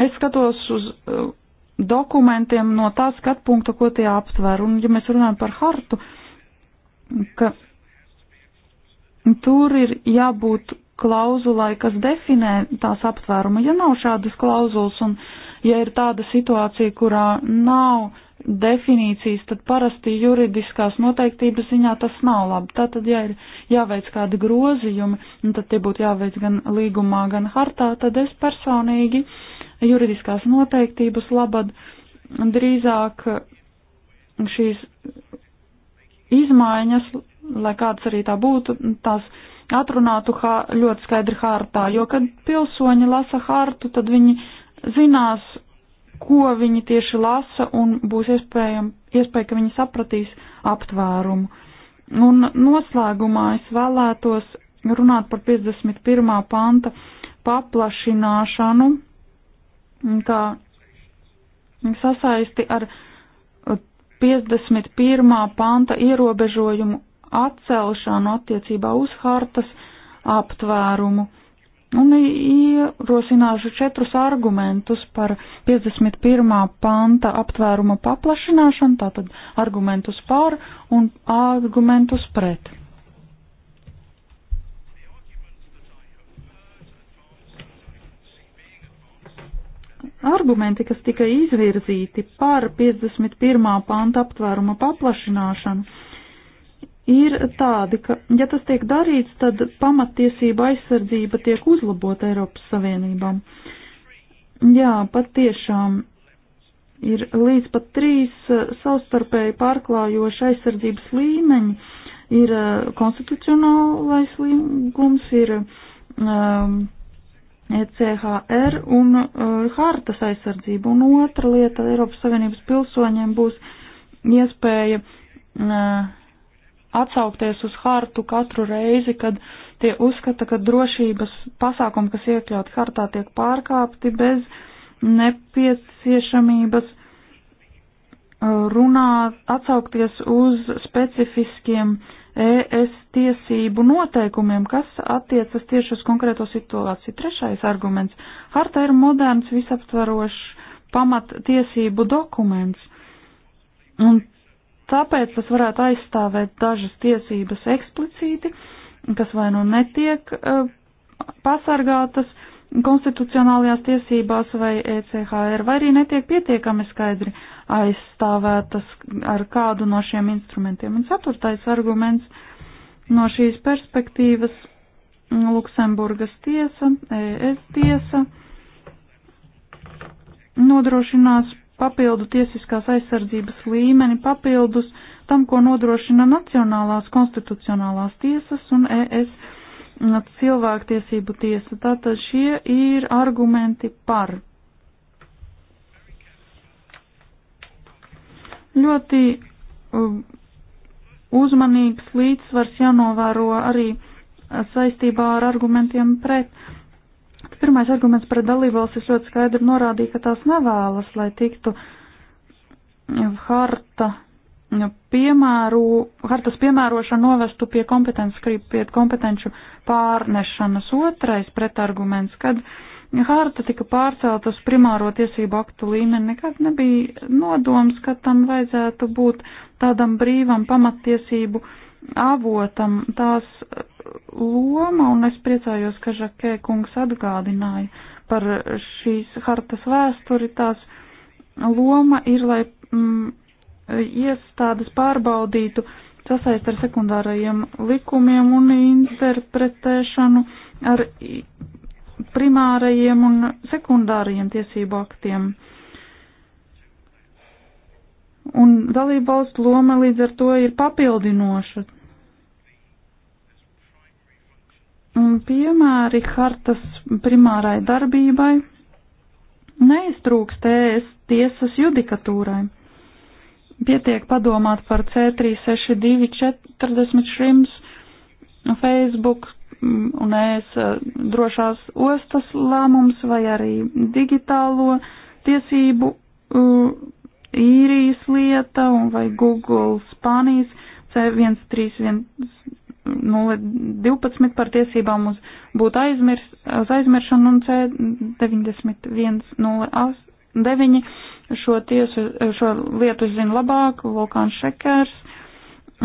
es skatos uz e, dokumentiem no tā skatu punkta, ko tie aptver. Un ja mēs runājam par hartu, ka tur ir jābūt klauzulai, kas definē tās aptvērumu. Ja nav šādas klauzulas un ja ir tāda situācija, kurā nav definīcijas, tad parasti juridiskās noteiktības ziņā tas nav labi. Tātad, ja ir jāveic kādi grozījumi, tad tie būtu jāveic gan līgumā, gan hartā, tad es personīgi juridiskās noteiktības labad drīzāk šīs izmaiņas, lai kādas arī tā būtu, tās atrunātu hā, ļoti skaidri hārtā, jo, kad pilsoņi lasa hārtu, tad viņi zinās, ko viņi tieši lasa, un būs iespēja, ka viņi sapratīs aptvērumu. Un noslēgumā es vēlētos runāt par 51. panta paplašināšanu, kā sasaisti ar 51. panta ierobežojumu atcelšanu attiecībā uz hartas aptvērumu un ierosināšu četrus argumentus par 51. panta aptvēruma paplašināšanu, tātad argumentus pār un argumentus pret. Argumenti, kas tika izvirzīti par 51. panta aptvēruma paplašināšanu, ir tādi, ka, ja tas tiek darīts, tad pamatiesība aizsardzība tiek uzlabota Eiropas Savienībām. Jā, pat tiešām ir līdz pat trīs eh, savstarpēji pārklājoši aizsardzības līmeņi. Ir eh, konstitucionālais līgums, ir um, ehm, ECHR un uh, hartas aizsardzība. Un otra lieta Eiropas Savienības pilsoņiem būs iespēja uh, atsaukties uz hartu katru reizi, kad tie uzskata, ka drošības pasākumi, kas iekļauti hartā, tiek pārkāpti bez nepieciešamības uh, runāt, atsaukties uz specifiskiem ES tiesību noteikumiem, kas attiecas tieši uz konkrēto situāciju. Trešais arguments. Harta ir moderns, visaptvarošs pamattiesību dokuments. Un Tāpēc tas varētu aizstāvēt dažas tiesības eksplicīti, kas vai nu netiek eh, pasargātas konstitucionālajās tiesībās vai ECHR, vai arī netiek pietiekami skaidri aizstāvētas ar kādu no šiem instrumentiem. Un ceturtais arguments no šīs perspektīvas Luksemburgas tiesa, ES tiesa nodrošinās papildu tiesiskās aizsardzības līmeni papildus tam, ko nodrošina Nacionālās konstitucionālās tiesas un ES cilvēktiesību tiesa. Tātad šie ir argumenti par. Ļoti um, uzmanīgs līdzsvars jānovēro arī saistībā ar argumentiem pret fakti. Pirmais arguments pret dalībvalstis ļoti skaidri norādīja, ka tās nevēlas, lai tiktu harta nu, piemēru, hartas piemērošana novestu pie kompetences, pie kompetenču pārnešanas. Otrais pretarguments, kad harta tika pārcelt uz primāro tiesību aktu līmeni, nekad nebija nodoms, ka tam vajadzētu būt tādam brīvam pamattiesību avotam. Tās loma, un es priecājos, ka Žakē kungs atgādināja par šīs hartas vēsturi. Tās loma ir, lai mm, iestādes pārbaudītu sasaist ar sekundārajiem likumiem un interpretēšanu ar primārajiem un sekundārajiem tiesību aktiem. Un dalībvalstu loma līdz ar to ir papildinoša Piemēri hartas primārai darbībai neiztrūkst ES tiesas judikatūrai. Pietiek padomāt par C362 40 šrims, Facebook mm, un ES e, drošās ostas lēmums vai arī digitālo tiesību īrijas lieta un vai Google Spānijas C1311 012 nu, par tiesībām uz būt aizmirs, uz aizmiršanu un C9109 šo, tiesu, šo lietu zina labāk, Volkāns Šekers,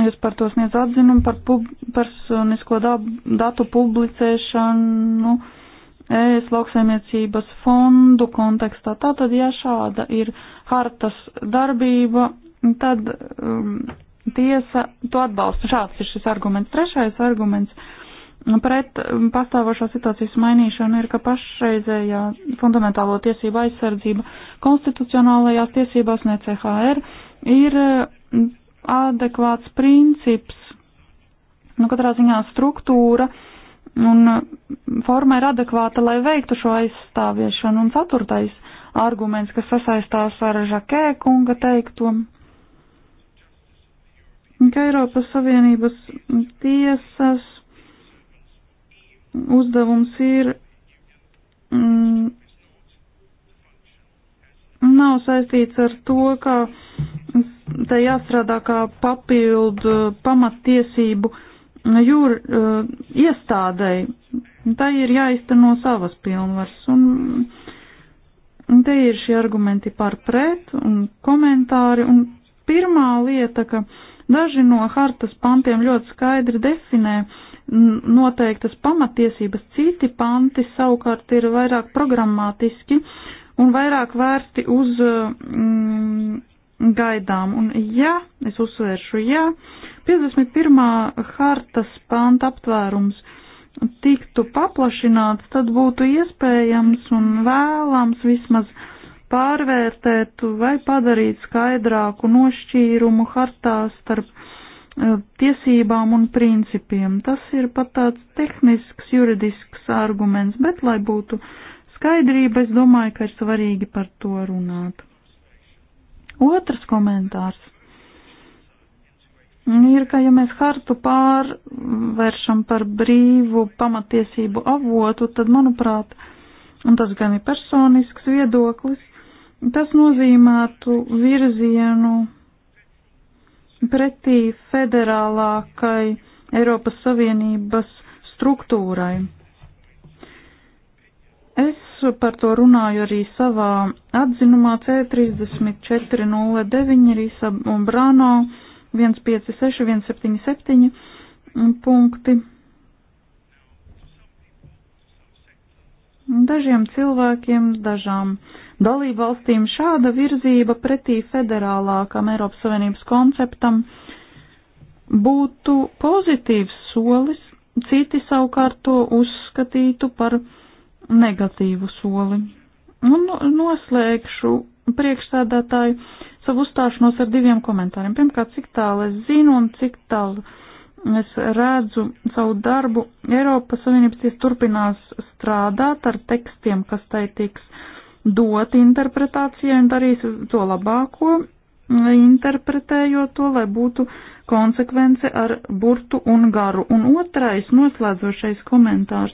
jūs par to sniedz atzinu par pub, personisko datu publicēšanu. ES lauksaimniecības fondu kontekstā. Tātad, ja šāda ir hartas darbība, tad um, tiesa to atbalsta. Šāds ir šis arguments. Trešais arguments pret um, pastāvošā situācijas mainīšanu ir, ka pašreizējā fundamentālo tiesību aizsardzība konstitucionālajās tiesībās, ne CHR, ir um, adekvāts princips, nu katrā ziņā struktūra un um, forma ir adekvāta, lai veiktu šo aizstāviešanu. Un ceturtais arguments, kas sasaistās ar Žakē kunga teiktumu ka Eiropas Savienības tiesas uzdevums ir mm, nav saistīts ar to, ka te jāstrādā kā papildu pamattiesību jūr uh, eh, iestādēji. Tai ir jāizteno savas pilnvars. Un, un te ir šie argumenti par pret un komentāri. Un pirmā lieta, ka uh, Daži no hartas pantiem ļoti skaidri definē noteiktas pamatiesības, citi panti savukārt ir vairāk programmatiski un vairāk vērti uz mm, gaidām. Un ja, es uzsvēršu, ja 51. hartas panta aptvērums tiktu paplašināts, tad būtu iespējams un vēlams vismaz pārvērtēt vai padarīt skaidrāku nošķīrumu hartā starp eh, tiesībām un principiem. Tas ir pat tāds tehnisks, juridisks arguments, bet, lai būtu skaidrība, es domāju, ka ir svarīgi par to runāt. Otrs komentārs ir, ka ja mēs hartu pārvēršam par brīvu pamatiesību avotu, tad, manuprāt, un tas gan ir personisks viedoklis, Tas nozīmētu virzienu pretī federālākai Eiropas Savienības struktūrai. Es par to runāju arī savā atzinumā C3409 Rīsa un Brāno 156 177 punkti. Dažiem cilvēkiem, dažām uh, dalību valstīm šāda virzība pretī federālākam Eiropas Savienības konceptam būtu pozitīvs solis, citi savukārt to uzskatītu par negatīvu soli. Un noslēgšu priekšsēdētāju savu uzstāšanos ar diviem komentāriem. Pirmkārt, cik tālu es zinu un cik tālu es redzu savu darbu, Eiropas Savienības tiesa turpinās strādāt ar tekstiem, kas tai tiks dot interpretācijai un darīs to labāko, interpretējot to, lai būtu konsekvence ar burtu un garu. Un otrais noslēdzošais komentārs.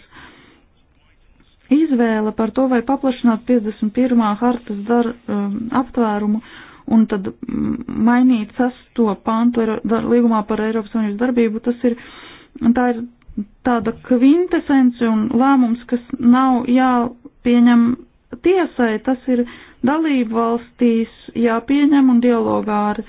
Izvēle par to, vai paplašināt 51. hartas dar, um, aptvērumu un tad mm, mainīt sesto pantu līgumā par Eiropas Savienības darbību, tas ir, tā ir tāda kvintesence un lēmums, kas nav jāpieņem tiesai tas ir dalību valstīs jāpieņem un dialogā ar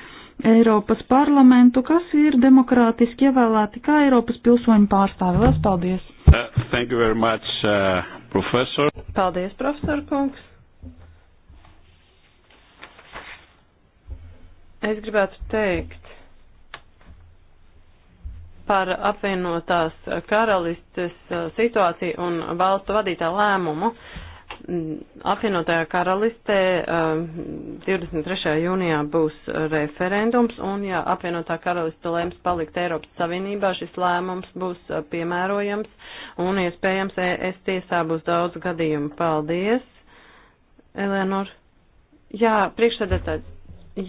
Eiropas parlamentu, kas ir demokrātiski ievēlēti kā Eiropas pilsoņu pārstāvi. Lielas paldies! Uh, thank you very much, uh, professor. Paldies, profesor kungs. Es gribētu teikt par apvienotās karalistes uh, situāciju un valstu vadītā lēmumu. Uh, Apvienotajā karalistē 23. Eh, jūnijā būs referendums, un ja apvienotā karaliste lems palikt Eiropas Savienībā, šis lēmums būs eh, piemērojams, un iespējams ES tiesā būs daudz gadījumu. Paldies, Eleonor. Jā, priekšsēdētājs,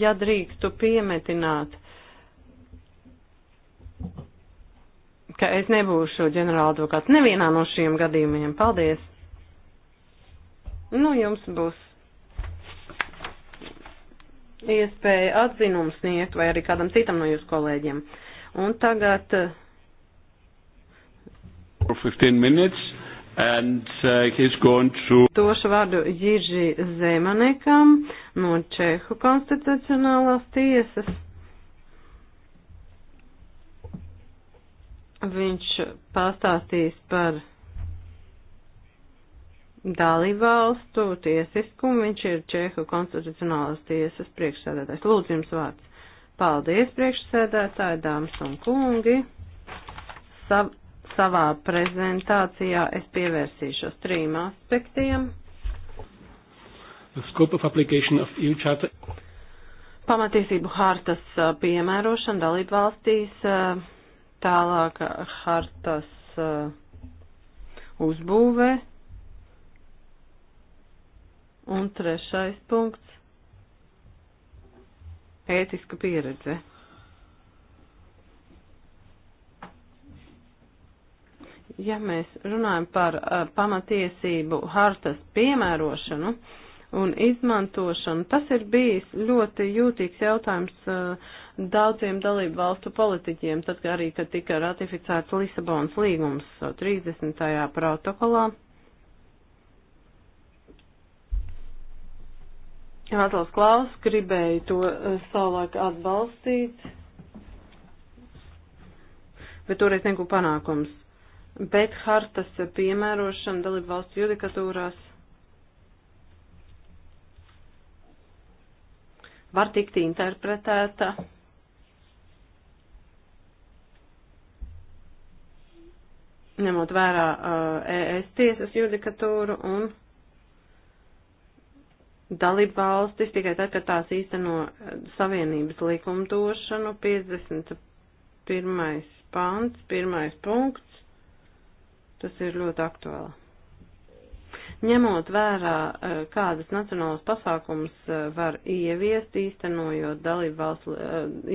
ja drīkstu piemetināt, ka es nebūšu ģenerāla advokāts nevienā no šiem gadījumiem. Paldies! Nu, jums būs iespēja atzinumu sniegt vai arī kādam citam no jūsu kolēģiem. Un tagad. Eh, and, uh, to... Došu vārdu Jiži Zemanekam no Čehu konstitucionālās tiesas. Viņš pastāstīs par dalībvalstu tiesiskumu. Viņš ir Čehu konstitucionālas tiesas priekšsēdētājs. Lūdzu jums vārds. Paldies priekšsēdētāji, dāmas un kungi. Sav, savā prezentācijā es pievērsīšos trim aspektiem. The scope of application of EU Charter. Pamatiesību hartas uh, piemērošana dalību valstīs, uh, tālāk hartas uh, uzbūve, Un trešais punkts - ētiska pieredze. Ja mēs runājam par uh, pamatiesību hartas piemērošanu un izmantošanu, tas ir bijis ļoti jūtīgs jautājums uh, daudziem dalību valstu politiķiem, tad arī, kad tika ratificēts Lisabonas līgums 30. protokolā. Atlas Klaus gribēja to eh, savulaik atbalstīt, bet toreiz nebija panākums. Bet hartas piemērošana dalību valstu judikatūrās var tikt interpretēta ņemot vērā uh, eh, ES tiesas judikatūru un dalību valstis tikai tad, kad tās īsteno eh, savienības likumdošanu 51. pants, pirmais punkts, tas ir ļoti aktuāli. Ņemot vērā, eh, kādas nacionālas pasākumas eh, var ieviest, īstenojot dalību valsts,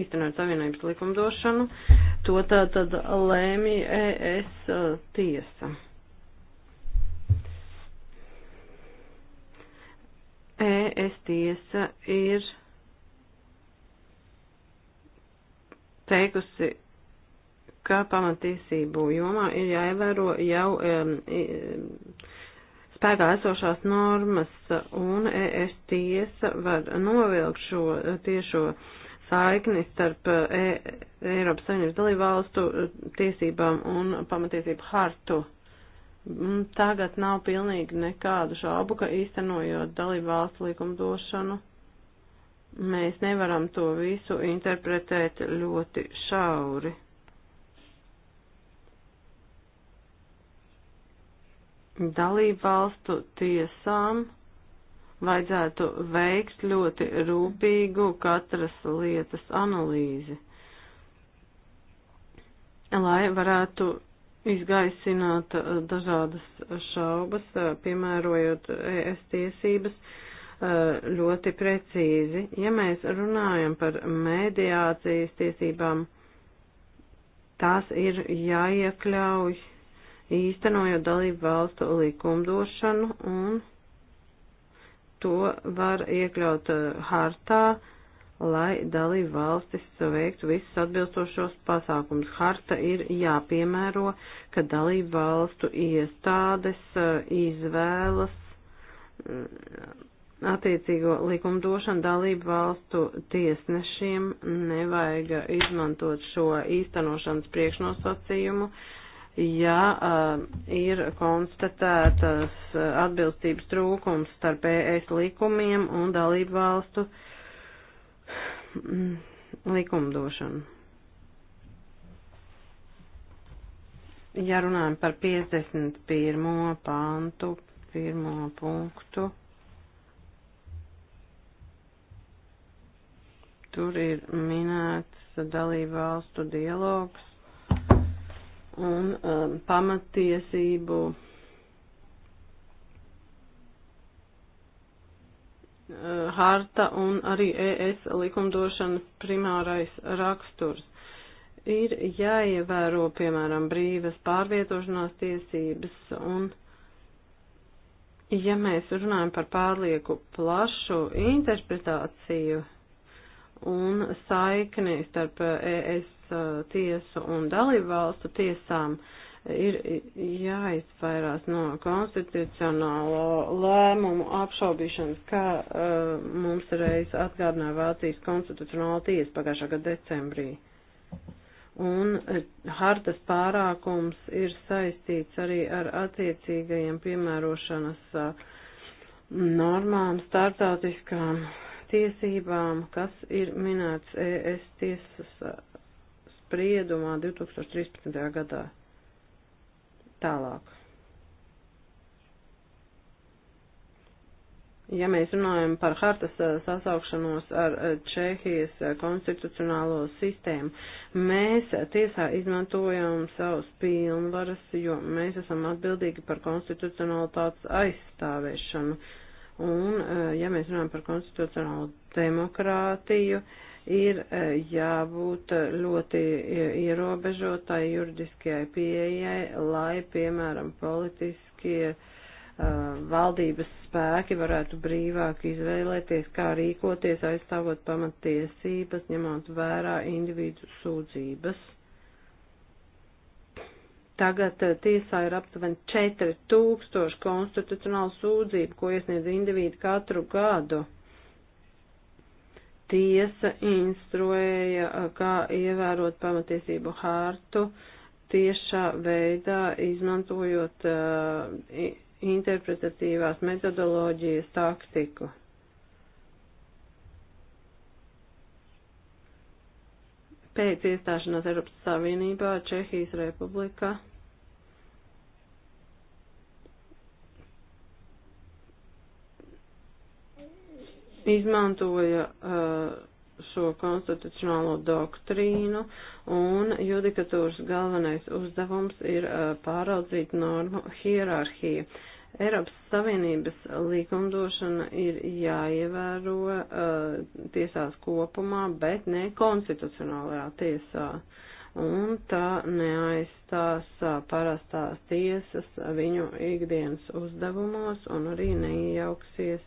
īstenojot savienības likumdošanu, to tad, tad lēmi ES tiesa. ES tiesa ir teikusi, ka pamatiesību jomā ir jāievēro jau um, spēkā esošās normas, un ES tiesa var novilkt šo tiešo saikni starp e Eiropas Savienības dalībvalstu tiesībām un pamatiesību hartu. Mm, tagad nav pilnīgi nekādu šaubu, ka īstenojot dalību valstu likumdošanu, mēs nevaram to visu interpretēt ļoti šauri. Dalību valstu tiesām vajadzētu veikt ļoti rūpīgu katras lietas analīzi, lai varētu izgaisināt eh, dažādas šaubas, eh, piemērojot eh, ES tiesības ļoti precīzi. Ja mēs runājam par mediācijas tiesībām, tās ir jāiekļauj īstenojot dalību valstu likumdošanu un to var iekļaut hartā, uh, lai dalību valstis veiktu visus atbilstošos pasākums. Harta ir jāpiemēro, ka dalību valstu iestādes uh, izvēlas mm, attiecīgo likumdošanu dalību valstu tiesnešiem. Nevajag izmantot šo īstenošanas priekšnosacījumu. Ja uh, ir konstatētas atbilstības trūkums starp ES likumiem un dalību valstu uh, Mm, likumdošanu. Ja runājam par 51. pāntu, pirmo punktu, tur ir minēts dalību valstu dialogs un um, pamatiesību Eh, harta un arī ES likumdošanas primārais raksturs. Ir jāievēro, piemēram, brīvas pārvietošanās tiesības un, ja mēs runājam par pārlieku plašu interpretāciju un saikni starp ES tiesu un dalību valstu tiesām, uh, ir jāizvairās no konstitucionālo lēmumu apšaubīšanas, kā uh, mums reiz atgādināja Vācijas konstitucionāla tiesa pagājušā gada decembrī. Un uh, hartas pārākums ir saistīts arī ar attiecīgajiem piemērošanas uh, normām, startautiskām tiesībām, kas ir minēts ES tiesas uh, spriedumā 2013. gadā. Tālāk. Ja mēs runājam par hartas eh, sasaukšanos ar eh, Čehijas eh, konstitucionālo sistēmu, mēs tiesā izmantojam savus pilnvaras, jo mēs esam atbildīgi par konstitucionalitātes aizstāvēšanu. Un, ja mēs runājam par konstitucionālu demokrātiju, uh, ir e, jābūt e, ļoti e, ierobežotai juridiskajai pieejai, lai, piemēram, politiskie valdības spēki varētu brīvāk izvēlēties, kā rīkoties, aizstāvot pamatiesības, ņemot vērā individu sūdzības. Tagad tiesā ir aptuveni 4000 konstitucionālu sūdzību, ko iesniedz individu katru gadu tiesa instruēja, kā ievērot pamatiesību hārtu tiešā veidā, izmantojot uh, interpretatīvās metodoloģijas taktiku. Pēc iestāšanās Eiropas Savienībā Čehijas Republika izmantoja uh, šo konstitucionālo doktrīnu, un judikatūras galvenais uzdevums ir uh, pāraudzīt normu hierarhiju. Eiropas Savienības likumdošana ir jāievēro uh, tiesās kopumā, bet ne konstitucionālajā tiesā. Un tā neaizstās uh, parastās tiesas viņu ikdienas uzdevumos un arī neiejauksies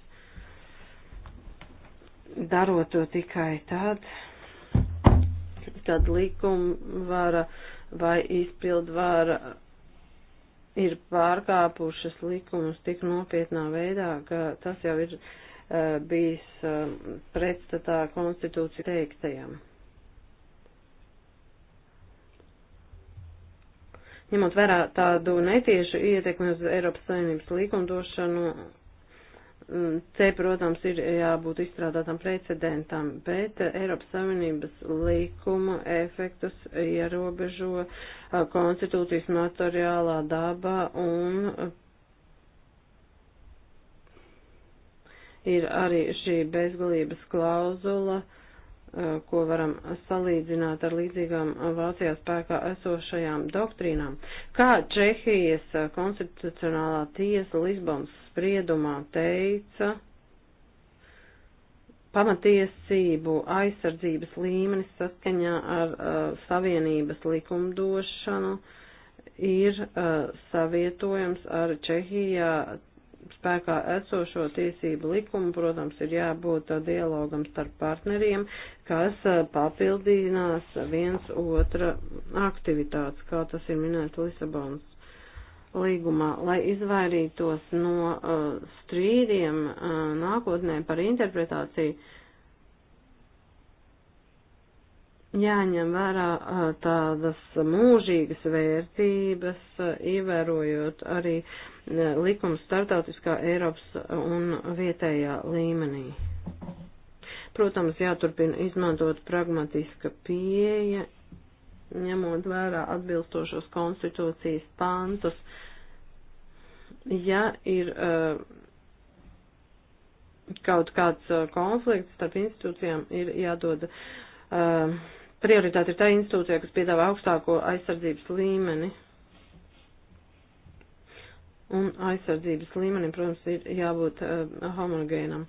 darot to tikai tad, kad likumvara vai izpildvara ir pārkāpušas likumus tik nopietnā veidā, ka tas jau ir uh, bijis uh, pretstatā konstitūcija teiktajam. Ņemot vērā tādu netiešu ietekmi uz Eiropas Savienības likumdošanu Te, mm, protams, ir jābūt izstrādātam precedentam, bet Eiropas Savienības likuma efektus ierobežo konstitūcijas materiālā daba un ir arī šī bezgalības klauzula. Uh, ko varam salīdzināt ar līdzīgām Vācijā spēkā esošajām doktrīnām. Kā Čehijas konstitucionālā tiesa Lisbonas spriedumā teica, pamatiesību aizsardzības līmenis saskaņā ar uh, savienības likumdošanu ir uh, savietojams ar Čehijā spēkā esošo tiesību likumu, protams, ir jābūt uh, dialogam starp partneriem, kas uh, papildinās viens otra aktivitātes, kā tas ir minēts Lisabonas līgumā, lai izvairītos no uh, strīdiem uh, nākotnē par interpretāciju. Uh, jāņem vērā tādas mūžīgas vērtības, ievērojot arī likums startautiskā Eiropas un vietējā līmenī. Protams, jāturpina izmantot pragmatiska pieeja, ņemot vērā atbilstošos konstitūcijas pantus. Ja ir uh, kaut kāds konflikts starp institūcijām, ir jādod uh, prioritāte ir tā institūcija, kas piedāvā augstāko aizsardzības līmeni. Un aizsardzības līmenim, protams, ir jābūt uh, homogēnam.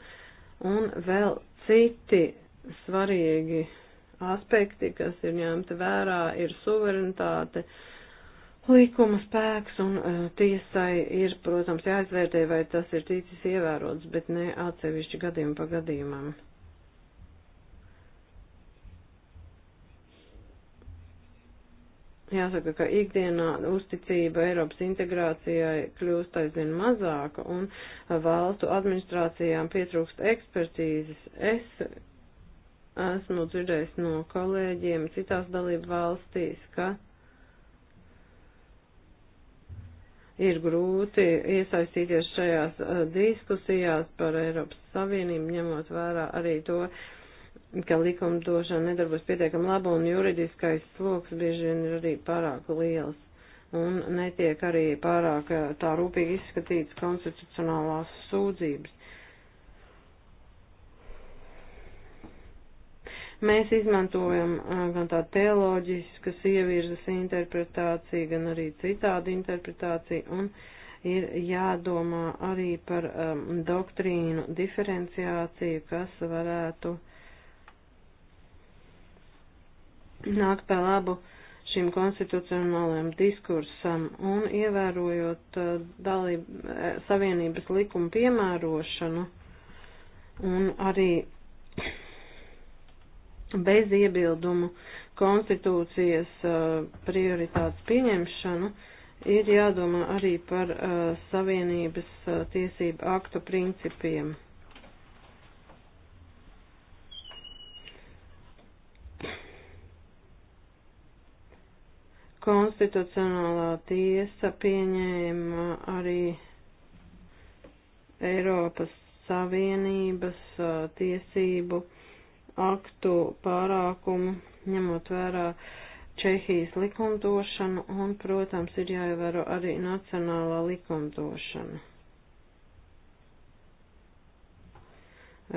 Un vēl citi svarīgi aspekti, kas ir ņemti vērā, ir suverenitāte, likuma spēks un uh, tiesai ir, protams, jāizvērtē, vai tas ir ticis ievērots, bet ne atsevišķi gadījumu pa gadījumam. Jāsaka, ka ikdienā uzticība Eiropas integrācijai kļūst aizvien mazāka un valstu administrācijām pietrūkst ekspertīzes. Es esmu dzirdējis no kolēģiem citās dalību valstīs, ka ir grūti iesaistīties šajās eh, diskusijās par Eiropas Savienību, ņemot vērā arī to, uh, ka likumdošana nedarbos pietiekami labi un juridiskais sloks bieži vien ir arī pārāk liels un netiek arī pārāk eh, tā rūpīgi izskatīts konstitucionālās sūdzības. Mēs izmantojam eh, gan tā teoloģiskas ievirzes interpretāciju, gan arī citādi interpretāciju un ir jādomā arī par um, doktrīnu diferenciāciju, kas varētu uh, nāk pa labu šim konstitucionālajam diskursam un ievērojot uh, dalību, eh, savienības likumu piemērošanu un arī bez iebildumu konstitūcijas uh, prioritātes pieņemšanu ir jādomā arī par uh, savienības tiesību aktu principiem. Konstitucionālā tiesa pieņēma arī Eiropas Savienības tiesību aktu pārākumu, ņemot vērā Čehijas likumdošanu un, protams, ir jāievēro arī nacionālā likumdošana.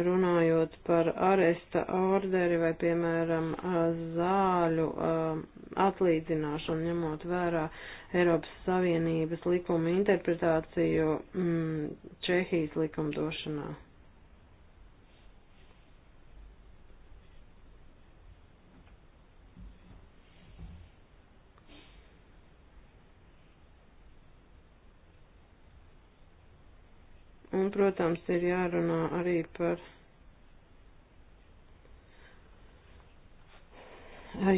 runājot par aresta orderi vai, piemēram, zāļu um, atlīdzināšanu, ņemot vērā Eiropas Savienības likuma interpretāciju mm, Čehijas likumdošanā. Un, protams, ir jārunā arī par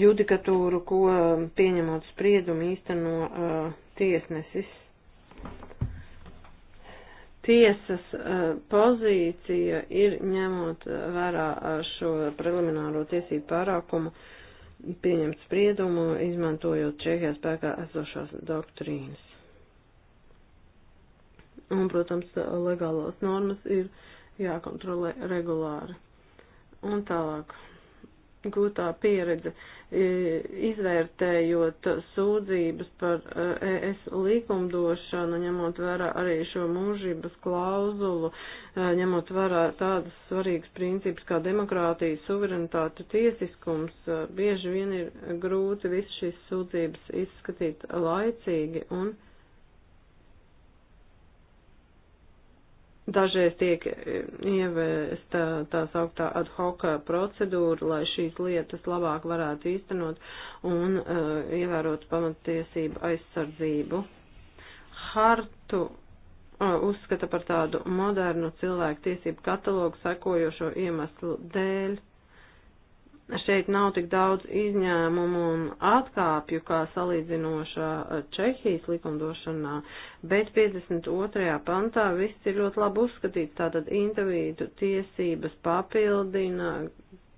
judikatūru, ko pieņemot spriedumu īsteno uh, tiesnesis. Tiesas uh, pozīcija ir ņemot vērā uh, šo prelimināro tiesību pārākumu pieņemt spriedumu, izmantojot Čehijā spēkā esošās doktrīnas. Un, protams, legālās normas ir jākontrolē regulāri. Un tālāk gūtā pieredze, izvērtējot sūdzības par ES e likumdošanu, ņemot vērā arī šo mūžības klauzulu, e, ņemot vērā tādas svarīgas principus kā demokrātija, suverenitāte, tiesiskums, e, bieži vien ir grūti visu šīs sūdzības izskatīt laicīgi un Dažreiz tiek e, ievēsta tā sauktā ad hoc procedūra, lai šīs lietas labāk varētu īstenot un uh, ievērot pamatiesību aizsardzību. Hartu uh, uzskata par tādu modernu cilvēku tiesību katalogu sekojošo iemeslu dēļ šeit nav tik daudz izņēmumu un atkāpju, kā salīdzinošā eh, Čehijas likumdošanā, bet 52. pantā viss ir ļoti labi uzskatīts, tātad individu tiesības papildina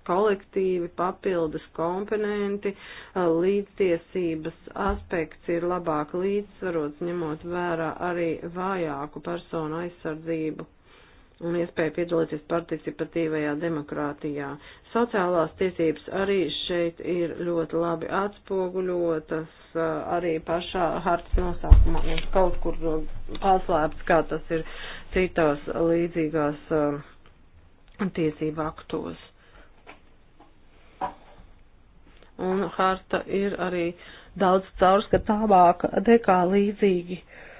kolektīvi papildus komponenti, eh, līdztiesības aspekts ir labāk līdzsvarots, ņemot vērā arī vājāku personu aizsardzību un iespēju piedalīties participatīvajā demokrātijā. Sociālās tiesības arī šeit ir ļoti labi atspoguļotas, arī pašā hartas nosaukumā mums kaut kur paslēpts, kā tas ir citās līdzīgās tiesību aktos. Un harta ir arī daudz caurskatāmāka nekā līdzīgi uh,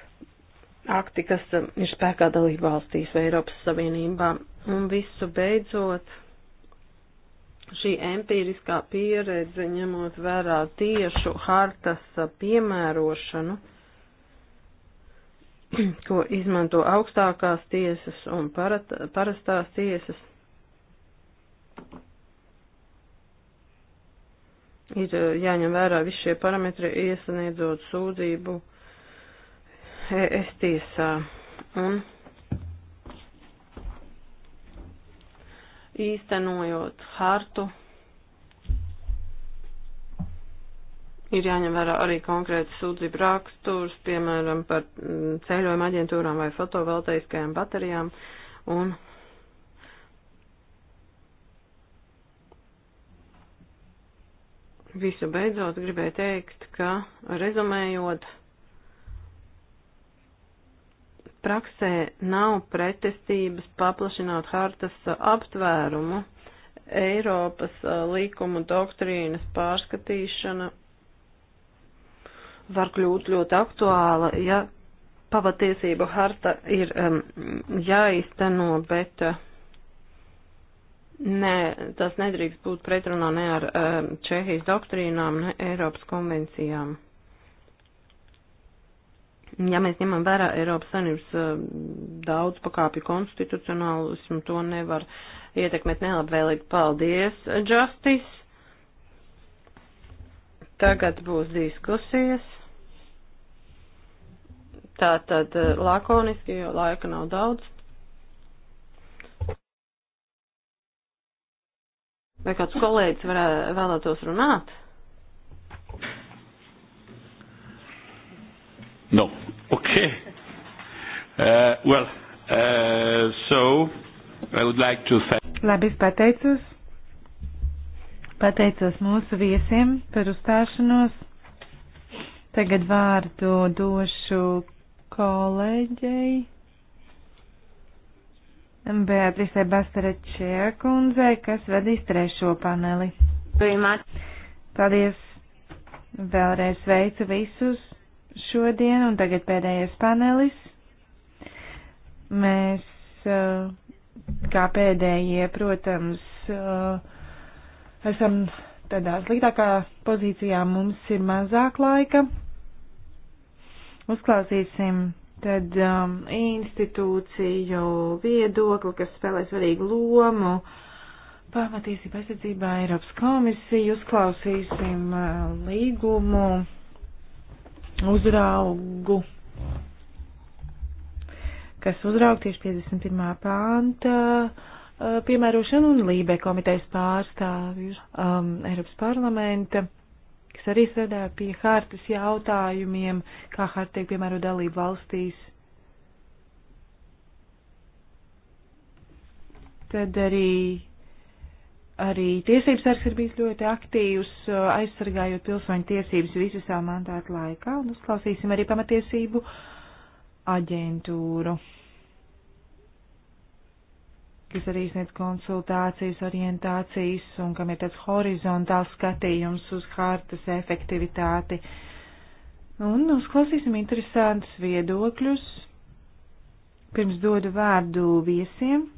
akti, kas um, ir spēkā dalība valstīs vai Eiropas Savienībā. Un visu beidzot, šī empīriskā pieredze, ņemot vērā tiešu hartas uh, piemērošanu, ko izmanto augstākās tiesas un parastās tiesas, ir uh, jāņem vērā visi šie parametri, iesniedzot sūdzību ES tiesā. Un īstenojot hartu, ir jāņem vērā arī konkrēti sūdzību raksturs, piemēram, par mm, ceļojuma aģentūrām vai fotovoltaiskajām baterijām. Un visu beidzot gribēju teikt, ka rezumējot, praksē nav pretestības paplašināt hartas uh, aptvērumu. Eiropas uh, līkumu doktrīnas pārskatīšana var kļūt ļoti aktuāla, ja pavatiesību harta ir um, jāizteno, bet uh, ne, tas nedrīkst būt pretrunā ne ar um, Čehijas doktrīnām, ne Eiropas konvencijām ja mēs ņemam vērā Eiropas Savienības eh, daudz pakāpju konstitucionālismu, to nevar ietekmēt nelabvēlīgi. Paldies, Justice! Tagad būs diskusijas. Tā tad eh, lakoniski, jo laika nav daudz. Vai kāds kolēģis varētu vēlētos runāt? No. Okay. Uh, well, uh, so I would like to thank. Labi, es pateicos. Pateicos mūsu viesiem par uzstāšanos. Tagad vārdu došu kolēģei. Beatrice Bastarečē kundzei, kas vadīs trešo paneli. Paldies! Vēlreiz sveicu visus šodien, un tagad pēdējais panelis. Mēs, eh, kā pēdējie, protams, eh, esam tādā sliktākā pozīcijā, mums ir mazāk laika. Uzklausīsim tad um, institūciju viedokli, kas spēlē svarīgu lomu. Pamatīsība aizsardzībā Eiropas komisija, uzklausīsim uh, līgumu uzraugu, kas uzraug tieši 51. pānta uh, piemērošanu un Lībe komitejas pārstāvju um, Eiropas parlamenta, kas arī strādā pie hartas jautājumiem, kā harta tiek piemēro dalību valstīs. Tad arī Arī tiesības sargs ir bijis ļoti aktīvs, uh, aizsargājot pilsoņu tiesības visu savu mandātu laikā, un uzklausīsim arī pamatiesību aģentūru, kas arī sniedz konsultācijas, orientācijas, un kam ir tāds horizontāls skatījums uz hartas efektivitāti. Un uzklausīsim interesantus viedokļus. Pirms dodu vārdu viesiem.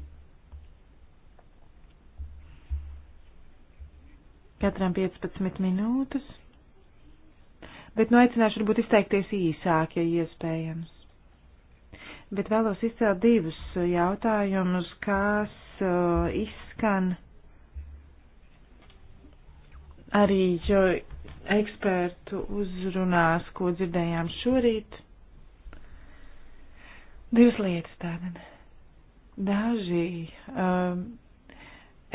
katram 15 minūtes, bet nu aicināšu varbūt izteikties īsāk, ja iespējams. Bet vēlos izcelt divus jautājumus, kas uh, izskan arī ekspertu uzrunās, ko dzirdējām šorīt. Divas lietas tātad. Daži um,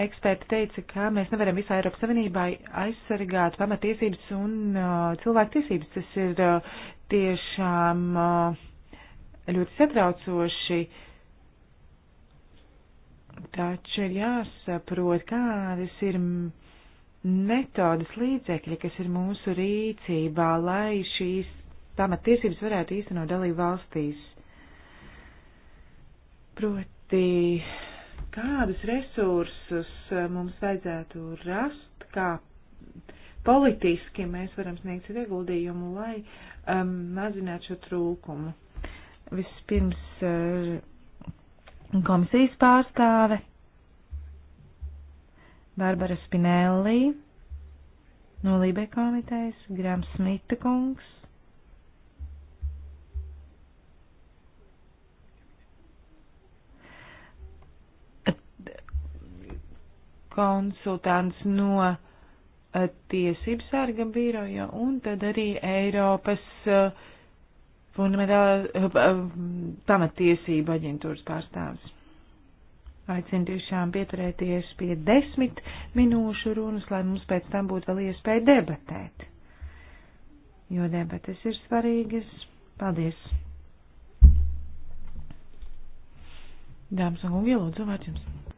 Eksperti teica, ka mēs nevaram visā Eiropas Savienībā aizsargāt pamatiesības un uh, cilvēktiesības. Tas ir uh, tiešām uh, ļoti satraucoši. Taču ir jāsaprot, kādas ir metodas līdzekļi, kas ir mūsu rīcībā, lai šīs pamatiesības varētu īstenot dalību valstīs. Proti, kādus resursus eh, mums vajadzētu rast, kā politiski mēs varam sniegt savu ieguldījumu, lai um, mazinātu šo trūkumu. Vispirms uh, komisijas pārstāve Barbara Spinelli no Lībe komitejas, Grams Smita kungs konsultants no eh, tiesības sarga biroja un tad arī Eiropas eh, fundamentālā eh, pamatiesība aģentūras pārstāvis. Aicinu tiešām pieturēties pie desmit minūšu runas, lai mums pēc tam būtu vēl iespēja debatēt. Jo debates ir svarīgas. Paldies! Dāmas un kungi, lūdzu, vārds jums!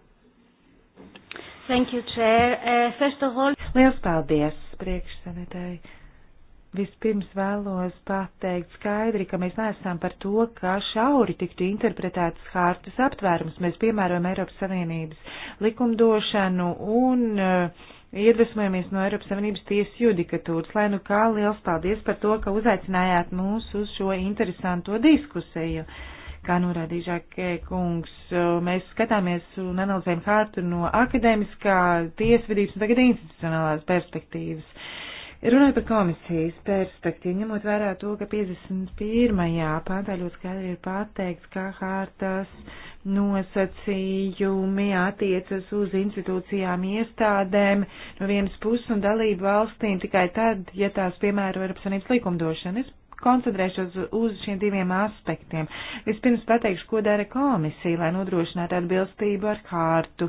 Thank you, Chair. Uh, first of all... Liels paldies, priekšsēdētāji. Vispirms vēlos pateikt skaidri, ka mēs neesam par to, ka šauri tiktu interpretētas hārtas aptvērums. Mēs piemērojam Eiropas Savienības likumdošanu un uh, iedvesmojamies no Eiropas Savienības tiesas judikatūras. Lai nu kā, liels paldies par to, ka uzaicinājāt mūs uz šo interesanto diskusiju. Uh, Kā norādīja Žakē kungs, mēs skatāmies un analizējam hārtu no akadēmiskā, tiesvedības un tagad institucionālās perspektīvas. Runājot par komisijas perspektīvu, ņemot vērā to, ka 51. pāntā ļoti skaidri ir pateikts, kā hārtas nosacījumi attiecas uz institūcijām, iestādēm no vienas puses un dalību valstīm tikai tad, ja tās piemēro Eiropas Savienības likumdošanu. Es koncentrēšos uz šiem diviem aspektiem. Vispirms pateikšu, ko dara komisija, lai nodrošinātu atbilstību ar kārtu,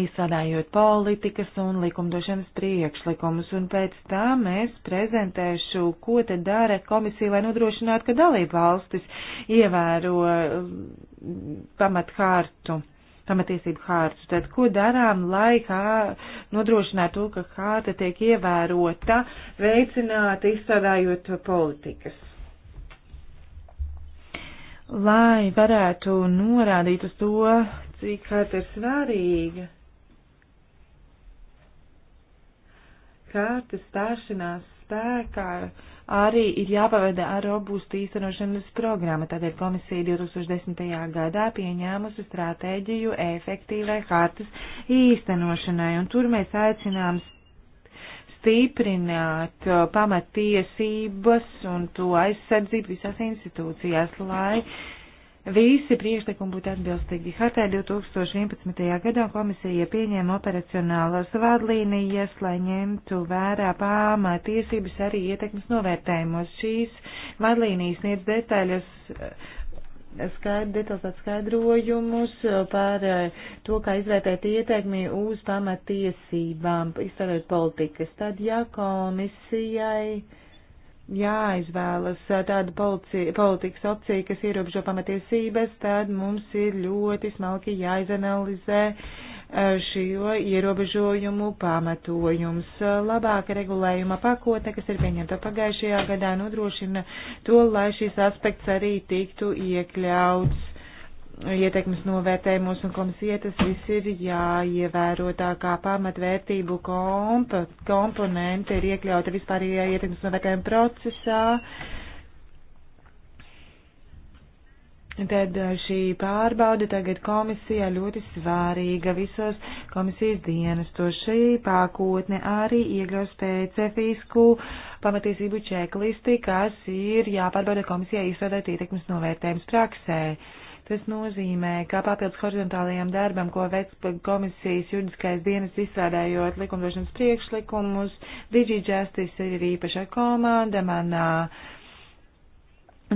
izstrādājot politikas un likumdošanas priekšlikumus, un pēc tam es prezentēšu, ko te dara komisija, lai nodrošinātu, ka dalība valstis ievēro um, pamatkārtu pamatiesību hārtu. Tad, ko darām, lai kā nodrošinātu to, ka hārta tiek ievērota, veicināta, izstrādājot politikas? Lai varētu norādīt uz to, cik hārta ir svarīga. Hārta stāšanās spēkā. Kā arī ir jāpavada ar robustu īstenošanas programmu. Tādēļ komisija 2010. gadā pieņēmusi stratēģiju efektīvai hartas īstenošanai, un tur mēs aicinām stiprināt uh, pamatiesības un to aizsardzību visās institūcijās, lai uh, Visi priekšlikumi būtu atbilstīgi. Hartē 2011. gadā komisija pieņēma operacionālas vadlīnijas, lai ņemtu vērā pamatiesības arī ietekmes novērtējumos. Šīs vadlīnijas sniedz detaļas eh, skaidr, detalizēt skaidrojumus eh, par eh, to, kā izvērtēt ieteikmi uz pamatiesībām, izstarot politikas. Tad, ja komisijai jāizvēlas tāda policija, politikas opcija, kas ierobežo pamatiesības, tad mums ir ļoti smalki jāizanalizē šo ierobežojumu pamatojums. Labāka regulējuma pakotne, kas ir pieņemta pagājušajā gadā, nodrošina to, lai šis aspekts arī tiktu iekļauts ietekmes novērtējumos un komisijai tas viss ir jāievēro tā kā pamatvērtību komp komponente ir iekļauta vispārējā ietekmes novērtējuma procesā. Tad šī pārbauda tagad komisijā ļoti svārīga visos komisijas dienas. To šī pakotne arī iekļaus specifisku pamatiesību čeklisti, kas ir jāpārbauda komisijā izstrādāt ietekmes novērtējums praksē. Uh, Tas nozīmē, ka papildus horizontālajiem darbam, ko veic komisijas juridiskais dienas izstrādājot likumdošanas priekšlikumus, DigiJustice ir īpaša komanda manā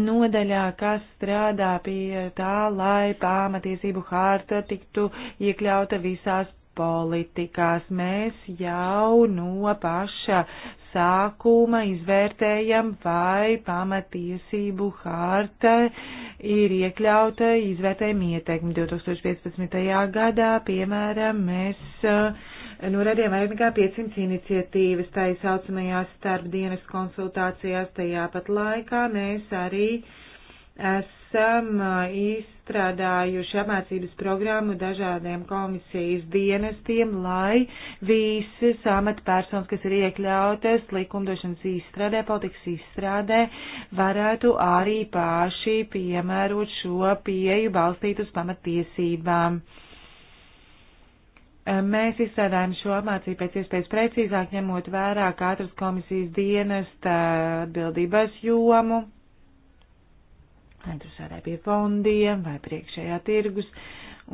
nodaļā, kas strādā pie tā, lai pamatiesību hārta tiktu iekļauta visās politikās. Mēs jau no paša sākuma izvērtējam, vai pamatiesību hārta ir iekļauta izvērtējuma ieteikuma 2015. gadā. Piemēram, mēs eh, norādījām vairāk nekā 500 iniciatīvas tā saucamajās starpdienas konsultācijās. Tajā pat laikā mēs arī uh, esam izstrādājuši apmācības programmu dažādiem komisijas dienestiem, lai visas amatpersonas, kas ir iekļautas likumdošanas izstrādē, politikas izstrādē, varētu arī paši piemērot šo pieju balstīt uz pamatiesībām. Mēs izstrādājam šo apmācību pēc iespējas precīzāk, ņemot vērā katras komisijas dienesta atbildības jomu interesētāji pie fondiem vai priekšējā tirgus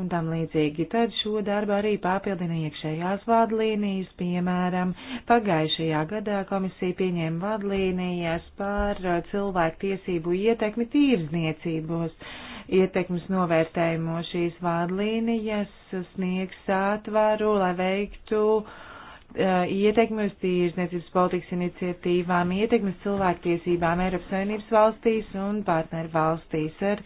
un tam līdzīgi. Tad šo darbu arī papildina iekšējās vadlīnijas, piemēram, pagājušajā gadā komisija pieņēma vadlīnijas par uh, cilvēku tiesību ietekmi tīrzniecībos. Ietekmes novērtējumu šīs vadlīnijas sniegs atvaru, lai veiktu uh, Uh, ietekmi uz tīrzniecības politikas iniciatīvām, ietekmi uz cilvēktiesībām Eiropas Savienības valstīs un partneru valstīs ar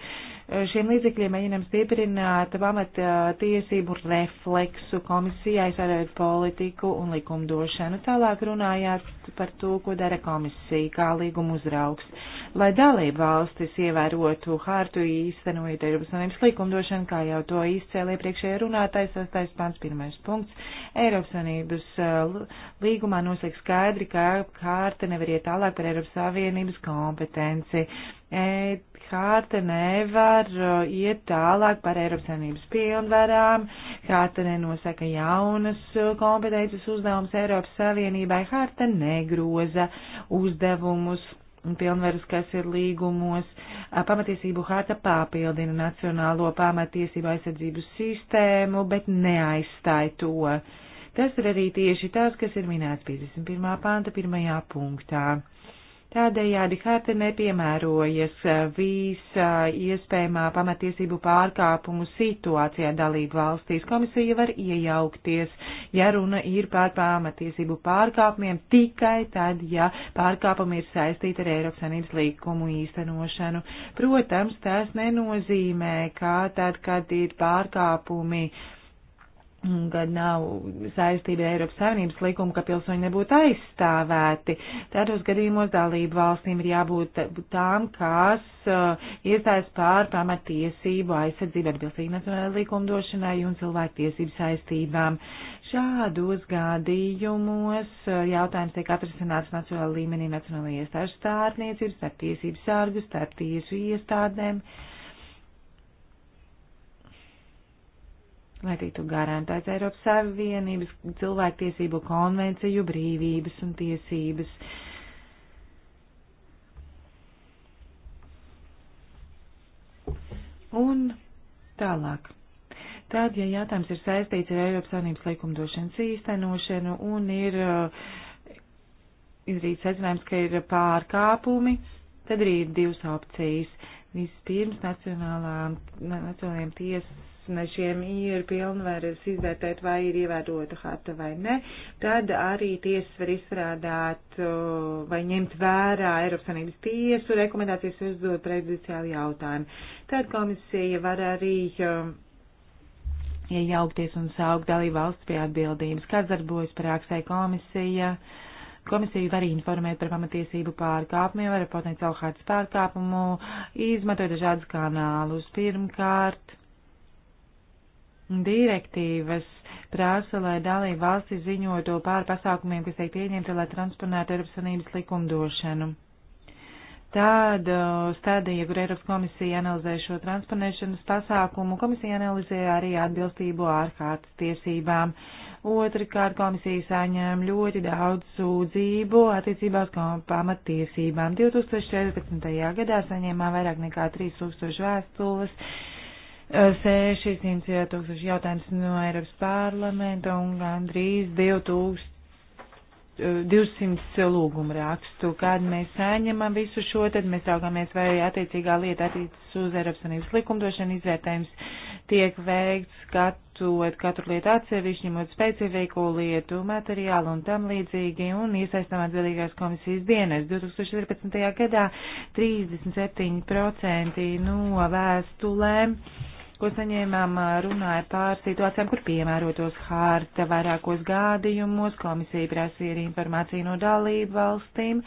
šiem līdzekļiem mēģinam stiprināt pamattiesību refleksu komisijā, aizsardzēt politiku un likumdošanu. Tālāk runājāt par to, ko dara komisija, kā līguma uzraugs. Lai dalība valstis ievērotu hārtu īstenojot Eiropas Savienības likumdošanu, kā jau to izcēlīja iepriekšējā runātais, sastais pants, pirmais punkts, Eiropas Savienības līgumā nosaka skaidri, ka hārta nevar iet tālāk par Eiropas Savienības kompetenci. E, hārta nevar uh, iet tālāk par Eiropas Savienības pilnvarām, hārta nenosaka jaunas uh, kompetences uzdevumus Eiropas Savienībai, hārta negroza uzdevumus pilnvaras, kas ir līgumos. Uh, pamatiesību hārta papildina nacionālo pamatiesību aizsardzības sistēmu, bet neaizstāja to. Tas ir arī tieši tas, kas ir minēts 51. panta pirmajā punktā. Tādējādi harta nepiemērojas visā iespējamā pamatiesību pārkāpumu situācijā dalību valstīs. Komisija var iejaukties, ja runa ir par pamatiesību pārkāpumiem tikai tad, ja pārkāpumi ir saistīti ar Eiropas Sanības līkumu īstenošanu. Protams, tas nenozīmē, ka tad, kad ir pārkāpumi, uh, kad nav saistība ar Eiropas Savienības likumu, ka pilsoņi nebūtu aizstāvēti. Tādos gadījumos dalību valstīm ir jābūt tām, kas uh, iestājas pār pamatiesību aizsardzību atbilstīgi nacionālajai likumdošanai un cilvēku tiesību saistībām. Šādos gadījumos eh, jautājums tiek atrisināts nacionālajā līmenī, nacionālajā iestāžu stārniecības, starp tiesību sārgu, starp tiesu iestādēm. Uh, lai tiktu garantēts Eiropas Savienības cilvēktiesību konvenciju brīvības un tiesības. Un tālāk. Tad, ja jautājums ir saistīts ar Eiropas Savienības likumdošanas īstenošanu un ir uh, izrīts secinājums, ka ir pārkāpumi, tad arī ir divas opcijas. Vispirms nacionālām, nacionālajiem tiesas tiesnešiem ir pilnvaras izvērtēt, vai ir ievērota harta vai ne, tad arī tiesas var izstrādāt vai ņemt vērā Eiropas Savienības tiesu rekomendācijas uzdot prejudiciāli jautājumu. Tad komisija var arī iejaukties un saukt dalību valsts pie atbildības, kas darbojas praksē komisija. Komisija var informēt par pamatiesību pārkāpumiem, var potenciālu hārtas pārkāpumu, izmantojot dažādus kanālus. Pirmkārt, direktīvas prasa, lai dalība valstis ziņoto pār pasākumiem, kas tiek pieņemti, lai transponētu Eiropas Savienības likumdošanu. Tāda uh, stadija, kur Eiropas komisija analizē šo transponēšanas pasākumu, komisija analizē arī atbilstību ārkārtas tiesībām. Otrakārt, komisija saņēma ļoti daudz sūdzību attiecībās pamatiesībām. 2014. gadā saņēmām vairāk nekā 3000 vēstules 600 tūkstoši jautājums no Eiropas parlamenta un gandrīz 2000. 200 eh, lūgumu rakstu, kad mēs saņemam visu šo, tad mēs raugāmies, vai attiecīgā lieta attiecas uz Eiropas Unības likumdošanu, izvērtējums tiek veikts skatot katru lietu atsevišķi, ņemot specifiku lietu materiālu un tam līdzīgi, un iesaistām atbildīgās komisijas dienas. 2014. gadā 37% no vēstulēm ko saņēmām, runāja pār situācijām, kur piemērotos hārta vairākos gādījumos, komisija prasīja arī informāciju no dalību valstīm,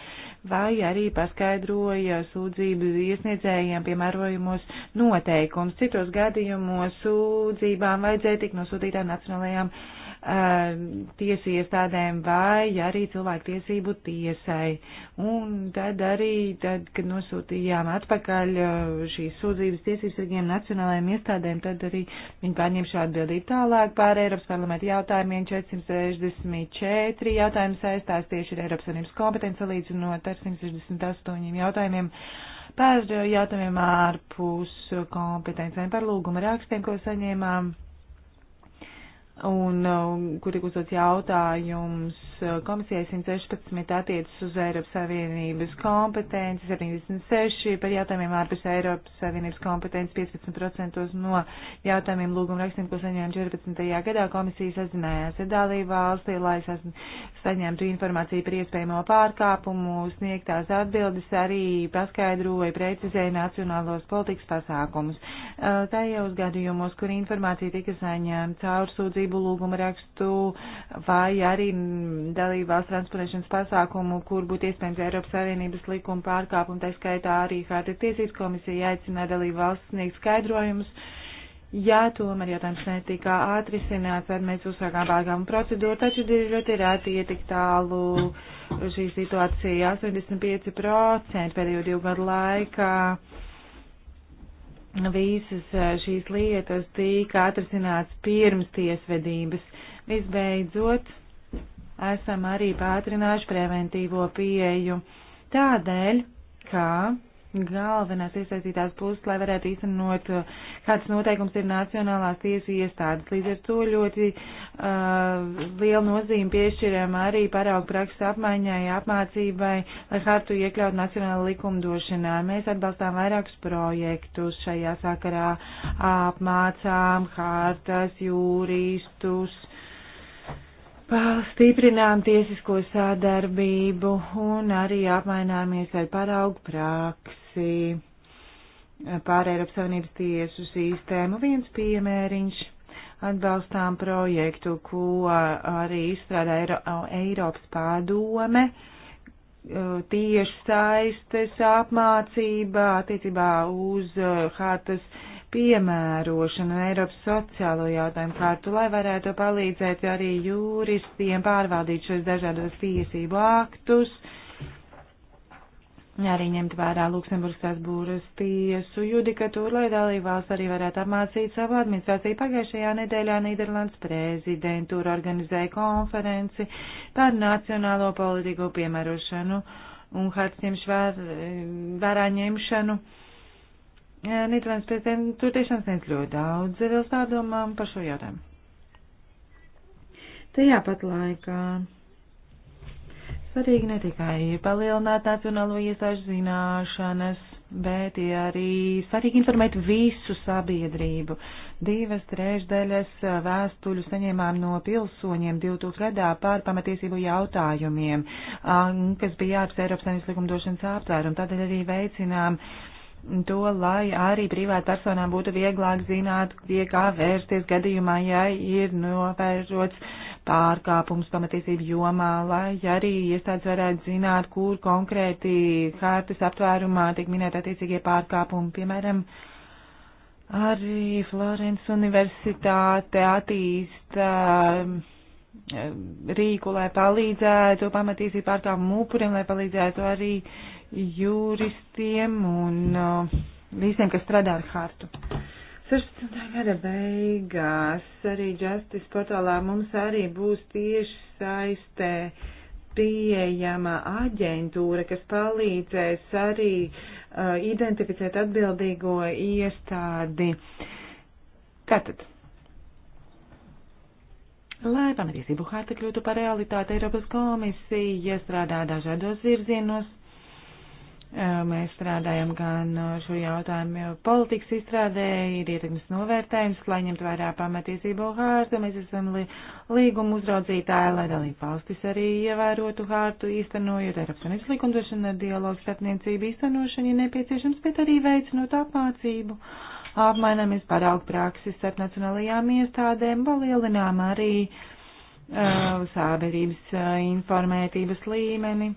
vai arī paskaidroja sūdzību iesniedzējiem piemērojumos noteikums. Citos gadījumos sūdzībām vajadzēja tik nosūtītām nacionālajām uh, Uh, tiesu iestādēm vai arī cilvēktiesību tiesai. Un tad arī, tad, kad nosūtījām atpakaļ uh, šīs sūdzības tiesības sargiem nacionālajiem iestādēm, tad arī viņi pārņem šo atbildību tālāk pār Eiropas parlamenta jautājumiem. 464 jautājumi saistās tieši ar Eiropas Savienības kompetenci salīdzinot ar 168 jautājumiem par jautājumiem ārpus kompetencēm, par lūguma rakstiem, ko saņēmām un um, kur tika uzdots jautājums uh, komisijai 116 attiecas uz Eiropas Savienības kompetenci, 76 par jautājumiem ārpus Eiropas Savienības kompetences, 15% no jautājumiem lūguma rakstiem, ko saņēma 14. gadā komisija sazinājās ar dalību valstī, lai saņemtu informāciju par iespējamo pārkāpumu, sniegtās atbildes arī paskaidroja, precizēja nacionālos politikas pasākumus. Uh, tajos gadījumos, kur informācija tika saņemta caur sūdzību, tiesību lūgumu rakstu vai arī dalībās transponēšanas pasākumu, kur būtu iespējams Eiropas Savienības likuma pārkāpumu, tā skaitā arī Hārta tiesības komisija aicināja dalību valsts sniegt skaidrojumus. Ja tomēr jautājums netika atrisināts, tad mēs uzsākām pārkāpumu procedūru, taču ir ļoti rēti ietik tālu šī situācija 85% pēdējo divu gadu laikā visas šīs lietas tika atrasināts pirms tiesvedības. Visbeidzot, esam arī pātrinājuši preventīvo pieeju tādēļ, kā galvenās iesaistītās puses, lai varētu īstenot, uh, kāds noteikums ir nacionālās tiesu iestādes. Līdz ar to ļoti uh, liela nozīme piešķiram arī paraugu prakses apmaiņai, apmācībai, lai hartu iekļaut nacionāla likumdošanā. Mēs atbalstām vairākus projektus šajā sakarā, apmācām hartas, jūristus, stiprinām tiesisko sadarbību un arī apmaināmies ar paraugu praksi pār Eiropas Savienības tiesu sistēmu. Viens piemēriņš atbalstām projektu, ko arī izstrādā Eiro, Eiropas padome tieši saistes apmācībā attiecībā uz hārtas uh, piemērošanu Eiropas sociālo jautājumu kārtu, lai varētu palīdzēt arī juristiem pārvaldīt šos dažādos tiesību aktus, arī ņemt vērā Luksemburgas būras tiesu judikatūru, lai dalībvalsts arī varētu apmācīt savu administrāciju. Pagājušajā nedēļā Nīderlandes prezidentūra organizēja konferenci par nacionālo politiku piemērošanu un hartiem švēr, vērā ņemšanu. Nīderlandes prezidentūra sniedz ļoti daudz vēl pārdomām par šo jautājumu. Tajā pat laikā svarīgi ne tikai palielināt nacionālo iestāžu zināšanas, bet arī svarīgi informēt visu sabiedrību. Divas trešdaļas vēstuļu saņēmām no pilsoņiem 2000 gadā pār pamatiesību jautājumiem, kas bija ārpus Eiropas Savienības likumdošanas aptvērumu. Tādēļ arī veicinām uh, to, lai arī privāt personām būtu vieglāk zināt, pie kā vērsties gadījumā, ja ir novēršots pārkāpums pamatīsību jomā, lai arī iestādes varētu zināt, kur konkrēti hārtas aptvērumā tiek minēt attiecīgie pārkāpumi, piemēram, arī Florence Universitāte attīsta um, rīku, lai palīdzētu pamatīsību pārkāpumu upuriem, lai palīdzētu arī uh, juristiem un uh, visiem, kas strādā ar hartu. 16. gada beigās arī Justice portālā mums arī būs tieši saistē pieejama aģentūra, kas palīdzēs arī uh, identificēt atbildīgo iestādi. Tātad. Lai pamatiesību harta kļūtu par realitāti, Eiropas komisija strādā dažādos virzienos, Eh, mēs strādājam gan eh, šo jautājumu politikas izstrādē, ir ietekmes novērtējums, lai ņemtu vērā pamatiesību hārtu. Mēs esam līguma uzraudzītāji, lai dalību valstis arī ievērotu hārtu, īstenojot Eiropas Savienības likumdošanu, dialogu starpniecību īstenošanu, ja nepieciešams, bet arī veicinot apmācību. Apmainamies paraugu praksis starp nacionālajām iestādēm, palielinām arī uh, eh, sāberības uh, informētības līmeni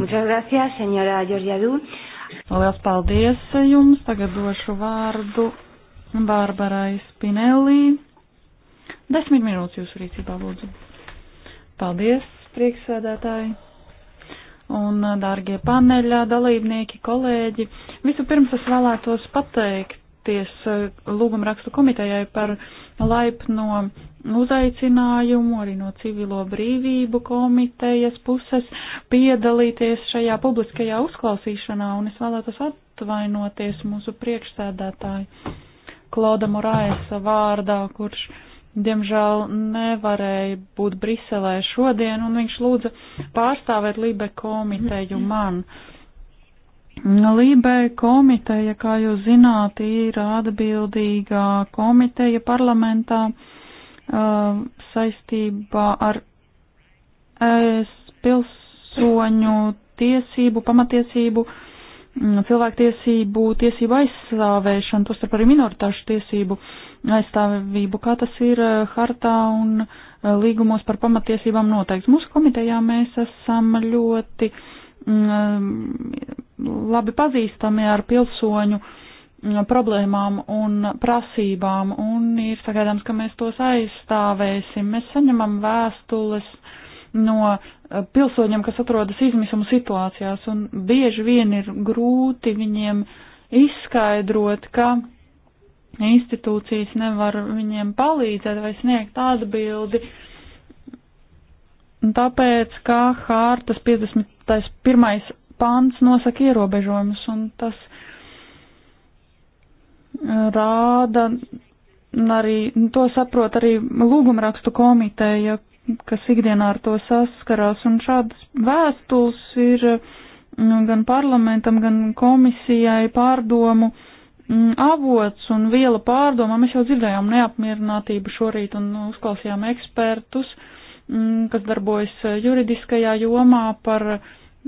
Muchas gracias, senora Georgiadu. Lielas paldies jums. Tagad došu vārdu Bārbarai Spinelli. Desmit minūtes jūsu rīcībā, lūdzu. Paldies, prieksēdētāji un dārgie paneļa dalībnieki, kolēģi. Vispirms es vēlētos pateikties eh, lūgumrakstu komitejai par laipno uzaicinājumu arī no Civilo brīvību komitejas puses piedalīties šajā publiskajā uzklausīšanā, un es vēlētos atvainoties mūsu priekšsēdētāju Klauda Moraesa vārdā, kurš diemžēl nevarēja būt Briselē šodien, un viņš lūdza pārstāvēt Libe komiteju man. Lībē komiteja, kā jūs zināt, ir atbildīgā komiteja parlamentā um, saistībā ar es pilsoņu tiesību, pamatiesību, mm, cilvēktiesību, tiesību aizstāvēšanu, tostarp arī minoritāšu tiesību aizstāvību, kā tas ir uh, hartā un uh, līgumos par pamatiesībām noteikts. Mūsu komitejā mēs esam ļoti mm, um, labi pazīstami ar pilsoņu uh, problēmām un prasībām, un ir sagaidāms, ka mēs tos aizstāvēsim. Mēs saņemam vēstules no eh, pilsoņiem, kas atrodas izmisuma situācijās, un bieži vien ir grūti viņiem izskaidrot, ka institūcijas nevar viņiem palīdzēt vai sniegt atbildi, tāpēc, ka hārtas 51. pants nosaka ierobežojumus, un tas rāda arī, to saprot arī lūgumrakstu komiteja, kas ikdienā ar to saskarās, un šādas vēstules ir mm, gan parlamentam, gan komisijai pārdomu mm, avots un viela pārdomā. Mēs jau dzirdējām neapmierinātību šorīt un uzklausījām ekspertus, mm, kas darbojas juridiskajā jomā par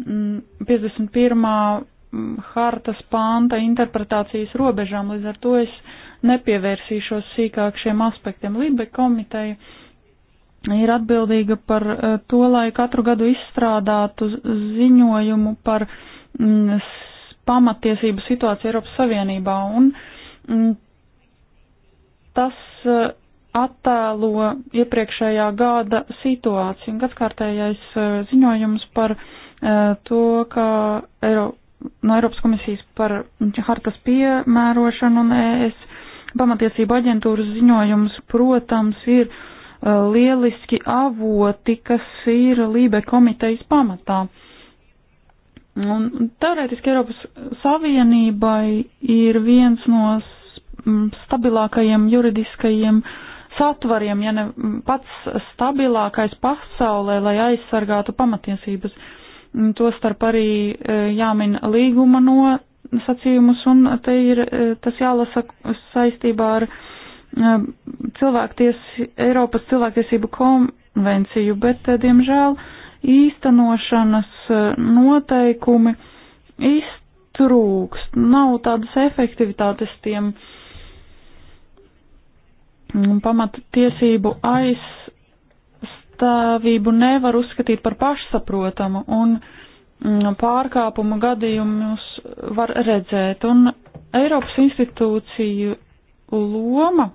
51. Mm, hartas pānta interpretācijas robežām, līdz ar to es nepievērsīšos sīkāk šiem aspektiem. Libe komiteja ir atbildīga par eh, to, lai katru gadu izstrādātu ziņojumu par mm, pamatiesību situāciju Eiropas Savienībā, un mm, tas eh, attēlo iepriekšējā gada situāciju, un gadskārtējais eh, ziņojums par to, ka Eiropas no Eiropas komisijas par hartas piemērošanu un es pamatiesību aģentūras ziņojums, protams, ir uh, lieliski avoti, kas ir Lībe komitejas pamatā. Un teorētiski Eiropas Savienībai ir viens no stabilākajiem juridiskajiem satvariem, ja ne pats stabilākais pasaulē, lai aizsargātu pamatiesības. Uh, Tostarp arī e, jāmin līguma nosacījumus, un te ir e, tas jālasa saistībā ar e, cilvēkties, Eiropas cilvēktiesību konvenciju, bet, diemžēl, īstenošanas noteikumi iztrūkst, nav tādas efektivitātes tiem pamatu tiesību aiz pastāvību nevar uzskatīt par pašsaprotamu un mm, pārkāpumu gadījumus var redzēt. Un Eiropas institūciju loma,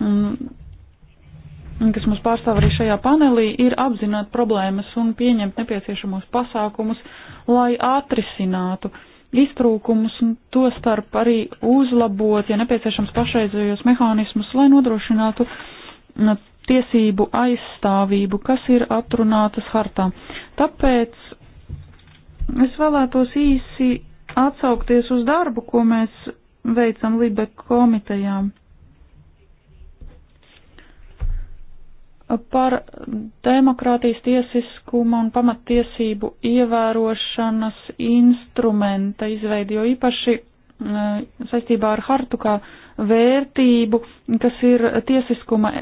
mm, kas mums pārstāv arī šajā panelī, ir apzināt problēmas un pieņemt nepieciešamos pasākumus, lai atrisinātu iztrūkumus un to starp arī uzlabot, ja nepieciešams, pašreizējos mehānismus, lai nodrošinātu mm, tiesību aizstāvību, kas ir atrunātas hartā. Tāpēc es vēlētos īsi atsaukties uz darbu, ko mēs veicam Libe komitejām. Par demokrātijas tiesiskuma un pamattiesību ievērošanas instrumenta izveidi, jo īpaši eh, saistībā ar hartu kā vērtību, kas ir tiesiskuma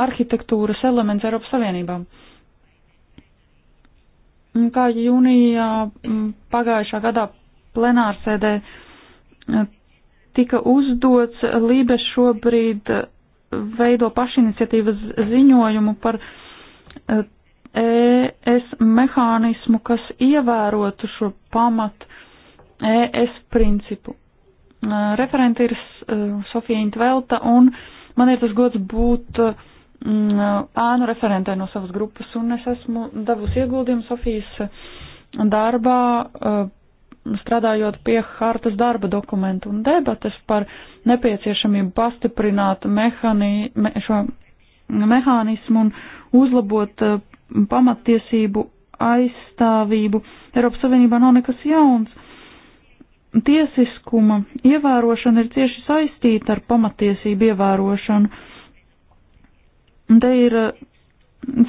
arhitektūras elements Eiropas Savienībā. Kā jūnijā pagājušā gadā plenārsēdē tika uzdots, Lībe šobrīd veido pašiniciatīvas ziņojumu par ES mehānismu, kas ievērotu šo pamatu ES principu. Referenti ir Sofija Intvelta un man ir tas gods būt uh, Mm, ēnu referentē no savas grupas, un es esmu devusi ieguldījumu Sofijas darbā, eh, strādājot pie hartas darba dokumentu un debates par nepieciešamību pastiprināt mehani, me, šo mehānismu un uzlabot eh, pamattiesību aizstāvību. Eiropas Savienībā nav nekas jauns. Tiesiskuma ievērošana ir cieši saistīta ar pamatiesību ievērošanu Un te ir uh,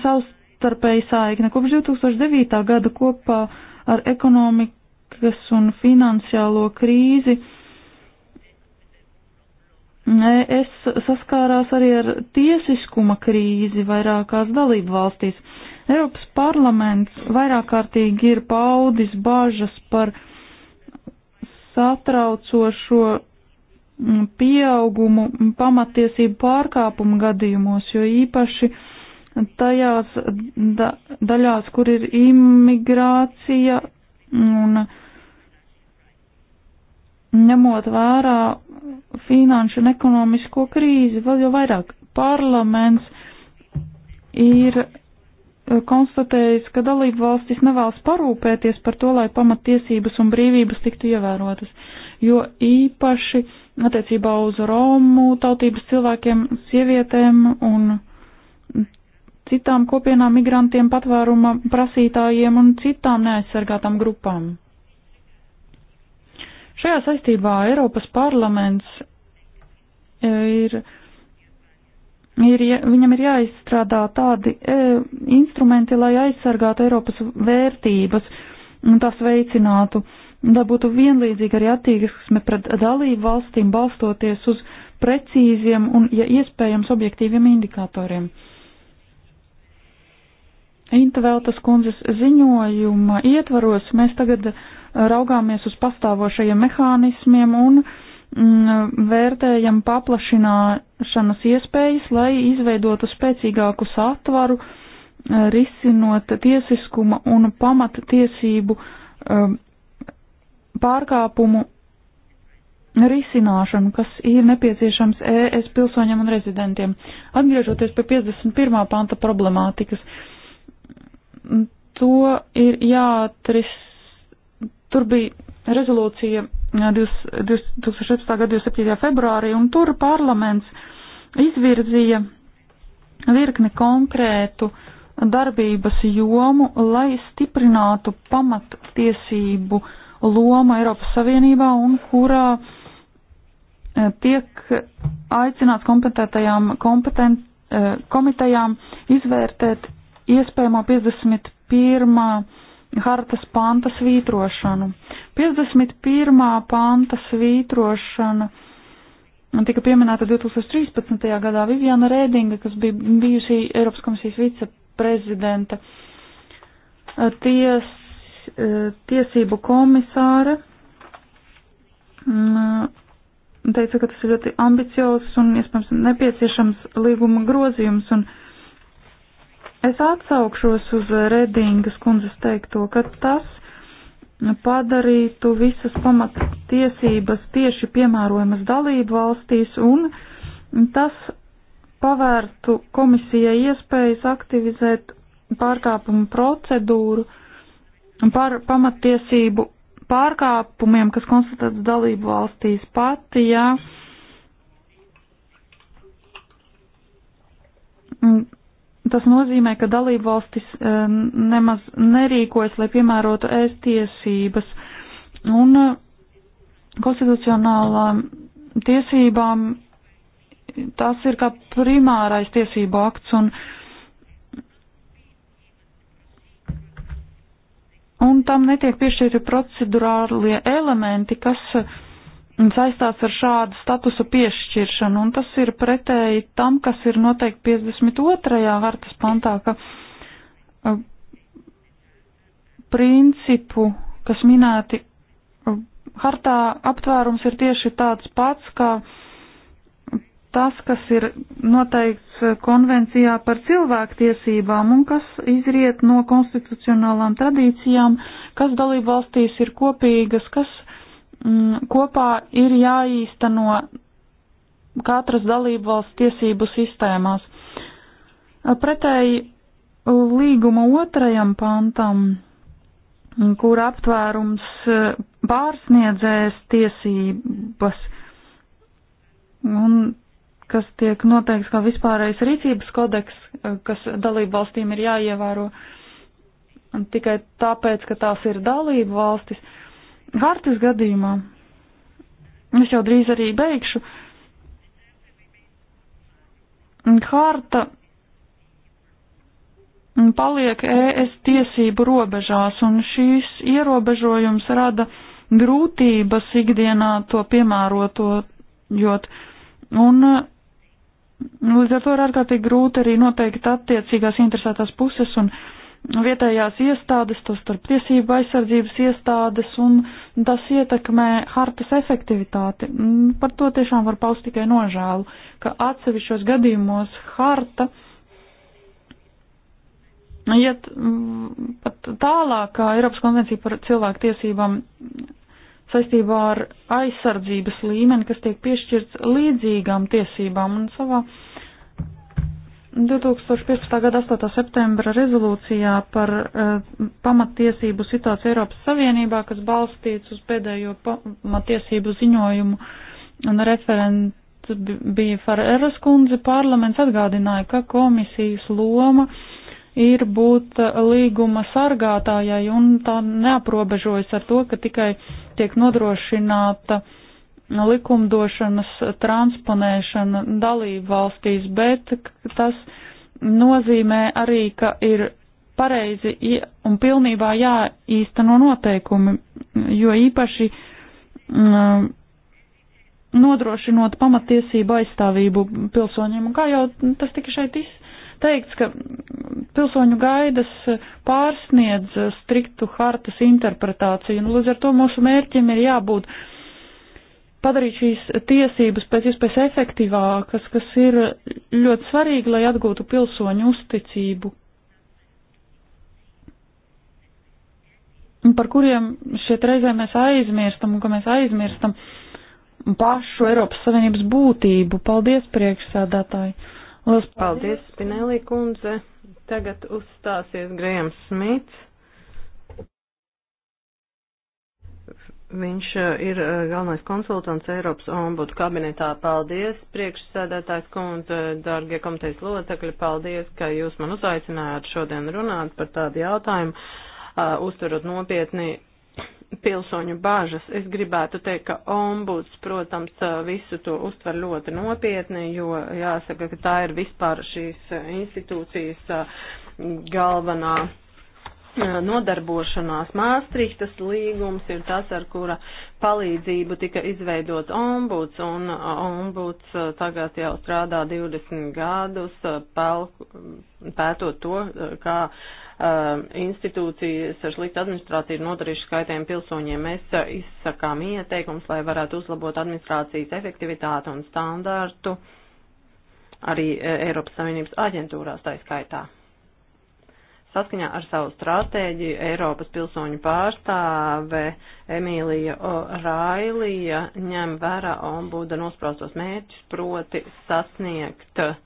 savstarpēji saikne. Kopš 2009. gada kopā ar ekonomikas un finansiālo krīzi es saskārās arī ar tiesiskuma krīzi vairākās dalību valstīs. Eiropas parlaments vairāk kārtīgi ir paudis bāžas par satraucošo Mm, pieaugumu mm, pamatiesību pārkāpumu gadījumos, jo īpaši tajās da daļās, kur ir imigrācija un ņemot vērā finanšu un ekonomisko krīzi, vēl jau vairāk parlaments ir eh, konstatējis, ka dalību valstis nevēlas parūpēties par to, lai pamatiesības un brīvības tiktu ievērotas, jo īpaši uh, attiecībā uz Romu tautības cilvēkiem, sievietēm un citām kopienām, migrantiem, patvēruma prasītājiem un citām neaizsargātām grupām. Šajā saistībā Eiropas parlaments e, ir, ir viņam ir jāizstrādā tādi e, instrumenti, lai aizsargātu Eiropas vērtības un tās veicinātu. E, lai būtu vienlīdzīga arī attieksme pret dalību valstīm balstoties uz precīziem un, ja iespējams, objektīviem indikatoriem. Intaveltas kundzes ziņojuma ietvaros mēs tagad uh, raugāmies uz pastāvošajiem mehānismiem un mm, vērtējam paplašināšanas iespējas, lai izveidotu spēcīgāku satvaru, uh, risinot tiesiskuma un pamattiesību um, pārkāpumu risināšanu, kas ir nepieciešams ES pilsoņiem un rezidentiem. Atgriežoties pie 51. panta problemātikas, to ir jāatris, tur bija rezolūcija 2016. gada 27. februārī, un tur parlaments izvirzīja virkni konkrētu darbības jomu, lai stiprinātu pamattiesību uh, loma Eiropas Savienībā un kurā eh, tiek aicināts kompetentējām kompetent, eh, komitejām izvērtēt iespējamo 51. hartas panta svītrošanu. 51. panta svītrošana tika pieminēta 2013. gadā Viviana Rēdinga, kas bija bijusi Eiropas komisijas viceprezidenta. Eh, ties E, tiesību komisāre mm, teica, ka tas ir ļoti ambiciozs un, iespējams, nepieciešams līguma grozījums. Un es atsaukšos uz Redingas kundzes teikto, ka tas padarītu visas pamattiesības tieši piemērojamas dalību valstīs un tas pavērtu komisijai iespējas aktivizēt pārkāpumu procedūru uh, par pamatiesību pārkāpumiem, kas konstatēts dalību valstīs pati, ja tas nozīmē, ka dalību valstis e, nemaz nerīkojas, lai piemērotu ēst tiesības. Un e, konstitucionālām tiesībām tas ir kā primārais tiesību akts, un un tam netiek piešķirti procedurālie elementi, kas mm, saistās ar šādu statusu piešķiršanu, un tas ir pretēji tam, kas ir noteikti 52. hartas pantā, ka e, principu, kas minēti e, hartā, aptvērums ir tieši tāds pats, kā ka tas, kas ir noteikts eh, konvencijā par cilvēktiesībām un kas izriet no konstitucionālām tradīcijām, kas dalību valstīs ir kopīgas, kas mm, kopā ir jāīsteno katras dalību valsts tiesību sistēmās. Pretēji līguma otrajam pantam, kur aptvērums e, pārsniedzējas tiesības, un kas tiek noteikts kā vispārējais rīcības kodeks, eh, kas dalību valstīm ir jāievēro tikai tāpēc, ka tās ir dalību valstis. Hartas gadījumā, es jau drīz arī beigšu, harta paliek ES tiesību robežās, un šīs ierobežojums rada grūtības ikdienā to piemērotojot, un Nu, līdz ar to ir ārkārtīgi grūti arī noteikt attiecīgās interesētās puses un vietējās iestādes, to starp tiesību aizsardzības iestādes, un tas ietekmē hartas efektivitāti. Par to tiešām var paust tikai nožēlu, ka atsevišķos gadījumos harta iet mm, pat tālāk, kā Eiropas konvencija par cilvēku tiesībām saistībā ar aizsardzības līmeni, kas tiek piešķirts līdzīgām tiesībām un savā 2015. gada 8. septembra rezolūcijā par uh, pamatiesību situāciju Eiropas Savienībā, kas balstīts uz pēdējo pamatiesību ziņojumu un referents bija Fareras kundze, parlaments atgādināja, ka komisijas loma ir būt eh, līguma sargātājai un tā neaprobežojas ar to, ka tikai uh, tiek nodrošināta likumdošanas transponēšana dalību valstīs, bet tas nozīmē arī, ka ir pareizi un pilnībā jāīsteno noteikumi, jo īpaši mm, nodrošinot pamatiesību aizstāvību pilsoņiem, un kā jau tas tika šeit izsaka teikts, ka pilsoņu gaidas pārsniedz striktu hartas interpretāciju, un nu, līdz ar to mūsu mērķim ir jābūt padarīt šīs tiesības pēc iespējas efektīvākas, kas ir ļoti svarīgi, lai atgūtu pilsoņu uzticību, par kuriem šeit reizē mēs aizmirstam, un ka mēs aizmirstam pašu Eiropas Savienības būtību. Paldies, priekšsēdētāji! Lielas paldies, Spinelī kundze. Tagad uzstāsies Grējams Smits. Viņš eh, ir eh, galvenais konsultants Eiropas ombudu kabinetā. Paldies, priekšsēdētājs kundze, dārgie komitejas locekļi, paldies, ka jūs man uzaicinājāt šodien runāt par tādu jautājumu, eh, uzturot nopietni pilsoņu bāžas. Es gribētu teikt, ka ombuds, protams, visu to uztver ļoti nopietni, jo jāsaka, ka tā ir vispār šīs institūcijas uh, galvenā uh, nodarbošanās. Māstrihtas līgums ir tas, ar kura palīdzību tika izveidots ombuds, un uh, ombuds tagad jau strādā 20 gadus, pētot to, kā Um, institūcijas ar sliktu administrāciju ir nodarījuši kaitējumu pilsoņiem. Mēs uh, izsakām ieteikums, lai varētu uzlabot administrācijas efektivitāti un standārtu arī uh, Eiropas Savienības aģentūrās tā skaitā. Saskaņā ar savu stratēģiju Eiropas pilsoņu pārstāve Emīlija Railija ņem vērā ombuda nospraustos mērķus, proti sasniegt uh,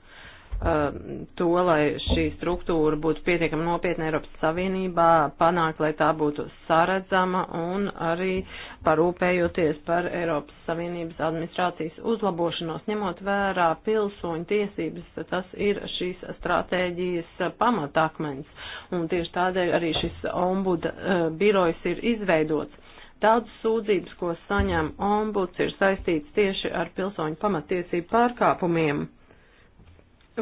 Um, to, lai šī struktūra būtu pietiekami nopietna Eiropas Savienībā, panākt, lai tā būtu saredzama un arī parūpējoties par Eiropas Savienības administrācijas uzlabošanos, ņemot vērā pilsoņu tiesības, tas ir šīs stratēģijas pamatakmens. Un tieši tādēļ arī šis ombuda uh, birojs ir izveidots. Daudz sūdzības, ko saņem ombuds, ir saistīts tieši ar pilsoņu pamatiesību pārkāpumiem.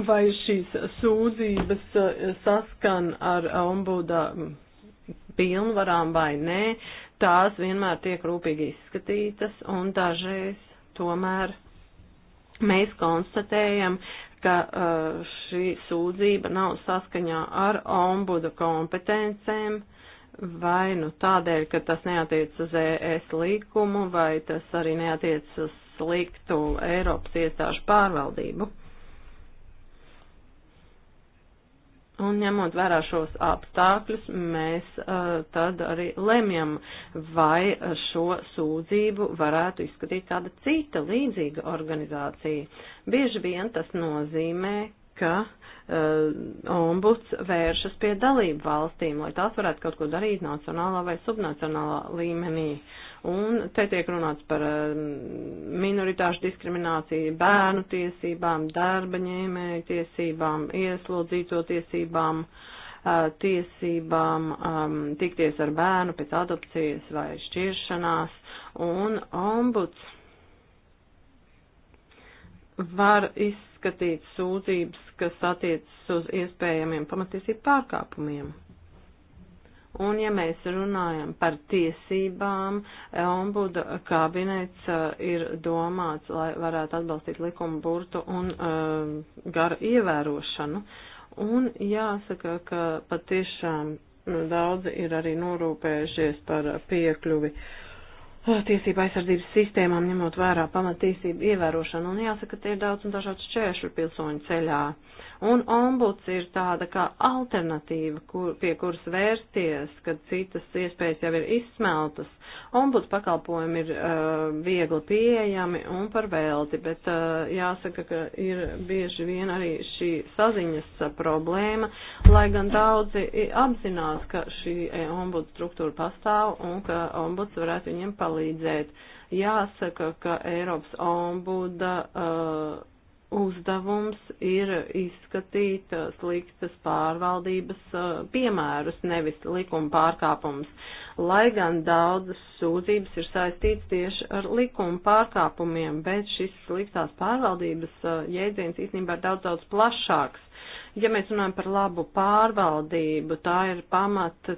Vai šīs sūdzības eh, saskan ar ombuda mm, pilnvarām vai nē, tās vienmēr tiek rūpīgi izskatītas un dažreiz tomēr mēs konstatējam, ka eh, šī sūdzība nav saskaņā ar ombuda kompetencēm vai nu tādēļ, ka tas neatiec uz ES likumu vai tas arī neatiec uz sliktu Eiropas iestāžu pārvaldību. Un ņemot vērā šos apstākļus, mēs uh, tad arī lemjam, vai šo sūdzību varētu izskatīt kāda cita līdzīga organizācija. Bieži vien tas nozīmē, ka uh, ombuds vēršas pie dalību valstīm, lai tās varētu kaut ko darīt nacionālā vai subnacionālā līmenī. Un te tiek runāts par uh, minoritāšu diskrimināciju, bērnu tiesībām, darba ņēmēju tiesībām, ieslodzīto tiesībām, uh, tiesībām um, tikties ar bērnu pēc adopcijas vai šķiršanās. Un ombuds var iz izskatīt sūdzības, kas attiecas uz iespējamiem pamatiesību pārkāpumiem. Un, ja mēs runājam par tiesībām, ombuda kabinets uh, ir domāts, lai varētu atbalstīt likumu burtu un uh, garu ievērošanu. Un jāsaka, ka patiešām mm, daudzi ir arī norūpējušies par piekļuvi uh, Ah, tiesība aizsardzības sistēmām, ņemot vērā pamatīsību ievērošanu, un jāsaka, tie ir daudz un dažādu šķēršu pilsoņu ceļā. Un ombuds ir tāda kā alternatīva, kur, pie kuras vērsties, kad citas iespējas jau ir izsmeltas. Ombuds pakalpojumi ir uh, viegli pieejami un par velti, bet uh, jāsaka, ka ir bieži vien arī šī saziņas problēma, lai gan daudzi apzinās, ka šī eh, ombuds struktūra pastāv un ka ombuds varētu viņiem palīdzēt palīdzēt. Jāsaka, ka Eiropas ombuda uh, uzdevums ir izskatīt uh, sliktas pārvaldības uh, piemērus, nevis likuma pārkāpumus, lai gan daudzas sūdzības ir saistītas tieši ar likuma pārkāpumiem, bet šis sliktās pārvaldības uh, jēdziens īstenībā ir daudz, daudz plašāks. Ja mēs runājam par labu pārvaldību, tā ir pamat,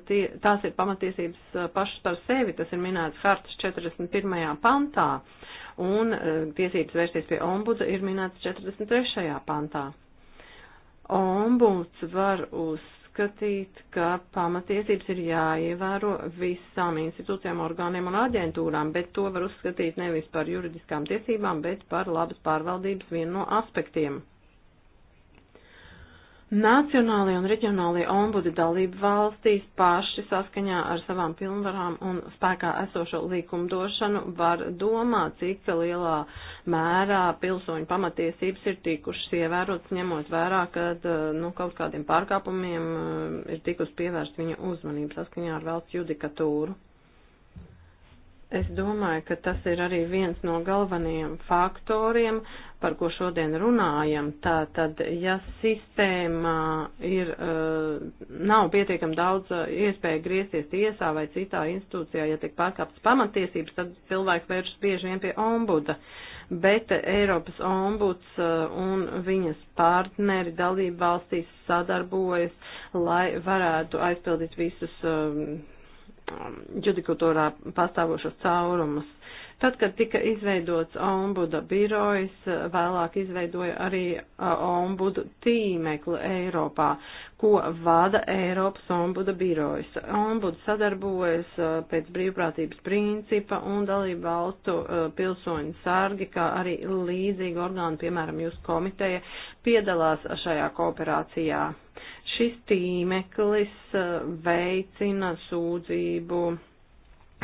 tās ir pamatiesības uh, pašas par sevi, tas ir minēts hartas 41. pantā, un uh, tiesības vērsties pie ombuda ir minēts 43. pantā. Ombuds var uz uzskatīt, ka pamatiesības ir jāievēro visām institūcijām, orgāniem un aģentūrām, bet to var uzskatīt nevis par juridiskām tiesībām, bet par labas pārvaldības vienu no aspektiem. Nacionālajie un reģionālajie ombudi dalību valstīs paši saskaņā ar savām pilnvarām un spēkā esošo likumdošanu var domāt, cik lielā mērā pilsoņu pamatiesības ir tikušas ievērotas, ņemot vērā, ka eh, nu, kaut kādiem pārkāpumiem eh, ir tikus pievērst viņa uzmanību saskaņā ar valsts judikatūru. Es domāju, ka tas ir arī viens no galvenajiem faktoriem, par ko šodien runājam. Tātad, ja sistēmā ir, eh, nav pietiekami daudz eh, iespēju griezties tiesā vai citā institūcijā, ja tiek pārkāptas pamatiesības, tad cilvēks vēršas bieži vien pie ombuda. Bet Eiropas ombuds eh, un viņas partneri dalību valstīs sadarbojas, lai varētu aizpildīt visus Um, judikatūrā pastāvošos caurumus. Tad, kad tika izveidots ombuda birojs, vēlāk izveidoja arī uh, ombudu tīmekli Eiropā, ko vada Eiropas ombuda birojs. Ombuds sadarbojas uh, pēc brīvprātības principa un dalību valstu uh, pilsoņu sargi, kā arī līdzīgi orgāni, piemēram, jūsu komiteja, piedalās šajā kooperācijā. Šis tīmeklis uh, veicina sūdzību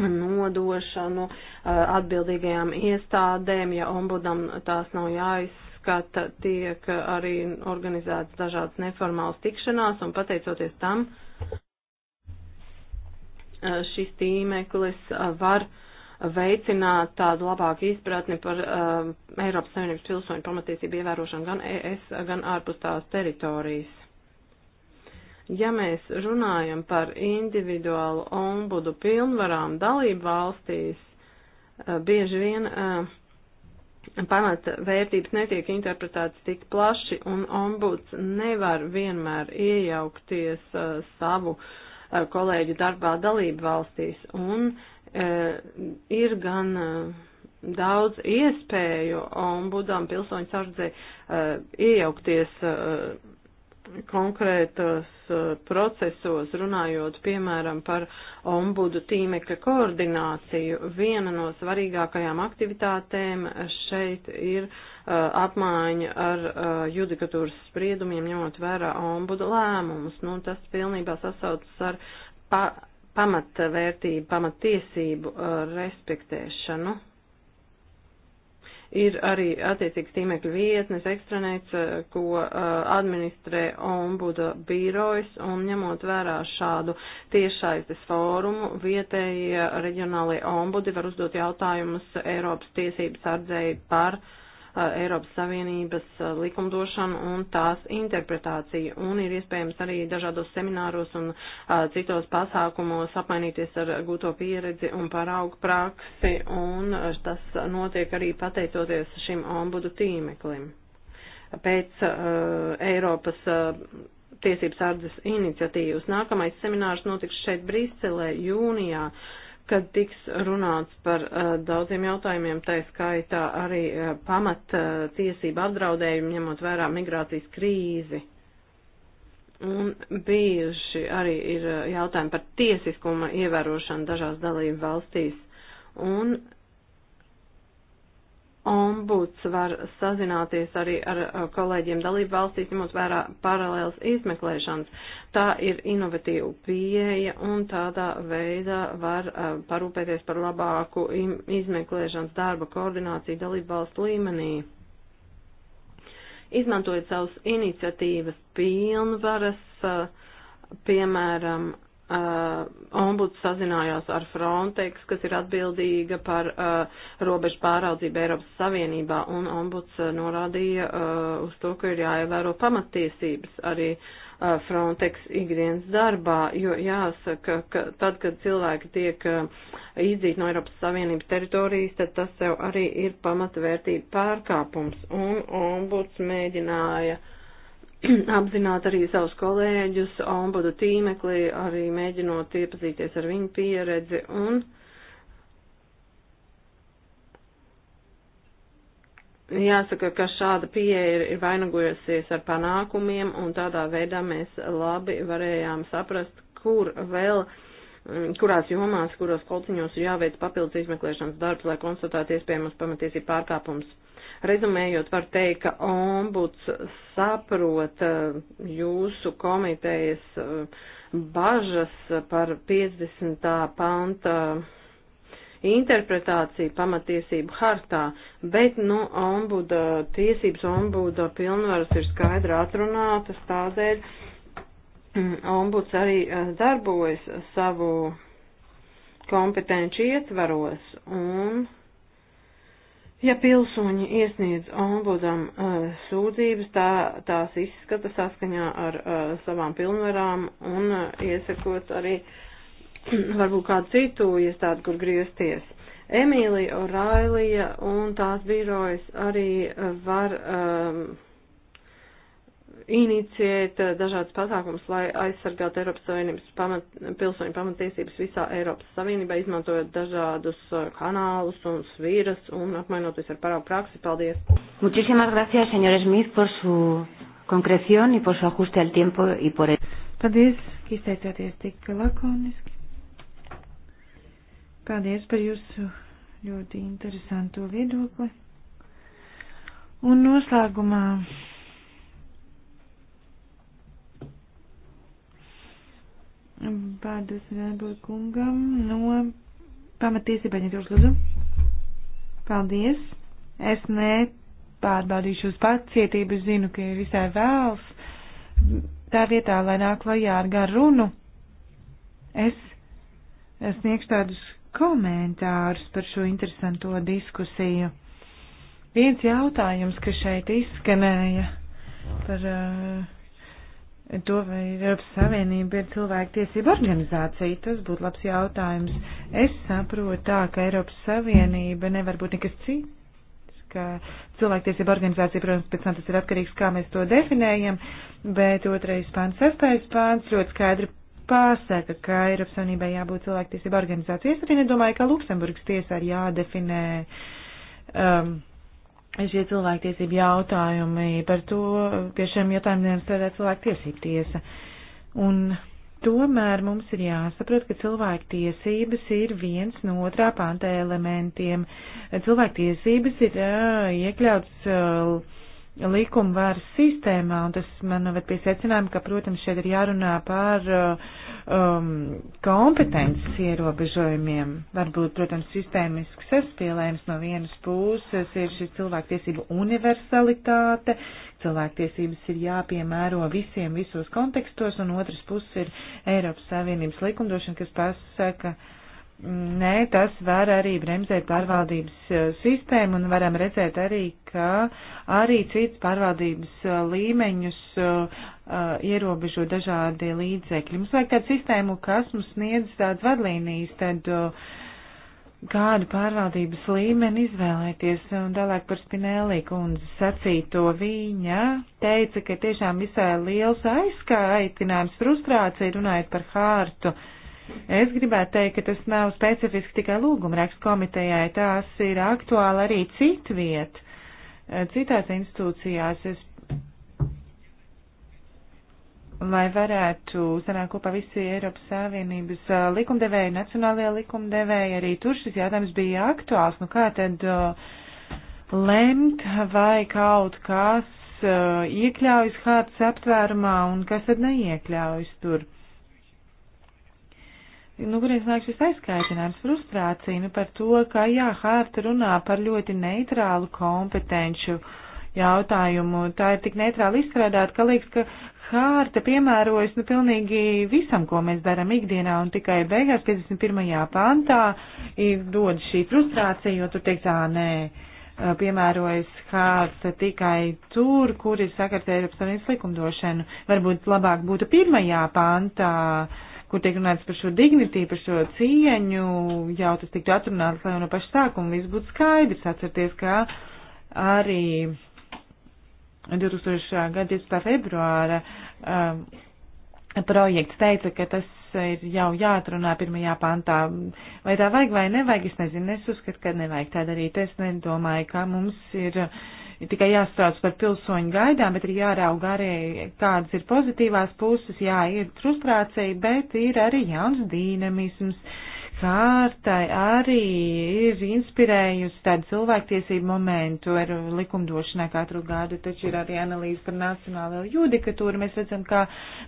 nodošanu uh, atbildīgajām iestādēm, ja ombudam tās nav jāizskata, tiek arī organizēts dažādas neformālas tikšanās un pateicoties tam, uh, šis tīmeklis var veicināt tādu labāku izpratni par uh, Eiropas Savienības pilsoņu pamatiesību ievērošanu gan ES, gan ārpus tās teritorijas. Ja mēs runājam par individuālu ombudu pilnvarām dalību valstīs, eh, bieži vien eh, pamata vērtības netiek interpretētas tik plaši, un ombuds nevar vienmēr iejaukties eh, savu kolēģu darbā dalību valstīs. Un ir gan daudz iespēju ombudam pilsoņu sardzē iejaukties konkrētos uh, procesos, runājot piemēram par ombudu tīmekļa koordināciju, viena no svarīgākajām aktivitātēm šeit ir uh, apmaiņa ar uh, judikatūras spriedumiem, ņemot vērā ombudu lēmumus. Nu, tas pilnībā sasaucas ar pa pamatvērtību, pamatiesību respektēšanu. Ir arī attiecīgs tīmekļa vietnes, ekstranets, eh, ko eh, administrē ombuda bīrojas, un ņemot vērā šādu tiešaistes fórumu, vietējie reģionālie ombudi var uzdot jautājumus Eiropas tiesības sardzēji par uh, ar Eiropas Savienības likumdošanu un tās interpretāciju. Un ir iespējams arī dažādos semināros un citos pasākumos apmainīties ar gūto pieredzi un paraugu praksi, un tas notiek arī pateicoties šim ombudu tīmeklim. Pēc uh, Eiropas uh, tiesības sardzes iniciatīvas. Nākamais seminārs notiks šeit Briselē jūnijā. Uh, kad tiks runāts par uh, daudziem jautājumiem, tā skaitā arī uh, pamat uh, tiesību apdraudējumu, ņemot vērā migrācijas krīzi. Un bijuši arī ir jautājumi par tiesiskuma ievērošanu dažās dalību valstīs. Un ombuds var sazināties arī ar uh, kolēģiem dalību valstīs, ņemot vērā paralēlas izmeklēšanas. Tā ir inovatīva pieeja un tādā veidā var uh, parūpēties par labāku izmeklēšanas darba koordināciju dalību valstu līmenī. Izmantojot savus iniciatīvas pilnvaras, uh, piemēram, Uh, ombuds sazinājās ar Frontex, kas ir atbildīga par uh, robežu pāraudzību Eiropas Savienībā, un ombuds uh, norādīja uh, uz to, ka ir jāievēro pamatiesības arī uh, Frontex ikdienas darbā, jo jāsaka, ka tad, kad cilvēki tiek uh, izdzīti no Eiropas Savienības teritorijas, tad tas jau arī ir pamatvērtība pārkāpums, un ombuds mēģināja uh, apzināt arī savus kolēģus, ombudu tīmeklī, arī mēģinot iepazīties ar viņu pieredzi un jāsaka, ka šāda pieeja ir, ir vainagojusies ar panākumiem un tādā veidā mēs labi varējām saprast, kur vēl mm, kurās jomās, kuros kolciņos ir jāveic papildus izmeklēšanas darbs, lai konstatētu iespējamos pamatiesību pārkāpumus. Rezumējot, var teikt, ka ombuds saprot eh, jūsu komitejas eh, bažas par 50. panta interpretāciju pamatiesību hartā, bet, nu, ombuda, tiesības ombuda pilnvaras ir skaidri atrunātas, tādēļ mm, ombuds arī eh, darbojas savu kompetenci ietvaros un Ja pilsoņi iesniedz ombudam uh, sūdzības, tā, tās izskata saskaņā ar uh, savām pilnvarām un uh, iesakot arī varbūt kādu citu iestādi, kur griezties. Emīlija Orailija un tās birojas arī var um, inicijēt eh, dažādas pasākumas, lai aizsargātu Eiropas Savienības pamat, pilsoņu pamatiesības visā Eiropas Savienībā, izmantojot dažādus eh, kanālus un svīras un apmainoties ar parādu praksi. Paldies! Muchísimas gracias, señor Smith, por su concreción y por su ajuste al tiempo y por el... Paldies, ka izteicāties tik lakoniski. Paldies par jūsu ļoti interesanto viedokli. Un noslēgumā Vārdus Vēnbūra kungam no pamatiesība aģentūras lūdzu. Paldies. Es nepārbaudīšu uz pacietību, zinu, ka ir visai vēls. Tā vietā, lai nāk klajā ar garu runu, es, es sniegšu tādus komentārus par šo interesanto diskusiju. Viens jautājums, kas šeit izskanēja par uh, to, vai Eiropas Savienība ir cilvēktiesība organizācija, tas būtu labs jautājums. Es saprotu tā, ka Eiropas Savienība nevar būt nekas cits, ka cilvēktiesība organizācija, protams, pēc tam tas ir atkarīgs, kā mēs to definējam, bet otrais pāns, sastais pāns ļoti skaidri pasaka, ka Eiropas Savienībai jābūt cilvēktiesība organizācijai. Es arī nedomāju, ka Luksemburgas tiesā ir jādefinē. Um, šie cilvēktiesību jautājumi. Par to pie šiem jautājumiem strādā cilvēktiesību tiesa. Un tomēr mums ir jāsaprot, ka cilvēktiesības ir viens no otrā panta elementiem. Cilvēktiesības ir jā, iekļauts. Uh, likumvaru sistēmā, un tas man noved pie secinājuma, ka, protams, šeit ir jārunā par uh, um, kompetences ierobežojumiem. Varbūt, protams, sistēmisks saspīlējums no vienas puses ir šis cilvēktiesību universalitāte, cilvēktiesības ir jāpiemēro visiem visos kontekstos, un otras puses ir Eiropas Savienības likumdošana, kas pasaka, uh, Nē, tas var arī bremzēt pārvaldības eh, sistēmu un varam redzēt arī, ka arī cits pārvaldības eh, līmeņus eh, ierobežo dažādi līdzekļi. Mums vajag tādu sistēmu, kas mums sniedz tādas vadlīnijas, tad kādu pārvaldības līmeni izvēlēties. Un tālāk par Spinelli kundzi sacīto viņa teica, ka tiešām visai liels aizskaitinājums, frustrācija runājot par hārtu. Uh, Es gribētu teikt, ka tas nav specifiski tikai lūgumrakstu komitejai, tās ir aktuāli arī citviet, eh, citās institūcijās, es, lai varētu sanākt kopā visi Eiropas Savienības eh, likumdevēji, nacionālajie likumdevēji, arī tur šis jautājums bija aktuāls, nu kā tad uh, lemt, vai kaut kas uh, iekļaujas hārtas aptvērumā un kas tad neiekļaujas tur nu, kurienes nāk šis aizskaitinājums, frustrācija nu, par to, ka, jā, hārta runā par ļoti neitrālu kompetenču jautājumu. Tā ir tik neitrāli izstrādāta, ka liekas, ka hārta piemērojas, nu, pilnīgi visam, ko mēs darām ikdienā, un tikai beigās 51. pantā ir dod šī frustrācija, jo tur teiks, ā, nē, piemērojas hārta tikai tur, kur ir sakars Eiropas Savienības likumdošanu. Varbūt labāk būtu pirmajā pantā. Uh, kur tiek runāts par šo dignitību, par šo cieņu, jau tas tiktu atrunāts, lai no paša sākuma viss būtu skaidrs. Atcerieties, ka arī 2000. gada 12. februāra um, projekts teica, ka tas ir jau jāatrunā pirmajā pantā. Vai tā vajag vai nevajag, es nezinu, es uzskatu, ka nevajag tā darīt. Es nedomāju, ka mums ir. Uh, ir tikai jāstrāds par pilsoņu gaidām, bet ir jāraug arī, kādas ir pozitīvās puses, jā, ir frustrācija, bet ir arī jauns dīnamisms. Kārtai arī ir inspirējusi tādu cilvēktiesību momentu ar likumdošanai katru gadu, taču ir arī analīze par nacionālo judikatūru. Mēs redzam, kā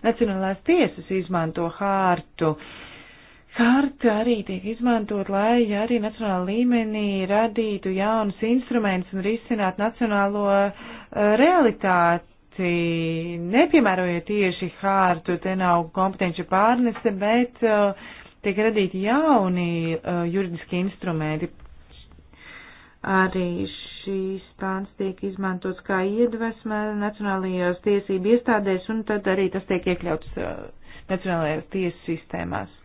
nacionālās tiesas izmanto hārtu. Uh, Karta arī tiek izmantot, lai arī nacionāla līmenī radītu jaunus instrumentus un risinātu nacionālo uh, realitāti, nepiemērojot tieši hārtu, te nav kompetenci pārnese, bet uh, tiek radīti jauni uh, juridiski instrumenti. Arī šīs pāns tiek izmantots kā iedvesma nacionālajās tiesību iestādēs, un tad arī tas tiek iekļauts nacionālajās tiesu sistēmās.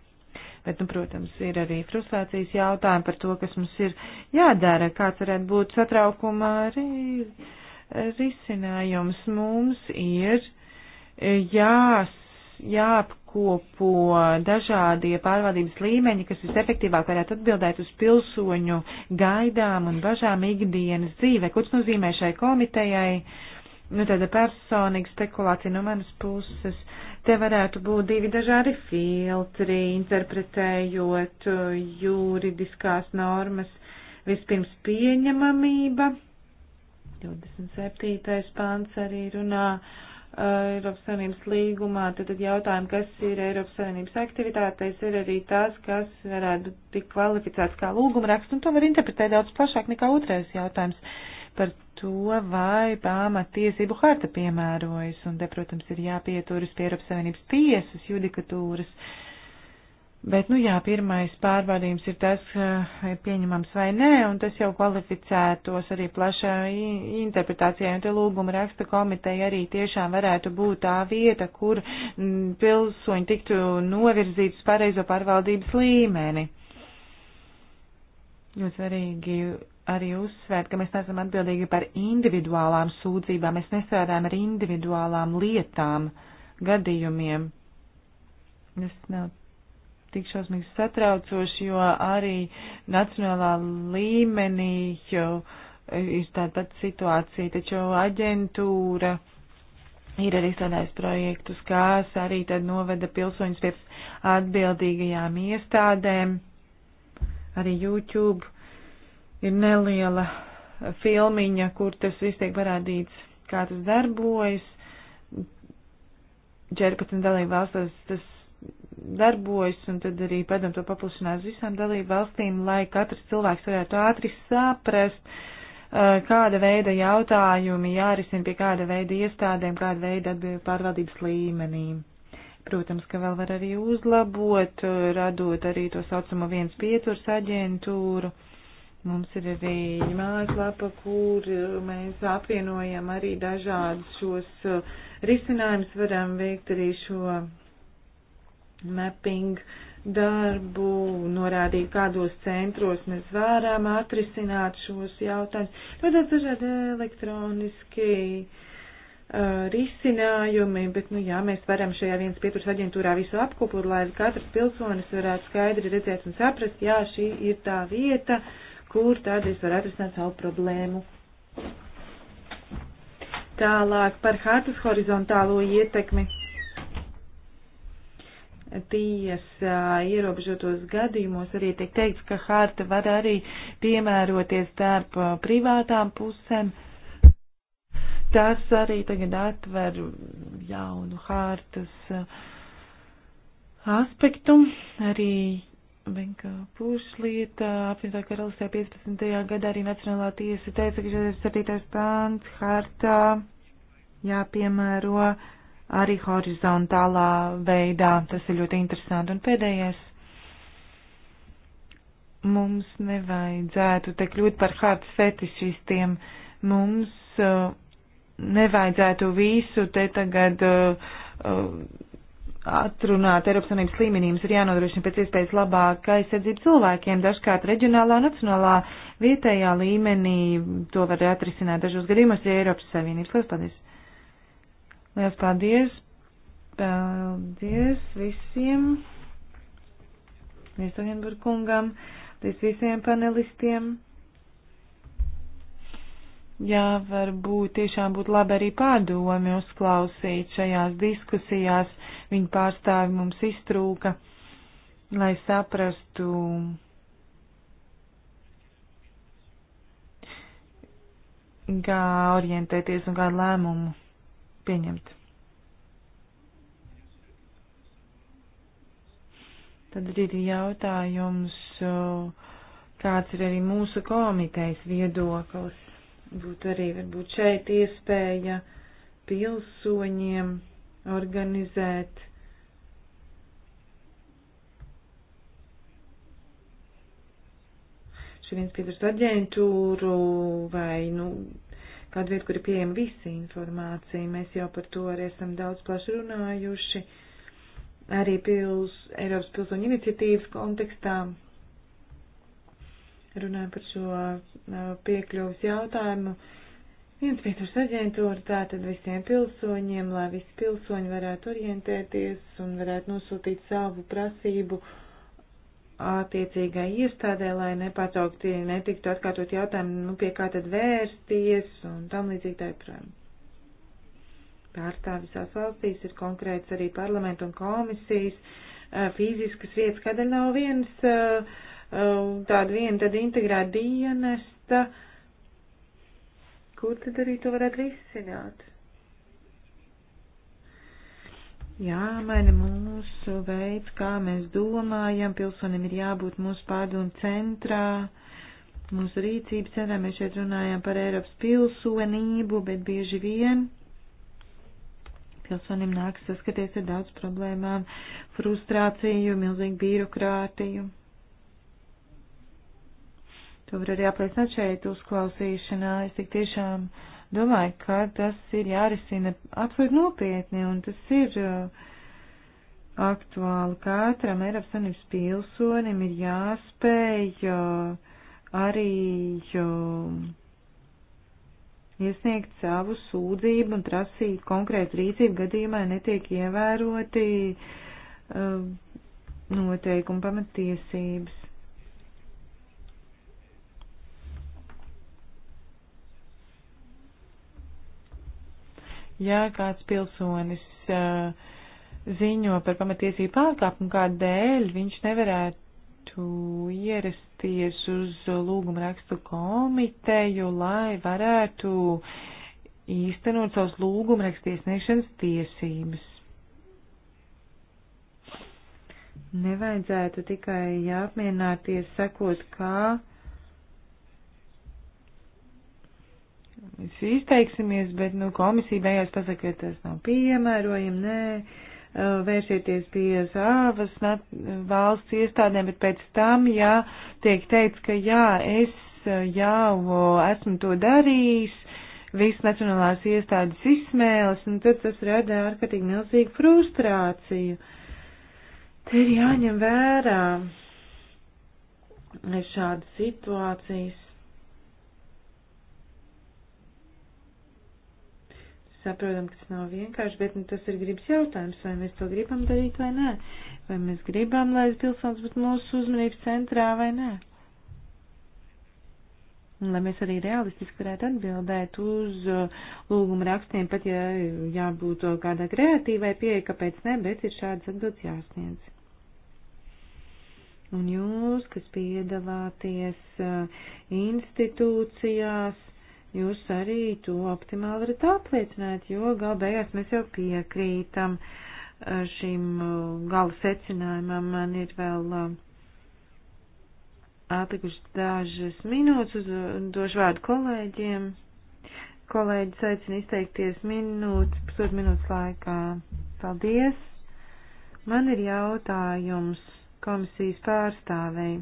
Bet, nu, protams, ir arī frustrācijas jautājumi par to, kas mums ir jādara, kāds varētu būt satraukuma arī risinājums. Mums ir jās, jāapkopo dažādie pārvaldības līmeņi, kas visefektīvāk varētu atbildēt uz pilsoņu gaidām un bažām ikdienas dzīvē. Ko tas nozīmē šai komitejai? Nu, tāda personīga spekulācija no manas puses. Uh, Te varētu būt divi dažādi filtri, interpretējot uh, juridiskās normas. Vispirms pieņemamība, 27. pāns arī runā uh, Eiropas Savienības līgumā, tad, tad jautājumi, kas ir Eiropas Savienības aktivitātēs, ir arī tās, kas varētu tikt kvalificēts kā lūgumraksts, un to var interpretēt daudz plašāk nekā otrais jautājums par to, vai pamatiesību harta piemērojas, un te, protams, ir jāpieturas pie Eiropas Savienības tiesas judikatūras. Bet, nu jā, pirmais pārbaudījums ir tas, vai pieņemams vai nē, un tas jau kvalificētos arī plašai interpretācijai, un te lūguma raksta komiteja arī tiešām varētu būt tā vieta, kur mm, pilsoņi tiktu novirzīts pareizo pārvaldības līmeni. Ļoti svarīgi arī uzsvērt, ka mēs neesam atbildīgi par individuālām sūdzībām, mēs nestrādājam ar individuālām lietām, gadījumiem. Tas nav tik šausmīgi satraucoši, jo arī nacionālā līmenī jau ir tāda pati situācija, taču aģentūra ir arī strādājis projektus, kas arī tad noveda pilsoņus pie atbildīgajām iestādēm, arī YouTube ir neliela filmiņa, kur tas viss tiek parādīts, kā tas darbojas. 14 dalību valstīs tas darbojas, un tad arī padam to paplašinās visām dalību valstīm, lai katrs cilvēks varētu ātri saprast, eh, kāda veida jautājumi jārisina pie kāda veida iestādēm, kāda veida atbildību pārvaldības līmenī. Protams, ka vēl var arī uzlabot, eh, radot arī to saucamo viens pieturs aģentūru Mums ir arī mājaslapa, kur eh, mēs apvienojam arī dažādus šos eh, risinājumus, varam veikt arī šo mapping darbu, norādīt, kādos centros mēs varam atrisināt šos jautājumus. Protams, dažādi elektroniski uh, risinājumi, bet, nu jā, mēs varam šajā vienas pieturas aģentūrā visu apkopot, lai katrs pilsonis varētu skaidri redzēt un saprast, jā, šī ir tā vieta, uh, kur tad es varu atrisināt savu problēmu. Tālāk par hartas horizontālo ietekmi. Tiesa ierobežotos gadījumos arī tiek teikts, ka harta var arī piemēroties starp uh, privātām pusēm. Tas arī tagad atver jaunu hartas uh, aspektu. Arī Venkāpūrs lieta, apvienotā karalistē 15. gadā arī Nacionālā tiesa teica, ka 47. pāns hartā jāpiemēro arī horizontālā veidā. Tas ir ļoti interesanti. Un pēdējais. Mums nevajadzētu te kļūt par hartas fetišistiem. Mums uh, nevajadzētu visu te tagad. Uh, uh, atrunāt Eiropas Savienības līmenī, mums ir jānodrošina pēc iespējas labāka aizsardzība cilvēkiem, dažkārt reģionālā, nacionālā, vietējā līmenī. To var atrisināt dažos gadījumos, ja Eiropas Savienības. Lielas paldies! Lielas paldies! Paldies visiem! Viesohenburg kungam, paldies visiem panelistiem! Jā, varbūt tiešām būtu labi arī pārdomi uzklausīt šajās diskusijās viņa pārstāvi mums iztrūka, lai saprastu. kā orientēties un kādu lēmumu pieņemt. Tad arī ir jautājums, kāds ir arī mūsu komitejas viedoklis. Būtu arī varbūt šeit iespēja pilsoņiem organizēt viens pieturs aģentūru vai, nu, kādu vietu, kur ir pieejama visa informācija. Mēs jau par to arī esam daudz plaši runājuši. Arī pils, Eiropas pilsoņu iniciatīvas kontekstā runājam par šo uh, piekļuvas jautājumu. Uh, Viens pieturs aģentūra tātad visiem pilsoņiem, lai visi pilsoņi varētu orientēties un varētu nosūtīt savu prasību attiecīgai iestādē, lai nepārtraukti netiktu atkārtot jautājumu, nu pie kā tad vērsties un tam līdzīgi tā joprojām. Pārstāv visās valstīs ir konkrēts arī parlamentu un komisijas fiziskas vietas, kādēļ nav viens tāda viena tad integrēta dienesta. Uh, kur tad arī to varētu risināt? Jāmaina mūsu veids, kā mēs domājam, pilsonim ir jābūt mūsu pārdomu centrā, mūsu rīcības centrā, mēs šeit runājam par Eiropas pilsonību, bet bieži vien pilsonim nāks saskaties ar daudz problēmām, frustrāciju, milzīgu birokrātiju. To var arī apliecināt šeit uzklausīšanā. Es tik tiešām domāju, ka tas ir jārisina absolūti nopietni un tas ir uh, aktuāli. Katram Eiropas Savienības pilsonim ir jāspēj uh, arī uh, iesniegt savu sūdzību un prasīt konkrētu rīcību gadījumā, ja netiek ievēroti noteikumi pamatiesības. ja kāds pilsonis uh, ziņo par pamatiesību pārkāpumu, kādēļ viņš nevarētu ierasties uz lūguma rakstu komiteju, lai varētu īstenot savus lūguma rakstiesniegšanas tiesības. Nevajadzētu tikai jāapmierināties, sakot, kā mēs izteiksimies, bet, nu, komisija beigās pasaka, ka tas nav piemērojami, nē, vērsieties pie savas valsts iestādēm, bet pēc tam, jā, tiek teikts, ka jā, es jau esmu to darījis, visas nacionālās iestādes izsmēlas, un nu, tad tas rada ārkārtīgi milzīgu frustrāciju. Te ir jāņem vērā šādas situācijas. saprotam, ka tas nav vienkārši, bet nu, tas ir gribas jautājums, vai mēs to gribam darīt vai nē. Vai mēs gribam, lai pilsons būtu mūsu uzmanības centrā vai nē. Un, lai mēs arī realistiski varētu atbildēt uz uh, lūgumu rakstiem, pat ja jābūt kādā kreatīvai pieeja, kāpēc ne, bet ir šādas atbildes jāsniedz. Un jūs, kas piedalāties uh, institūcijās, jūs arī to optimāli varat apliecināt, jo gal beigās mēs jau piekrītam šim gala secinājumam. Man ir vēl atlikušas dažas minūtes, uz, došu vārdu kolēģiem. Kolēģis aicina izteikties minūtes, pusotru minūtes laikā. Paldies! Man ir jautājums komisijas pārstāvēji.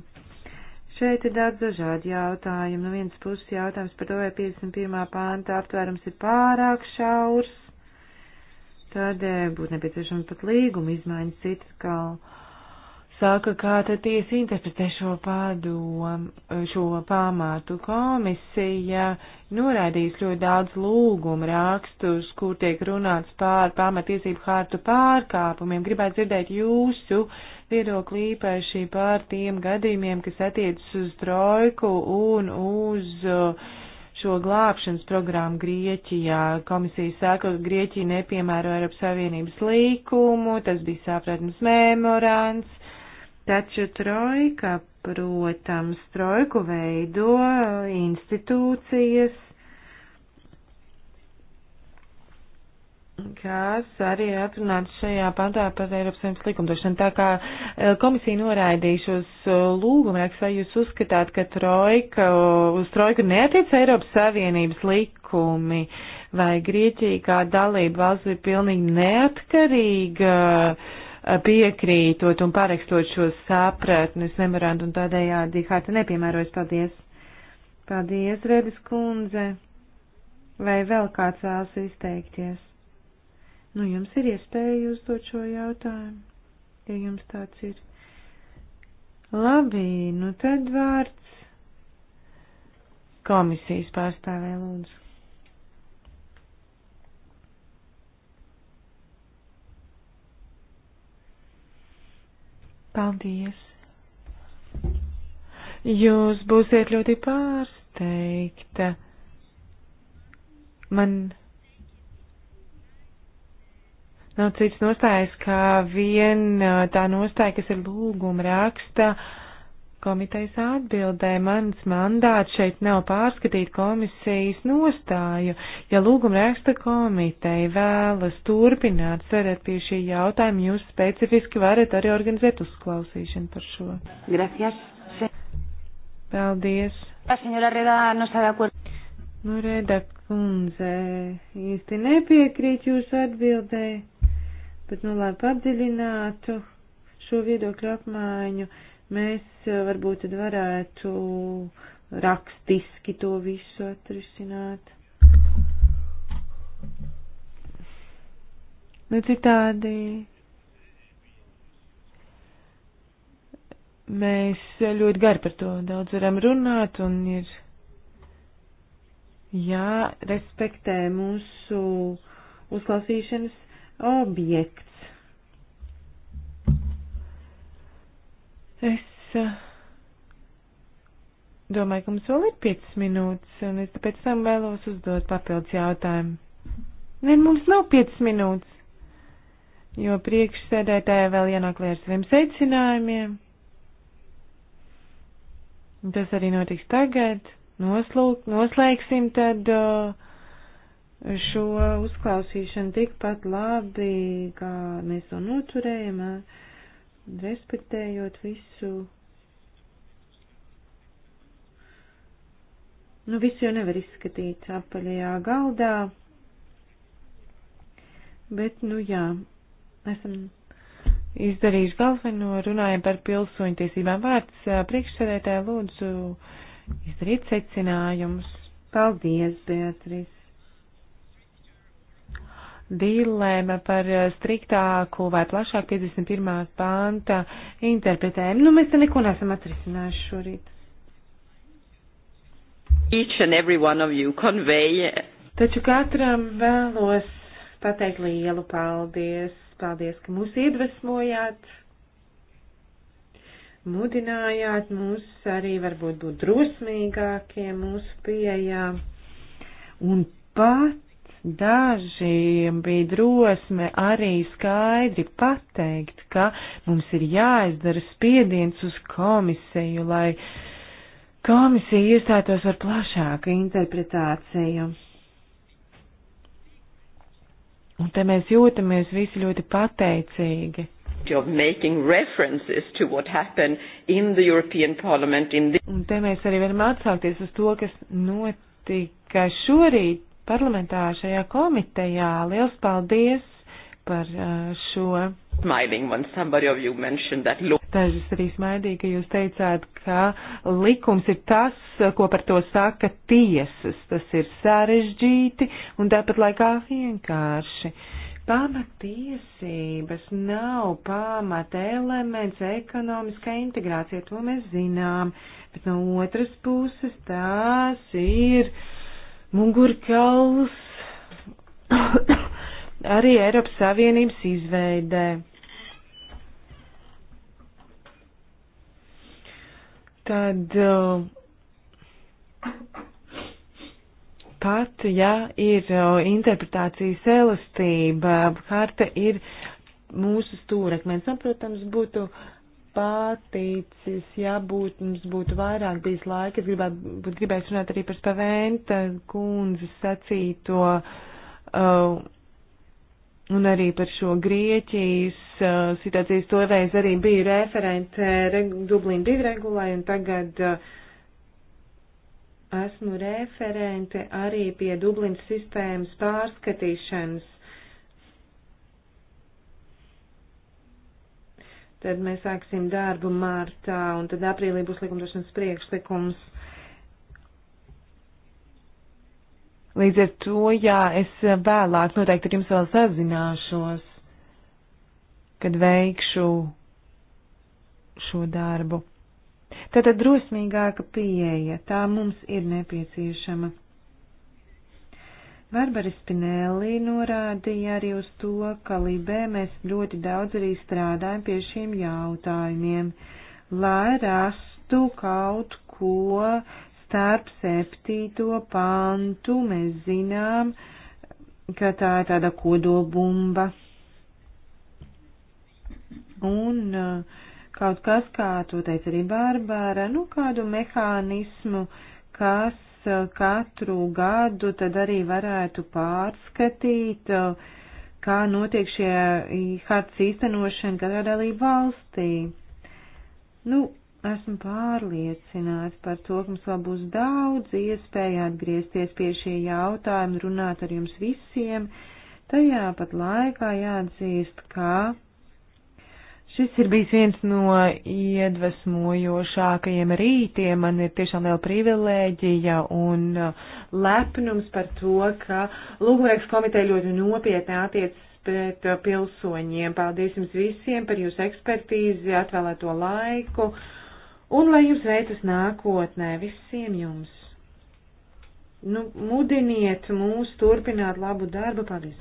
Šeit ir daudz dažādi jautājumi. No nu, vienas puses jautājums par to, vai 51. pānta aptvērums ir pārāk šaurs, tad eh, būtu nepieciešama pat līguma izmaiņas citas kal. Saka, kā tad tiesa interpretē šo padomu, šo pamātu komisija, norādījis ļoti daudz lūgumu rakstus, kur tiek runāts pār pamatiesību hārtu pārkāpumiem. Gribētu dzirdēt jūsu uh, viedokli īpaši pār tiem gadījumiem, kas attiecas uz trojku un uz uh, šo glābšanas programmu Grieķijā. Komisija saka, ka Grieķija nepiemēro Eiropas Savienības līkumu, tas bija sāpratnes memorands, taču trojka, protams, trojku veido uh, institūcijas kas arī atrunāts šajā pantā par Eiropas Savienības likumdošanu. Tā kā eh, komisija noraidīja šos eh, lūgumraks, vai jūs uzskatāt, ka trojka, uz trojku neatiec Eiropas Savienības likumi, vai Grieķija kā dalība valsts ir pilnīgi neatkarīga eh, piekrītot un parakstot šos sapratnes memorandu un tādējādi harta nepiemērojas. Paldies! Paldies, Redis kundze! Vai vēl kāds vēlas izteikties? Nu, jums ir iespēja uzdot šo jautājumu, ja jums tāds ir. Labi, nu tad vārds komisijas pārstāvē lūdzu. Paldies! Jūs būsiet ļoti pārsteigta. Man Nav nu, cits nostājas, kā vien tā nostāja, kas ir lūguma raksta komitejas atbildē. Mans mandāts šeit nav pārskatīt komisijas nostāju. Ja lūguma raksta komiteja vēlas turpināt sarēt pie šī jautājuma, jūs specifiski varat arī organizēt uzklausīšanu par šo. Gracias. Paldies. Nu, Reda kundze, īsti nepiekrīt jūsu atbildēji. Bet, nu, lai padziļinātu šo viedokļu apmaiņu, mēs eh, varbūt tad varētu rakstiski to visu atrisināt. Nu, citādi mēs ļoti gari par to daudz varam runāt un ir jārespektē mūsu uzklausīšanas objekts. Es eh, domāju, ka mums vēl ir 5 minūtes, un es pēc tam vēlos uzdot papildus jautājumu. Nē, mums nav 5 minūtes, jo priekšsēdētāja vēl ienāk ar saviem secinājumiem. Tas arī notiks tagad. Noslūk, noslēgsim tad. Uh, šo uzklausīšanu tikpat labi, kā mēs to noturējam, respektējot visu. Nu, visu jau nevar izskatīt apaļajā galdā, bet, nu jā, esam izdarījuši galveno, runājam par pilsoņtiesībām. Vārds priekšsēdētāja lūdzu izdarīt secinājumus. Paldies, Beatrice! dilēma par eh, striktāku vai plašāku 51. pānta interpretējumu. Nu, mēs te neko nesam atrisinājuši šorīt. Each and every one of you convey. Eh, Taču katram vēlos pateikt lielu paldies. Paldies, ka mūs iedvesmojāt, mudinājāt mūs arī varbūt būt drosmīgākiem mūsu pieejā. Un pat Dažiem bija drosme arī skaidri pateikt, ka mums ir jāizdara spiediens uz komisiju, lai komisija iestātos ar plašāku interpretāciju. Un te mēs jūtamies visi ļoti pateicīgi. The... Un te mēs arī varam atsaukties uz to, kas notika šorīt parlamentā, šajā komitejā. Liels paldies par uh, šo. Dažas arī smaidīja, ka jūs teicāt, ka likums ir tas, ko par to saka tiesas. Tas ir sarežģīti un tāpat laikā vienkārši. Pamatiesības nav pamata elements ekonomiskai integrācijai, to mēs zinām, bet no otras puses tās ir. Uh, mugurkauls arī Eiropas Savienības izveidē. Tad uh, pat, ja ir uh, interpretācijas elastība, harta ir mūsu stūrakmens, un, nu, protams, būtu uh, paticis, ja būt, mums būtu vairāk bijis laika, es gribētu, gribētu runāt arī par Spaventa kundzes sacīto uh, un arī par šo Grieķijas uh, situācijas. Toreiz arī bija referente reg, Dublin 2 regulai un tagad uh, esmu referente arī pie Dublin sistēmas pārskatīšanas Tad mēs sāksim darbu martā, un tad aprīlī būs likumdošanas priekšlikums. Līdz ar to, jā, es vēlāk noteikti ar jums vēl sazināšos, kad veikšu šo darbu. Tātad drosmīgāka pieeja, tā mums ir nepieciešama. Barbara Spinelli norādīja arī uz to, ka Libē mēs ļoti daudz arī strādājam pie šiem jautājumiem, lai rastu kaut ko starp septīto pantu. Mēs zinām, ka tā ir tāda kodolbumba. Un uh, kaut kas, kā to teica arī Barbara, nu kādu mehānismu, kas Eh, katru gadu tad arī varētu pārskatīt, eh, kā notiek šie hartas īstenošana katrā dalību valstī. Nu, esmu pārliecināts par to, ka mums vēl būs daudz iespēju atgriezties pie šī jautājuma, runāt ar jums visiem. Tajā pat laikā jāatzīst, ka Šis ir bijis viens no iedvesmojošākajiem rītiem. Man ir tiešām liela privilēģija un uh, lepnums par to, ka Lūgvēks komiteja ļoti nopietni attiecas pret uh, pilsoņiem. Paldies jums visiem par jūsu ekspertīzi, atvēlēto laiku un lai jūs veicas nākotnē visiem jums. Nu, mudiniet mūs turpināt labu darbu. Paldies!